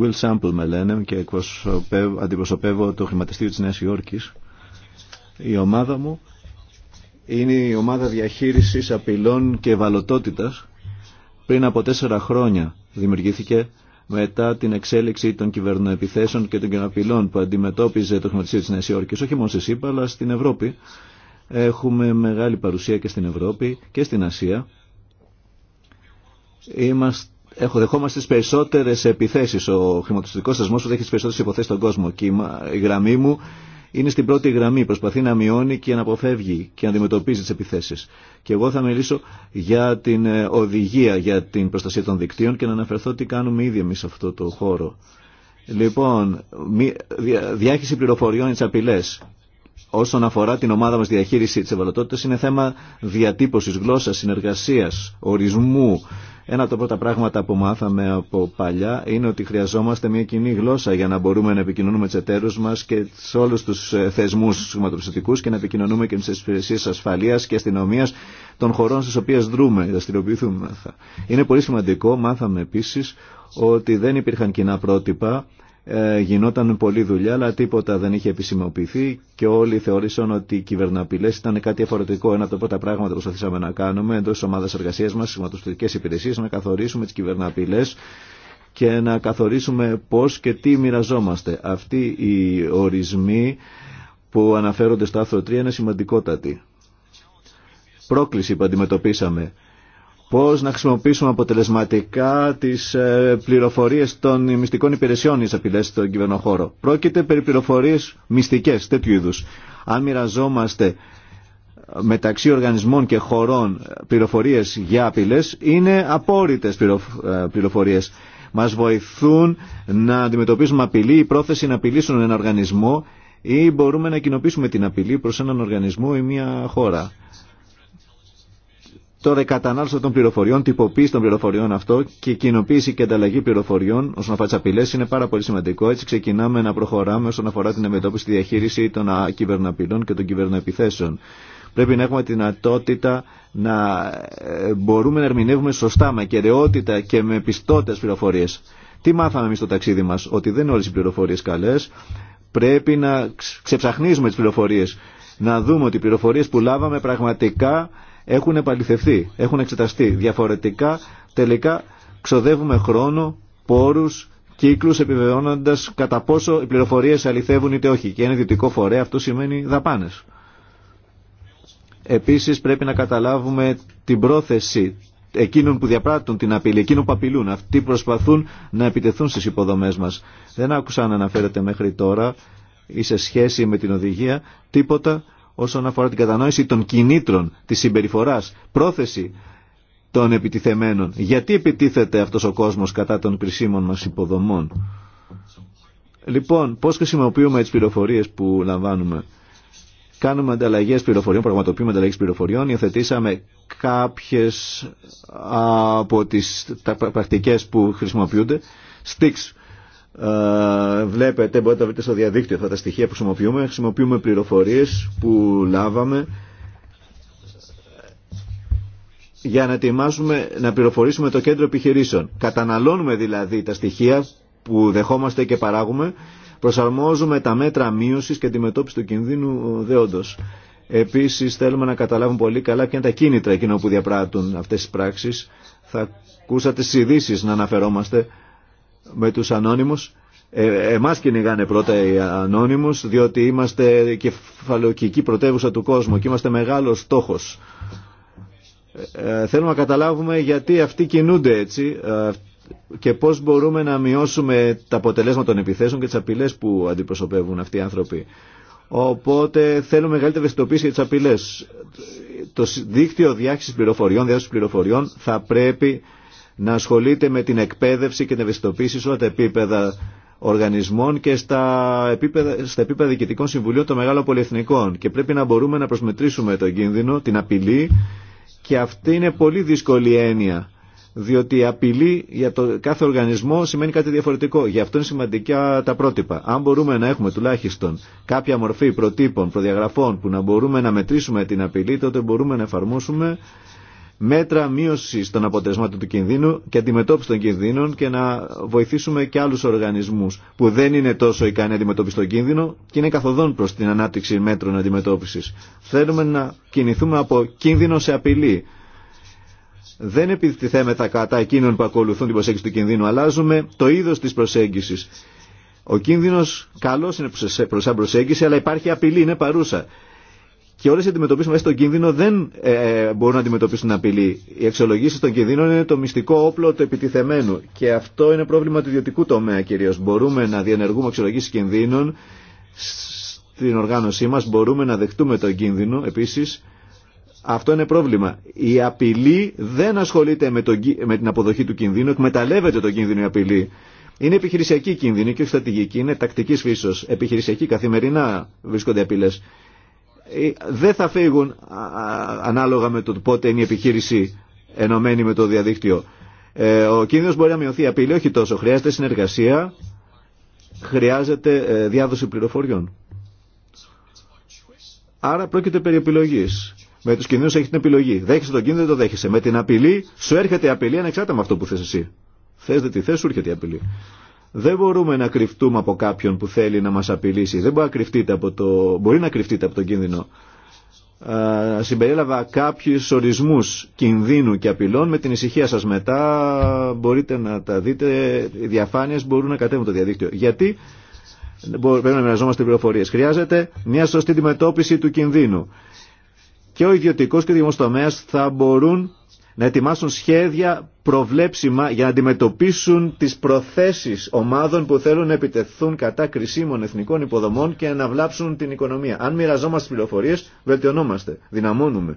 Will Sample με λένε και αντιπροσωπεύω το χρηματιστήριο της Νέας Υόρκης. Η ομάδα μου είναι η ομάδα διαχείρισης απειλών και ευαλωτότητας πριν από τέσσερα χρόνια δημιουργήθηκε μετά την εξέλιξη των κυβερνοεπιθέσεων και των κοινοπηλών που αντιμετώπιζε το χρηματιστήριο της Νέας Υόρκης, όχι μόνο στη ΣΥΠΑ αλλά στην Ευρώπη. Έχουμε μεγάλη παρουσία και στην Ευρώπη και στην Ασία. Είμαστε Έχω δεχόμαστε τι περισσότερες επιθέσεις. Ο χρηματιστικό θεσμό που δέχεται τι περισσότερες υποθέσεις στον κόσμο. Και η γραμμή μου είναι στην πρώτη γραμμή, προσπαθεί να μειώνει και να αποφεύγει και να αντιμετωπίζει τις επιθέσεις. Και εγώ θα μιλήσω για την ε, οδηγία για την προστασία των δικτύων και να αναφερθώ τι κάνουμε ήδη εμείς σε αυτό το χώρο. Λοιπόν, διάχυση πληροφοριών είναι απειλές όσον αφορά την ομάδα μας διαχείριση της ευαλωτότητας είναι θέμα διατύπωσης γλώσσας, συνεργασίας, ορισμού. Ένα από τα πρώτα πράγματα που μάθαμε από παλιά είναι ότι χρειαζόμαστε μια κοινή γλώσσα για να μπορούμε να επικοινωνούμε με εταίρους μας και σε όλους τους ε, θεσμούς σχηματοπιστωτικούς και να επικοινωνούμε και με τις υπηρεσίε ασφαλείας και αστυνομία των χωρών στις οποίες δρούμε, δραστηριοποιηθούμε. Είναι πολύ σημαντικό, μάθαμε επίσης, ότι δεν υπήρχαν κοινά πρότυπα ε, γινόταν πολλή δουλειά αλλά τίποτα δεν είχε επισημοποιηθεί και όλοι θεώρησαν ότι οι κυβερναπηλές ήταν κάτι διαφορετικό. Ένα από τα πρώτα πράγματα που προσπαθήσαμε να κάνουμε εντός της ομάδας εργασίας μας, σηματοστατικές υπηρεσίες, να καθορίσουμε τις κυβερναπηλές και να καθορίσουμε πώς και τι μοιραζόμαστε. Αυτοί οι ορισμοί που αναφέρονται στο άθρο 3 είναι σημαντικότατοι. Πρόκληση που αντιμετωπίσαμε πώς να χρησιμοποιήσουμε αποτελεσματικά τις ε, πληροφορίες των μυστικών υπηρεσιών εις απειλές στον κυβερνοχώρο. Πρόκειται περί πληροφορίες μυστικές, τέτοιου είδους. Αν μοιραζόμαστε ε, μεταξύ οργανισμών και χωρών ε, πληροφορίες για απειλές, είναι απόρριτες πληροφορίες. Μας βοηθούν να αντιμετωπίσουμε απειλή, η πρόθεση να απειλήσουν ένα οργανισμό ή μπορούμε να κοινοποιήσουμε την απειλή προς έναν οργανισμό ή μια χώρα. Τώρα η κατανάλωση των πληροφοριών, τυποποίηση των πληροφοριών αυτό και η κοινοποίηση και ανταλλαγή πληροφοριών όσον αφορά τι απειλέ είναι πάρα πολύ σημαντικό. Έτσι ξεκινάμε να προχωράμε όσον αφορά την αντιμετώπιση τη διαχείριση των κυβερναπειλών και των κυβερνοεπιθέσεων. Πρέπει να έχουμε τη δυνατότητα να ε, μπορούμε να ερμηνεύουμε σωστά, με κεραιότητα και με πιστότητε πληροφορίε. Τι μάθαμε εμεί στο ταξίδι μα, ότι δεν είναι όλε οι πληροφορίε καλέ. Πρέπει να ξεψαχνίζουμε τι πληροφορίε. Να δούμε ότι οι πληροφορίε που λάβαμε πραγματικά έχουν επαληθευτεί, έχουν εξεταστεί. Διαφορετικά τελικά ξοδεύουμε χρόνο, πόρους, κύκλους επιβεβαιώνοντας κατά πόσο οι πληροφορίες αληθεύουν είτε όχι. Και ένα ιδιωτικό φορέα αυτό σημαίνει δαπάνες. Επίσης πρέπει να καταλάβουμε την πρόθεση εκείνων που διαπράττουν την απειλή, εκείνων που απειλούν. Αυτοί προσπαθούν να επιτεθούν στις υποδομές μας. Δεν άκουσα να αναφέρεται μέχρι τώρα ή σε σχέση με την οδηγία τίποτα όσον αφορά την κατανόηση των κινήτρων, της συμπεριφοράς, πρόθεση των επιτιθεμένων. Γιατί επιτίθεται αυτός ο κόσμος κατά των κρισίμων μας υποδομών. Λοιπόν, πώς χρησιμοποιούμε τις πληροφορίες που λαμβάνουμε. Κάνουμε ανταλλαγέ πληροφοριών, πραγματοποιούμε ανταλλαγέ πληροφοριών, υιοθετήσαμε κάποιε από τι πρακτικέ που χρησιμοποιούνται. Sticks, ε, βλέπετε, μπορείτε να βρείτε στο διαδίκτυο αυτά τα στοιχεία που χρησιμοποιούμε. Χρησιμοποιούμε πληροφορίες που λάβαμε για να ετοιμάσουμε, να πληροφορήσουμε το κέντρο επιχειρήσεων. Καταναλώνουμε δηλαδή τα στοιχεία που δεχόμαστε και παράγουμε, προσαρμόζουμε τα μέτρα μείωσης και αντιμετώπιση του κινδύνου δεόντος. Επίσης θέλουμε να καταλάβουμε πολύ καλά ποια είναι τα κίνητρα εκείνο που διαπράττουν αυτές τις πράξεις. Θα ακούσατε τις ειδήσει να αναφερόμαστε με τους ανώνυμους. Ε, εμάς κυνηγάνε πρώτα οι ανώνυμους διότι είμαστε κεφαλοκική πρωτεύουσα του κόσμου και είμαστε μεγάλος στόχος. Ε, ε, θέλουμε να καταλάβουμε γιατί αυτοί κινούνται έτσι και πώς μπορούμε να μειώσουμε τα αποτελέσματα των επιθέσεων και τις απειλές που αντιπροσωπεύουν αυτοί οι άνθρωποι. Οπότε θέλουμε μεγαλύτερη ευαισθητοποίηση για τις απειλές. Το δίκτυο διάχυσης πληροφοριών, διάχυσης πληροφοριών θα πρέπει να ασχολείται με την εκπαίδευση και την ευαισθητοποίηση σε όλα τα επίπεδα οργανισμών και στα επίπεδα, στα επίπεδα διοικητικών συμβουλίων των μεγάλων πολυεθνικών. Και πρέπει να μπορούμε να προσμετρήσουμε τον κίνδυνο, την απειλή και αυτή είναι πολύ δύσκολη έννοια. Διότι η απειλή για το κάθε οργανισμό σημαίνει κάτι διαφορετικό. Γι' αυτό είναι σημαντικά τα πρότυπα. Αν μπορούμε να έχουμε τουλάχιστον κάποια μορφή προτύπων, προδιαγραφών που να μπορούμε να μετρήσουμε την απειλή, τότε μπορούμε να εφαρμόσουμε μέτρα μείωση των αποτελεσμάτων του κινδύνου και αντιμετώπιση των κινδύνων και να βοηθήσουμε και άλλου οργανισμού που δεν είναι τόσο ικανοί να αντιμετώπισουν τον κίνδυνο και είναι καθοδόν προ την ανάπτυξη μέτρων αντιμετώπιση. Θέλουμε να κινηθούμε από κίνδυνο σε απειλή. Δεν επιτιθέμεθα κατά εκείνων που ακολουθούν την προσέγγιση του κινδύνου, αλλάζουμε το είδο τη προσέγγιση. Ο κίνδυνο καλό είναι προ προσέγγιση, αλλά υπάρχει απειλή, είναι παρούσα και όλε οι αντιμετωπίσει μέσα στον κίνδυνο δεν ε, μπορούν να αντιμετωπίσουν την απειλή. Οι αξιολογήσει των κινδύνων είναι το μυστικό όπλο του επιτιθεμένου. Και αυτό είναι πρόβλημα του ιδιωτικού τομέα κυρίω. Μπορούμε να διενεργούμε αξιολογήσει κινδύνων στην οργάνωσή μα, μπορούμε να δεχτούμε τον κίνδυνο επίση. Αυτό είναι πρόβλημα. Η απειλή δεν ασχολείται με, τον, με την αποδοχή του κινδύνου, εκμεταλλεύεται τον κίνδυνο η απειλή. Είναι επιχειρησιακή κίνδυνη και όχι στρατηγική, είναι τακτική φύσεω. Επιχειρησιακή καθημερινά βρίσκονται απειλέ. Ε, δεν θα φύγουν ανάλογα με το πότε είναι η επιχείρηση ενωμένη με το διαδίκτυο. Ε, ο κίνδυνος μπορεί να μειωθεί απειλή, όχι τόσο. Χρειάζεται συνεργασία, χρειάζεται ε, διάδοση πληροφοριών. Άρα πρόκειται περί επιλογής. Με τους κίνδυνους έχει την επιλογή. Δέχεσαι τον κίνδυνο, δεν το δέχεσαι. Με την απειλή σου έρχεται η απειλή ανεξάρτητα με αυτό που θες εσύ. Θες δεν τη θες, σου έρχεται η απειλή. Δεν μπορούμε να κρυφτούμε από κάποιον που θέλει να μας απειλήσει. Δεν μπορεί να κρυφτείτε από, το... μπορεί να κρυφτείτε από τον κίνδυνο. Ε, συμπεριέλαβα κάποιους ορισμούς κινδύνου και απειλών. Με την ησυχία σας μετά μπορείτε να τα δείτε. Οι διαφάνειες μπορούν να κατέβουν το διαδίκτυο. Γιατί πρέπει να μοιραζόμαστε πληροφορίε. Χρειάζεται μια σωστή αντιμετώπιση του κινδύνου. Και ο ιδιωτικό και ο δημοσιοτομέα θα μπορούν να ετοιμάσουν σχέδια προβλέψιμα για να αντιμετωπίσουν τις προθέσεις ομάδων που θέλουν να επιτεθούν κατά κρισίμων εθνικών υποδομών και να βλάψουν την οικονομία. Αν μοιραζόμαστε τις πληροφορίες, βελτιωνόμαστε, δυναμώνουμε.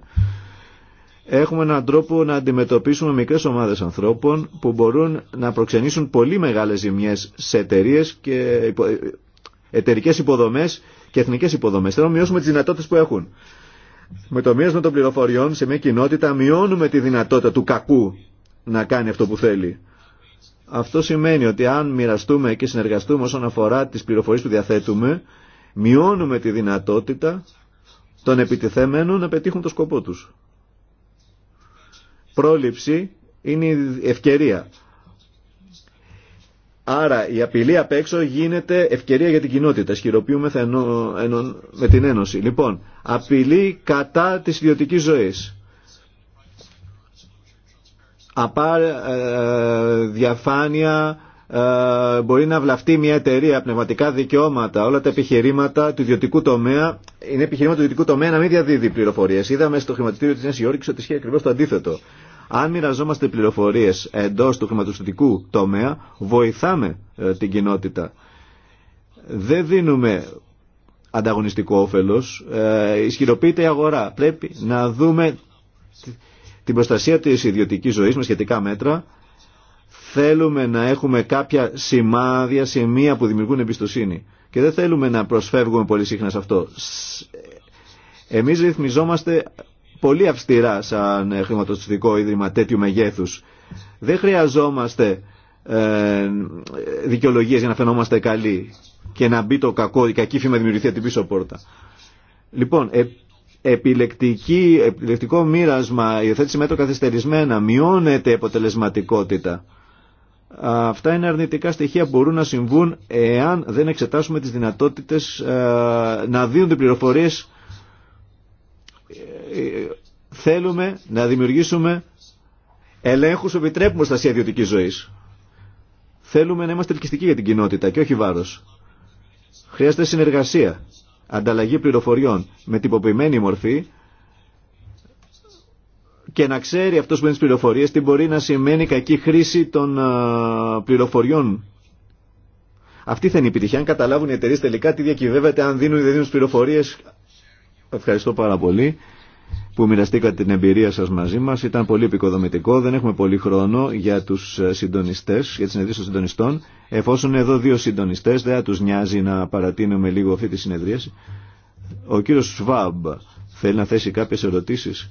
Έχουμε έναν τρόπο να αντιμετωπίσουμε μικρές ομάδες ανθρώπων που μπορούν να προξενήσουν πολύ μεγάλες ζημιές σε εταιρείε και εταιρικέ υποδομές και εθνικές υποδομές. Θέλω να μειώσουμε τις δυνατότητες που έχουν με το μοίρασμα των πληροφοριών σε μια κοινότητα μειώνουμε τη δυνατότητα του κακού να κάνει αυτό που θέλει. Αυτό σημαίνει ότι αν μοιραστούμε και συνεργαστούμε όσον αφορά τις πληροφορίες που διαθέτουμε, μειώνουμε τη δυνατότητα των επιτιθέμενων να πετύχουν το σκοπό τους. Πρόληψη είναι ευκαιρία. Άρα η απειλή απ' έξω γίνεται ευκαιρία για την κοινότητα. Ισχυροποιούμε με την Ένωση. Λοιπόν, απειλή κατά της ιδιωτικής ζωής. Απά, ε, διαφάνεια, ε, μπορεί να βλαφτεί μια εταιρεία, πνευματικά δικαιώματα, όλα τα επιχειρήματα του ιδιωτικού τομέα. Είναι επιχειρήματα του ιδιωτικού τομέα να μην διαδίδει πληροφορίε. Είδαμε στο χρηματιστήριο τη Νέα Υόρκη ότι ισχύει ακριβώ το αντίθετο. Αν μοιραζόμαστε πληροφορίες εντός του χρηματοστατικού τομέα, βοηθάμε ε, την κοινότητα. Δεν δίνουμε ανταγωνιστικό όφελος, ε, ισχυροποιείται η αγορά. Πρέπει να δούμε την προστασία της ιδιωτικής ζωής με σχετικά μέτρα. Θέλουμε να έχουμε κάποια σημάδια, σημεία που δημιουργούν εμπιστοσύνη. Και δεν θέλουμε να προσφεύγουμε πολύ συχνά σε αυτό. Εμείς ρυθμιζόμαστε πολύ αυστηρά σαν ε, χρηματοστατικό ίδρυμα τέτοιου μεγέθους. Δεν χρειαζόμαστε ε, δικαιολογίες για να φαινόμαστε καλοί και να μπει το κακό, η κακή φήμα δημιουργηθεί από την πίσω πόρτα. Λοιπόν, ε, επιλεκτική, επιλεκτικό μοίρασμα, υιοθέτηση μέτρων καθυστερισμένα, μειώνεται η αποτελεσματικότητα. Αυτά είναι αρνητικά στοιχεία που μπορούν να συμβούν εάν δεν εξετάσουμε τις δυνατότητες ε, να δίνονται πληροφορίες θέλουμε να δημιουργήσουμε ελέγχου που επιτρέπουν προστασία ιδιωτική ζωή. Θέλουμε να είμαστε ελκυστικοί για την κοινότητα και όχι βάρο. Χρειάζεται συνεργασία, ανταλλαγή πληροφοριών με τυποποιημένη μορφή και να ξέρει αυτός που είναι τις πληροφορίες τι μπορεί να σημαίνει κακή χρήση των πληροφοριών. Αυτή θα είναι η επιτυχία, αν καταλάβουν οι εταιρείε τελικά τι διακυβεύεται, αν δίνουν ή δεν δίνουν πληροφορίες. Ευχαριστώ πάρα πολύ που μοιραστήκατε την εμπειρία σας μαζί μας. Ήταν πολύ επικοδομητικό. Δεν έχουμε πολύ χρόνο για τους ε, συντονιστές, για τις συνεδρίες των συντονιστών. Εφόσον εδώ δύο συντονιστές, δεν θα τους νοιάζει να παρατείνουμε λίγο αυτή τη συνεδρίαση. Ο κύριος Σβάμπ θέλει να θέσει κάποιες ερωτήσεις.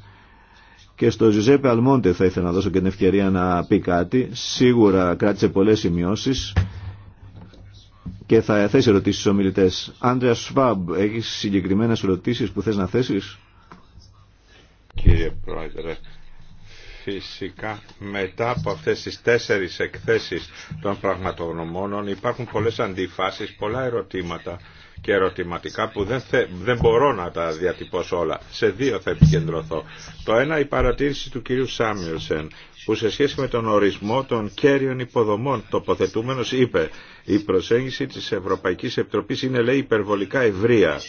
Και στο Ζιζέπε Αλμόντε θα ήθελα να δώσω και την ευκαιρία να πει κάτι. Σίγουρα κράτησε πολλές σημειώσεις και θα θέσει ερωτήσεις στους ομιλητές. Άντρια Σβάμπ, έχεις συγκεκριμένες ερωτήσεις που θες να θέσεις. Κύριε Πρόεδρε, φυσικά μετά από αυτές τις τέσσερις εκθέσεις των πραγματογνωμόνων υπάρχουν πολλές αντιφάσεις, πολλά ερωτήματα και ερωτηματικά που δεν, δεν μπορώ να τα διατυπώσω όλα. Σε δύο θα επικεντρωθώ. Το ένα η παρατήρηση του κυρίου Σάμιουσεν που σε σχέση με τον ορισμό των κέριων υποδομών τοποθετούμενος είπε η προσέγγιση της Ευρωπαϊκής Επιτροπής είναι λέει υπερβολικά ευρεία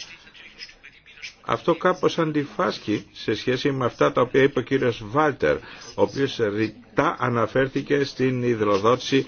αυτό κάπως αντιφάσκει σε σχέση με αυτά τα οποία είπε ο κύριος Βάλτερ, ο οποίος ρητά αναφέρθηκε στην υδροδότηση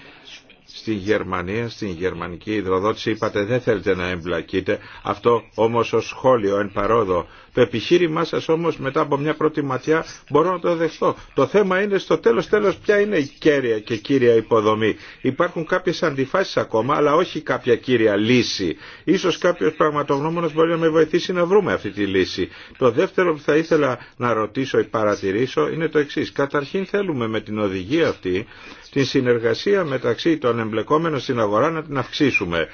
στη Γερμανία, στην γερμανική υδροδότηση είπατε δεν θέλετε να εμπλακείτε. Αυτό όμως ως σχόλιο εν παρόδο το επιχείρημά σα όμω μετά από μια πρώτη ματιά μπορώ να το δεχτώ. Το θέμα είναι στο τέλο τέλο ποια είναι η κέρια και κύρια υποδομή. Υπάρχουν κάποιε αντιφάσει ακόμα αλλά όχι κάποια κύρια λύση. Ίσως κάποιο πραγματογνωμονο μπορεί να με βοηθήσει να βρούμε αυτή τη λύση. Το δεύτερο που θα ήθελα να ρωτήσω ή παρατηρήσω είναι το εξή. Καταρχήν θέλουμε με την οδηγία αυτή την συνεργασία μεταξύ των εμπλεκόμενων στην αγορά να την αυξήσουμε.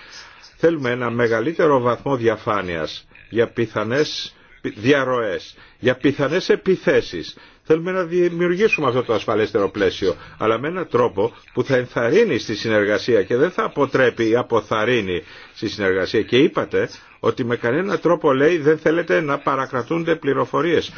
Θέλουμε ένα μεγαλύτερο βαθμό διαφάνειας για πιθανές διαρροές, για πιθανές επιθέσεις. Θέλουμε να δημιουργήσουμε αυτό το ασφαλέστερο πλαίσιο, αλλά με έναν τρόπο που θα ενθαρρύνει στη συνεργασία και δεν θα αποτρέπει ή αποθαρρύνει στη συνεργασία. Και είπατε ότι με κανένα τρόπο λέει δεν θέλετε να παρακρατούνται πληροφορίες.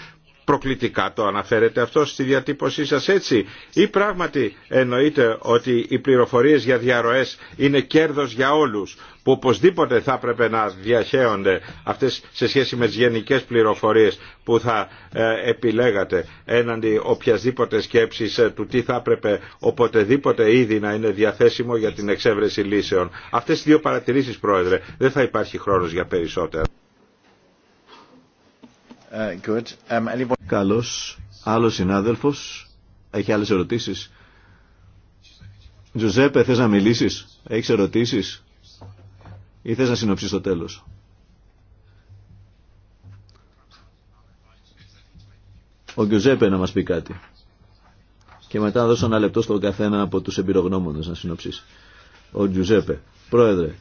Προκλητικά το αναφέρετε αυτό στη διατύπωσή σας έτσι ή πράγματι εννοείται ότι οι πληροφορίες για διαρροές είναι κέρδος για όλους που οπωσδήποτε θα έπρεπε να διαχέονται αυτές σε σχέση με τις γενικές πληροφορίες που θα ε, επιλέγατε έναντι οποιασδήποτε σκέψης ε, του τι θα έπρεπε οποτεδήποτε ήδη να είναι διαθέσιμο για την εξέβρεση λύσεων. Αυτές οι δύο παρατηρήσεις, Πρόεδρε, δεν θα υπάρχει χρόνος για περισσότερα. Ε, um, Καλώς. Άλλος συνάδελφος. Έχει άλλες ερωτήσεις. Τζουζέπε, θες να μιλήσεις. Έχεις ερωτήσεις. Ή θες να συνοψίσεις το τέλος. Ο Γκιουζέπε να μας πει κάτι. Και μετά να δώσω ένα λεπτό στον καθένα από τους εμπειρογνώμονες να συνοψίσει. Ο Γκιουζέπε, πρόεδρε,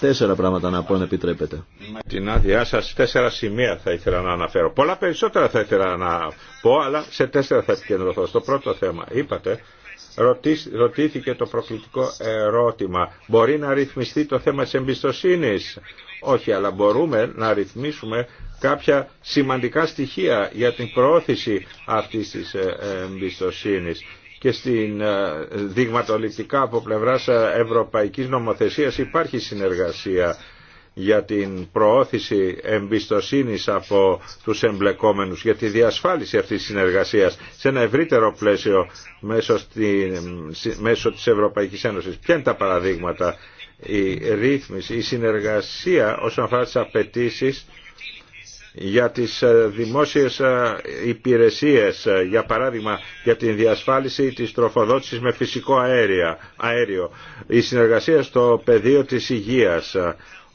τέσσερα πράγματα να πω αν επιτρέπετε. την άδειά σα, τέσσερα σημεία θα ήθελα να αναφέρω. Πολλά περισσότερα θα ήθελα να πω, αλλά σε τέσσερα θα επικεντρωθώ. Στο πρώτο θέμα, είπατε ρωτήθηκε το προκλητικό ερώτημα. Μπορεί να ρυθμιστεί το θέμα της εμπιστοσύνης. Όχι, αλλά μπορούμε να ρυθμίσουμε κάποια σημαντικά στοιχεία για την προώθηση αυτής της ε, ε, εμπιστοσύνης και στην ε, δειγματοληπτικά από πλευράς ευρωπαϊκής νομοθεσίας υπάρχει συνεργασία για την προώθηση εμπιστοσύνης από τους εμπλεκόμενους, για τη διασφάλιση αυτής της συνεργασίας σε ένα ευρύτερο πλαίσιο μέσω, στη, μέσω της Ευρωπαϊκής Ένωσης. Ποια είναι τα παραδείγματα, η ρύθμιση, η συνεργασία όσον αφορά τις απαιτήσει για τις ε, δημόσιες ε, υπηρεσίες, ε, για παράδειγμα για την διασφάλιση της τροφοδότησης με φυσικό αέριο, η συνεργασία στο πεδίο της υγείας,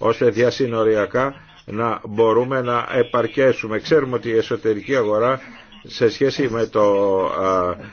ώστε διασυνοριακά να μπορούμε να επαρκέσουμε. Ξέρουμε ότι η εσωτερική αγορά σε σχέση με, το,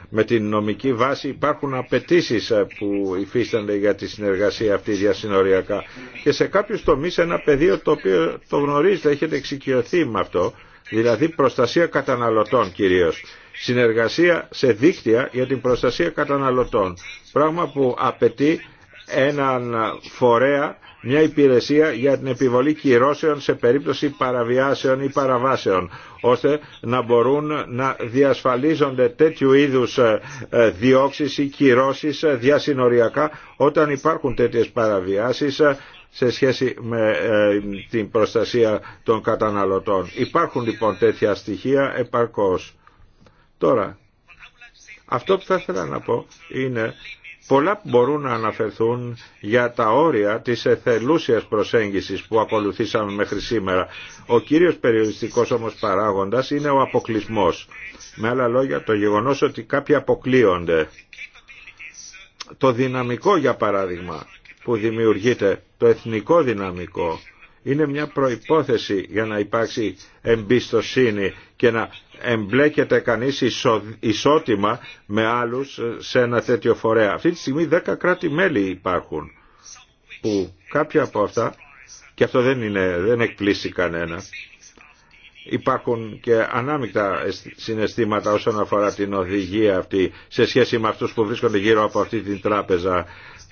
με την νομική βάση υπάρχουν απαιτήσει που υφίστανται για τη συνεργασία αυτή διασυνοριακά και σε κάποιους τομείς ένα πεδίο το οποίο το γνωρίζετε έχετε εξοικειωθεί με αυτό δηλαδή προστασία καταναλωτών κυρίως συνεργασία σε δίκτυα για την προστασία καταναλωτών πράγμα που απαιτεί έναν φορέα μια υπηρεσία για την επιβολή κυρώσεων σε περίπτωση παραβιάσεων ή παραβάσεων ώστε να μπορούν να διασφαλίζονται τέτοιου είδους ε, ε, διώξεις ή κυρώσεις ε, διασυνοριακά όταν υπάρχουν τέτοιες παραβιάσεις σε σχέση με την προστασία των καταναλωτών. Υπάρχουν λοιπόν τέτοια στοιχεία επαρκώς. Τώρα, αυτό που θα ήθελα να πω είναι Πολλά μπορούν να αναφερθούν για τα όρια της εθελούσιας προσέγγισης που ακολουθήσαμε μέχρι σήμερα. Ο κύριος περιοριστικός όμως παράγοντας είναι ο αποκλεισμό. Με άλλα λόγια το γεγονός ότι κάποιοι αποκλείονται. Το δυναμικό για παράδειγμα που δημιουργείται, το εθνικό δυναμικό είναι μια προϋπόθεση για να υπάρξει εμπιστοσύνη και να εμπλέκεται κανείς ισότιμα με άλλους σε ένα τέτοιο φορέα. Αυτή τη στιγμή δεκα κράτη-μέλη υπάρχουν που κάποια από αυτά, και αυτό δεν, είναι, δεν εκπλήσει κανένα, υπάρχουν και ανάμεικτα συναισθήματα όσον αφορά την οδηγία αυτή σε σχέση με αυτούς που βρίσκονται γύρω από αυτή την τράπεζα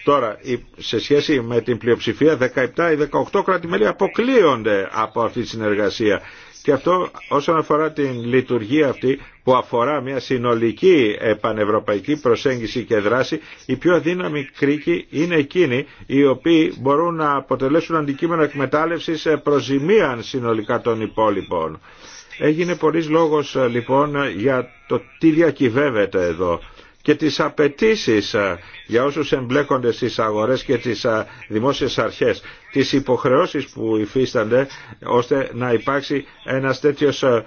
Τώρα, σε σχέση με την πλειοψηφία, 17 ή 18 κράτη-μέλη αποκλείονται από αυτή τη συνεργασία. Και αυτό όσον αφορά την λειτουργία αυτή που αφορά μια συνολική πανευρωπαϊκή προσέγγιση και δράση, οι πιο δύναμη κρίκοι είναι εκείνοι οι οποίοι μπορούν να αποτελέσουν αντικείμενο εκμετάλλευση προζημίαν συνολικά των υπόλοιπων. Έγινε πολλής λόγος λοιπόν για το τι διακυβεύεται εδώ και τις απαιτήσει ε, για όσους εμπλέκονται στις αγορές και τις ε, δημόσιες αρχές, τις υποχρεώσεις που υφίστανται ώστε να υπάρξει ένας τέτοιος ε,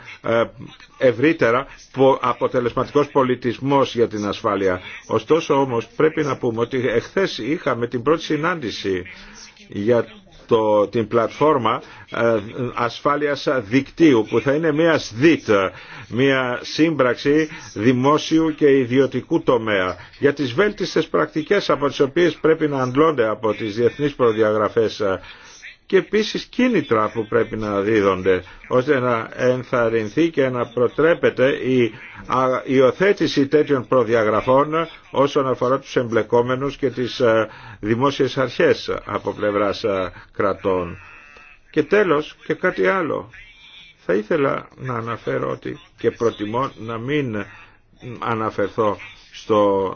ευρύτερα αποτελεσματικός πολιτισμός για την ασφάλεια. Ωστόσο όμως πρέπει να πούμε ότι εχθές είχαμε την πρώτη συνάντηση για το, την πλατφόρμα ε, ασφάλειας δικτύου που θα είναι μια ΣΔΙΤ, μια σύμπραξη δημόσιου και ιδιωτικού τομέα για τις βέλτιστες πρακτικές από τις οποίες πρέπει να αντλώνται από τις διεθνείς προδιαγραφές ε, και επίσης κίνητρα που πρέπει να δίδονται ώστε να ενθαρρυνθεί και να προτρέπεται η υιοθέτηση τέτοιων προδιαγραφών όσον αφορά τους εμπλεκόμενους και τις ε, δημόσιες αρχές από πλευράς ε, κρατών. Και τέλος και κάτι άλλο. Θα ήθελα να αναφέρω ότι και προτιμώ να μην αναφερθώ στο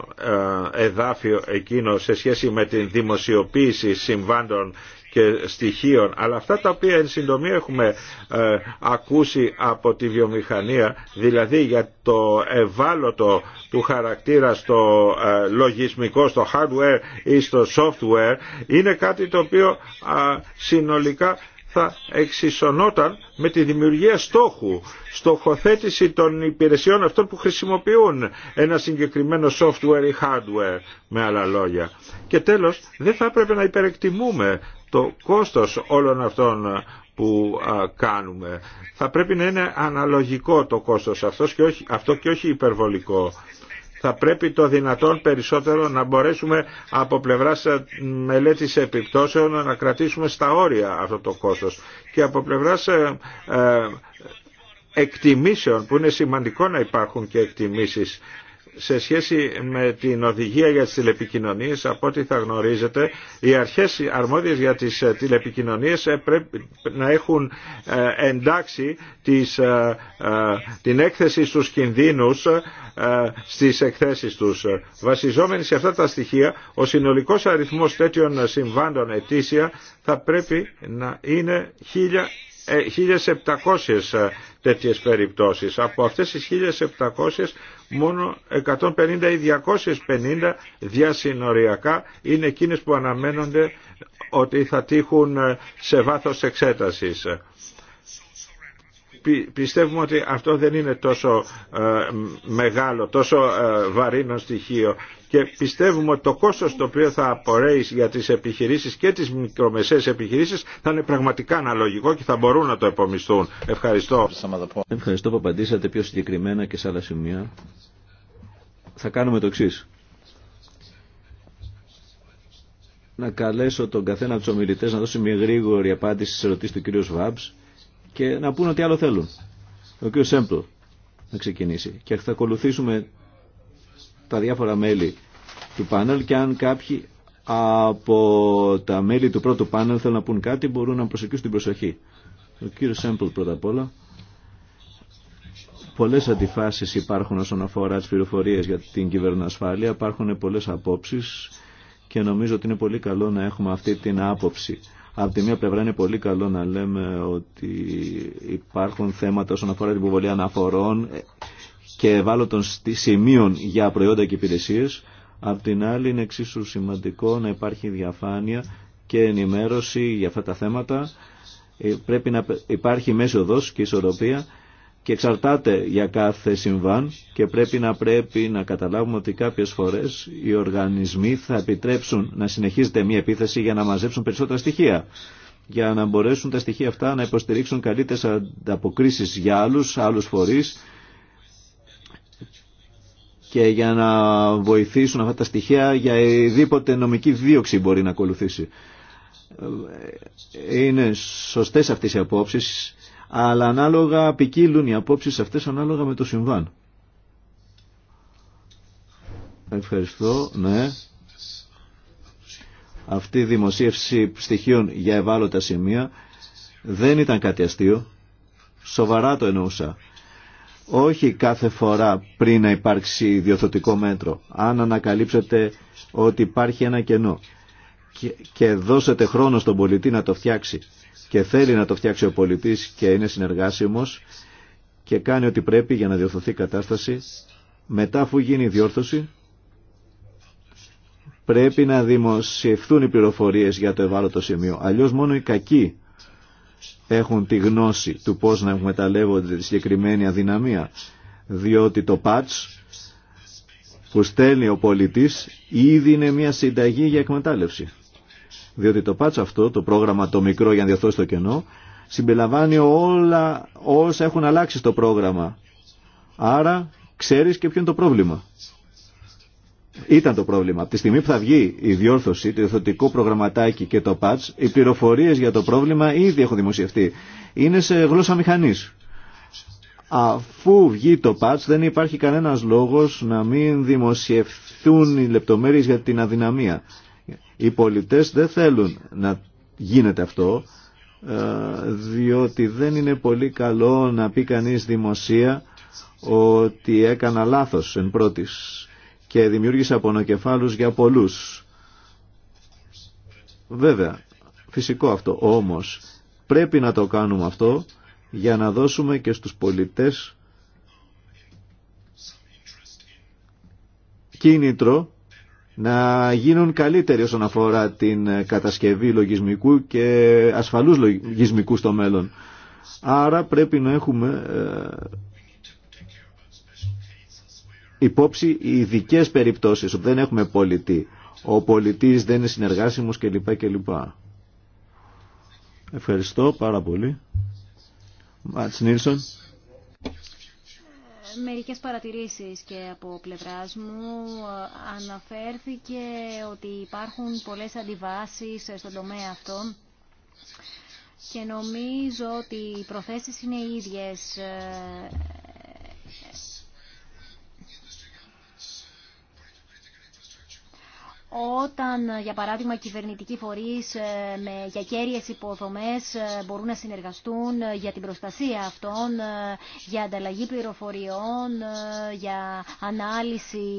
ε, εδάφιο εκείνο σε σχέση με την δημοσιοποίηση συμβάντων και στοιχείων. Αλλά αυτά τα οποία εν συντομία έχουμε ε, ακούσει από τη βιομηχανία, δηλαδή για το ευάλωτο του χαρακτήρα στο ε, λογισμικό, στο hardware ή στο software, είναι κάτι το οποίο συνολικά θα εξισωνόταν με τη δημιουργία στόχου, στοχοθέτηση των υπηρεσιών αυτών που χρησιμοποιούν ένα συγκεκριμένο software ή hardware, με άλλα λόγια. Και τέλος, δεν θα έπρεπε να υπερεκτιμούμε το κόστος όλων αυτών που κάνουμε. Θα πρέπει να είναι αναλογικό το κόστος αυτός και αυτό και όχι υπερβολικό. Θα πρέπει το δυνατόν περισσότερο να μπορέσουμε από πλευράς μελέτης επιπτώσεων να κρατήσουμε στα όρια αυτό το κόστος. Και από πλευράς εκτιμήσεων που είναι σημαντικό να υπάρχουν και εκτιμήσεις σε σχέση με την οδηγία για τις τηλεπικοινωνίες, από ό,τι θα γνωρίζετε, οι αρχές αρμόδιες για τις ε, τηλεπικοινωνίες ε, πρέπει να έχουν ε, εντάξει τις, την έκθεση στους κινδύνους στις εκθέσεις τους. Βασιζόμενοι σε αυτά τα στοιχεία, ο συνολικός αριθμός τέτοιων συμβάντων ετήσια θα πρέπει να είναι 1.700 τέτοιες περιπτώσεις. Από αυτές τις 1.700 μόνο 150 ή 250 διασυνοριακά είναι εκείνες που αναμένονται ότι θα τύχουν ε, σε βάθος εξέτασης πιστεύουμε ότι αυτό δεν είναι τόσο ε, μεγάλο, τόσο ε, βαρύνο στοιχείο και πιστεύουμε ότι το κόστος το οποίο θα απορρέει για τις επιχειρήσεις και τις μικρομεσαίες επιχειρήσεις θα είναι πραγματικά αναλογικό και θα μπορούν να το επομισθούν. Ευχαριστώ. Ευχαριστώ που απαντήσατε πιο συγκεκριμένα και σε άλλα σημεία. Θα κάνουμε το εξή. Να καλέσω τον καθένα από του ομιλητέ να δώσει μια γρήγορη απάντηση στις ερωτήσει του κ. Βάμπ και να πούνε τι άλλο θέλουν. Ο κ. Σέμπλ να ξεκινήσει. Και θα ακολουθήσουμε τα διάφορα μέλη του πάνελ και αν κάποιοι από τα μέλη του πρώτου πάνελ θέλουν να πούν κάτι μπορούν να προσεκίσουν την προσοχή. Ο κύριος Σέμπλ πρώτα απ' όλα. Πολλές αντιφάσεις υπάρχουν όσον αφορά τις πληροφορίες για την κυβερνοασφάλεια. Υπάρχουν πολλές απόψεις και νομίζω ότι είναι πολύ καλό να έχουμε αυτή την άποψη. Από τη μία πλευρά είναι πολύ καλό να λέμε ότι υπάρχουν θέματα όσον αφορά την υποβολή αναφορών και ευάλωτων σημείων για προϊόντα και υπηρεσίες Απ' την άλλη είναι εξίσου σημαντικό να υπάρχει διαφάνεια και ενημέρωση για αυτά τα θέματα. Ε, πρέπει να υπάρχει μέση και ισορροπία και εξαρτάται για κάθε συμβάν και πρέπει να πρέπει να καταλάβουμε ότι κάποιες φορές οι οργανισμοί θα επιτρέψουν να συνεχίζεται μια επίθεση για να μαζέψουν περισσότερα στοιχεία για να μπορέσουν τα στοιχεία αυτά να υποστηρίξουν καλύτερες ανταποκρίσεις για άλλους, άλλους φορείς και για να βοηθήσουν αυτά τα στοιχεία για ειδήποτε νομική δίωξη μπορεί να ακολουθήσει. Είναι σωστές αυτές οι απόψεις, αλλά ανάλογα ποικίλουν οι απόψεις αυτές ανάλογα με το συμβάν. Ευχαριστώ, ναι. Αυτή η δημοσίευση στοιχείων για ευάλωτα σημεία δεν ήταν κάτι αστείο. Σοβαρά το εννοούσα όχι κάθε φορά πριν να υπάρξει διορθωτικό μέτρο. Αν ανακαλύψετε ότι υπάρχει ένα κενό και, και δώσετε χρόνο στον πολιτή να το φτιάξει και θέλει να το φτιάξει ο πολιτής και είναι συνεργάσιμος και κάνει ό,τι πρέπει για να διορθωθεί η κατάσταση, μετά αφού γίνει η διόρθωση πρέπει να δημοσιευθούν οι πληροφορίες για το ευάλωτο σημείο. Αλλιώς μόνο οι κακοί έχουν τη γνώση του πώς να εκμεταλλεύονται τη συγκεκριμένη αδυναμία. Διότι το patch που στέλνει ο πολιτής ήδη είναι μια συνταγή για εκμετάλλευση. Διότι το patch αυτό, το πρόγραμμα το μικρό για να διορθώσει το κενό, συμπεριλαμβάνει όλα όσα έχουν αλλάξει στο πρόγραμμα. Άρα ξέρεις και ποιο είναι το πρόβλημα ήταν το πρόβλημα. Από τη στιγμή που θα βγει η διόρθωση, το διορθωτικό προγραμματάκι και το patch, οι πληροφορίε για το πρόβλημα ήδη έχουν δημοσιευτεί. Είναι σε γλώσσα μηχανή. Αφού βγει το patch, δεν υπάρχει κανένα λόγο να μην δημοσιευθούν οι λεπτομέρειε για την αδυναμία. Οι πολιτέ δεν θέλουν να γίνεται αυτό, ε, διότι δεν είναι πολύ καλό να πει κανείς δημοσία ότι έκανα λάθος εν πρώτης και δημιούργησε πονοκεφάλους για πολλούς. Βέβαια, φυσικό αυτό, όμως πρέπει να το κάνουμε αυτό για να δώσουμε και στους πολιτές κίνητρο να γίνουν καλύτεροι όσον αφορά την κατασκευή λογισμικού και ασφαλούς λογισμικού στο μέλλον. Άρα πρέπει να έχουμε ε, υπόψη οι ειδικέ περιπτώσεις όπου δεν έχουμε πολιτή. Ο πολιτής δεν είναι συνεργάσιμος κλπ. Ευχαριστώ πάρα πολύ. Μάτς Νίλσον. Ε, μερικές παρατηρήσεις και από πλευράς μου αναφέρθηκε ότι υπάρχουν πολλές αντιβάσεις στον τομέα αυτό και νομίζω ότι οι προθέσεις είναι οι ίδιες ε, όταν, για παράδειγμα, κυβερνητικοί φορείς ε, με, για κέρυες υποδομές ε, μπορούν να συνεργαστούν ε, για την προστασία αυτών, για ανταλλαγή πληροφοριών, για ανάλυση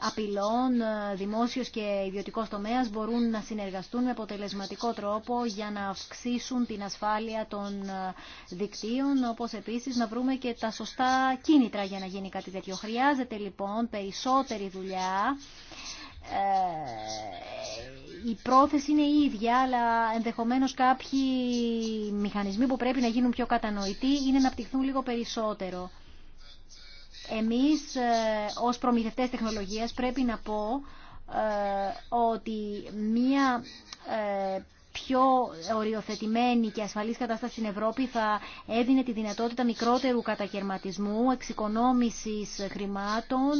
απειλών, δημόσιος και ιδιωτικός τομέας μπορούν να συνεργαστούν με αποτελεσματικό τρόπο για να αυξήσουν την ασφάλεια των δικτύων, όπως επίσης να βρούμε και τα σωστά κίνητρα για να γίνει κάτι τέτοιο. Χρειάζεται λοιπόν περισσότερη δουλειά ε, η πρόθεση είναι η ίδια, αλλά ενδεχομένως κάποιοι μηχανισμοί που πρέπει να γίνουν πιο κατανοητοί είναι να πτυχθούν λίγο περισσότερο. Εμείς ε, ως προμηθευτές τεχνολογίας πρέπει να πω ε, ότι μία πιο οριοθετημένη και ασφαλής κατάσταση στην Ευρώπη θα έδινε τη δυνατότητα μικρότερου κατακαιρματισμού, εξοικονόμησης χρημάτων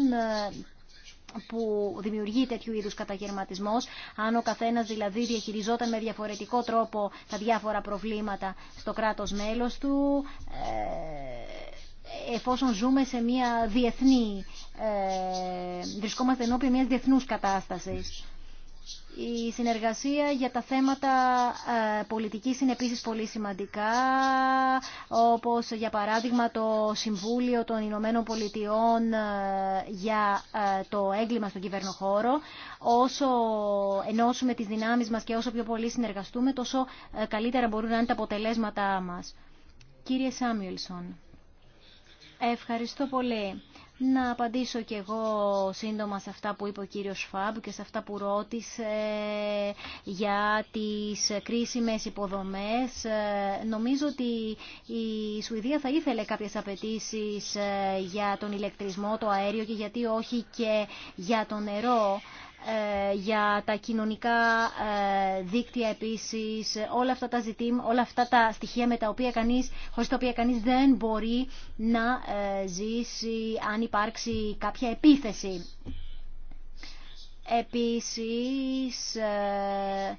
που δημιουργεί τέτοιου είδους καταγερματισμός, αν ο καθένας δηλαδή διαχειριζόταν με διαφορετικό τρόπο τα διάφορα προβλήματα στο κράτος μέλος του, ε, εφόσον ζούμε σε μια διεθνή, ε, βρισκόμαστε ενώπιον μιας διεθνούς κατάστασης. Η συνεργασία για τα θέματα ε, πολιτικής είναι επίσης πολύ σημαντικά, όπως για παράδειγμα το Συμβούλιο των Ηνωμένων Πολιτειών ε, για ε, το έγκλημα στον κυβερνοχώρο. Όσο ενώσουμε τις δυνάμεις μας και όσο πιο πολύ συνεργαστούμε, τόσο καλύτερα μπορούν να είναι τα αποτελέσματά μας. Κύριε Σάμιουλσον, ευχαριστώ πολύ να απαντήσω κι εγώ σύντομα σε αυτά που είπε ο κύριος Φαμπ και σε αυτά που ρώτησε για τις κρίσιμες υποδομές. Νομίζω ότι η Σουηδία θα ήθελε κάποιες απαιτήσει ε, για τον ηλεκτρισμό, το αέριο και γιατί όχι και για το νερό. Ε, για τα κοινωνικά ε, δίκτυα επίσης, όλα αυτά τα όλα αυτά τα στοιχεία με τα οποία κανείς, χωρίς τα οποία κανείς δεν μπορεί να ε, ζήσει αν υπάρξει κάποια επίθεση. Επίσης, ε,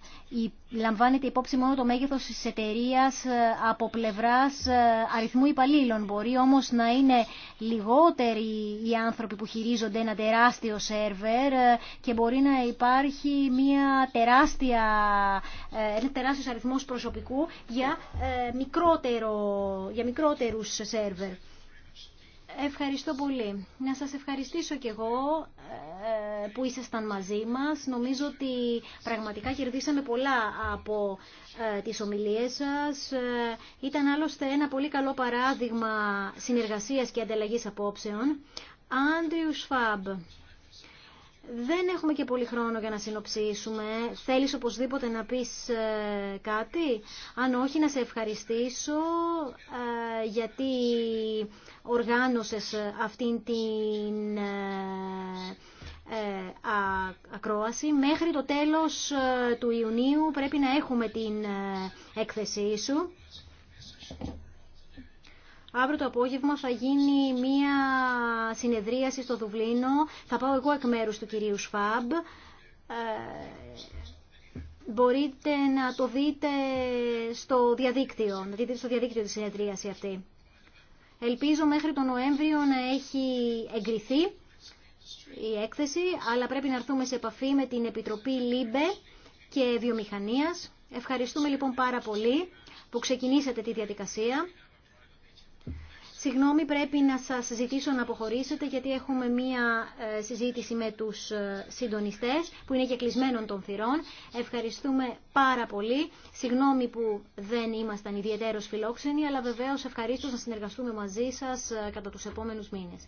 λαμβάνεται υπόψη μόνο το μέγεθος της εταιρεία ε, από πλευράς ε, αριθμού υπαλλήλων. Μπορεί όμως να είναι λιγότεροι οι άνθρωποι που χειρίζονται ένα τεράστιο σερβερ και μπορεί να υπάρχει μια τεράστια, ένα τεράστιος αριθμός προσωπικού για, μικρότερο, για μικρότερους σερβερ. Ευχαριστώ πολύ. Να σας ευχαριστήσω κι εγώ που ήσασταν μαζί μας. Νομίζω ότι πραγματικά κερδίσαμε πολλά από ε, τις ομιλίες σας. Ε, ήταν άλλωστε ένα πολύ καλό παράδειγμα συνεργασίας και ανταλλαγής απόψεων. Άντριου Σφάμπ. Δεν έχουμε και πολύ χρόνο για να συνοψίσουμε. Θέλεις οπωσδήποτε να πεις ε, κάτι. Αν όχι, να σε ευχαριστήσω γιατί οργάνωσες αυτήν την ε, ακρόαση. Μέχρι το τέλος ε, του Ιουνίου πρέπει να έχουμε την ε, έκθεσή σου. Αύριο το απόγευμα θα γίνει μία συνεδρίαση στο Δουβλίνο. Θα πάω εγώ εκ μέρους του κυρίου Σφάμπ. μπορείτε να το δείτε στο διαδίκτυο, να δείτε στο διαδίκτυο τη συνεδρίαση αυτή. Ελπίζω μέχρι τον Νοέμβριο να έχει εγκριθεί η έκθεση, αλλά πρέπει να έρθουμε σε επαφή με την Επιτροπή ΛΥΜΠΕ και Βιομηχανίας. Ευχαριστούμε λοιπόν πάρα πολύ που ξεκινήσατε τη διαδικασία. Συγγνώμη, πρέπει να σας ζητήσω να αποχωρήσετε γιατί έχουμε μία ε, συζήτηση με τους ε, συντονιστές που είναι και κλεισμένων των θυρών. Ευχαριστούμε πάρα πολύ. Συγγνώμη που δεν ήμασταν ιδιαίτερος φιλόξενοι, αλλά βεβαίως ευχαρίστως να συνεργαστούμε μαζί σας ε, κατά τους επόμενους μήνες.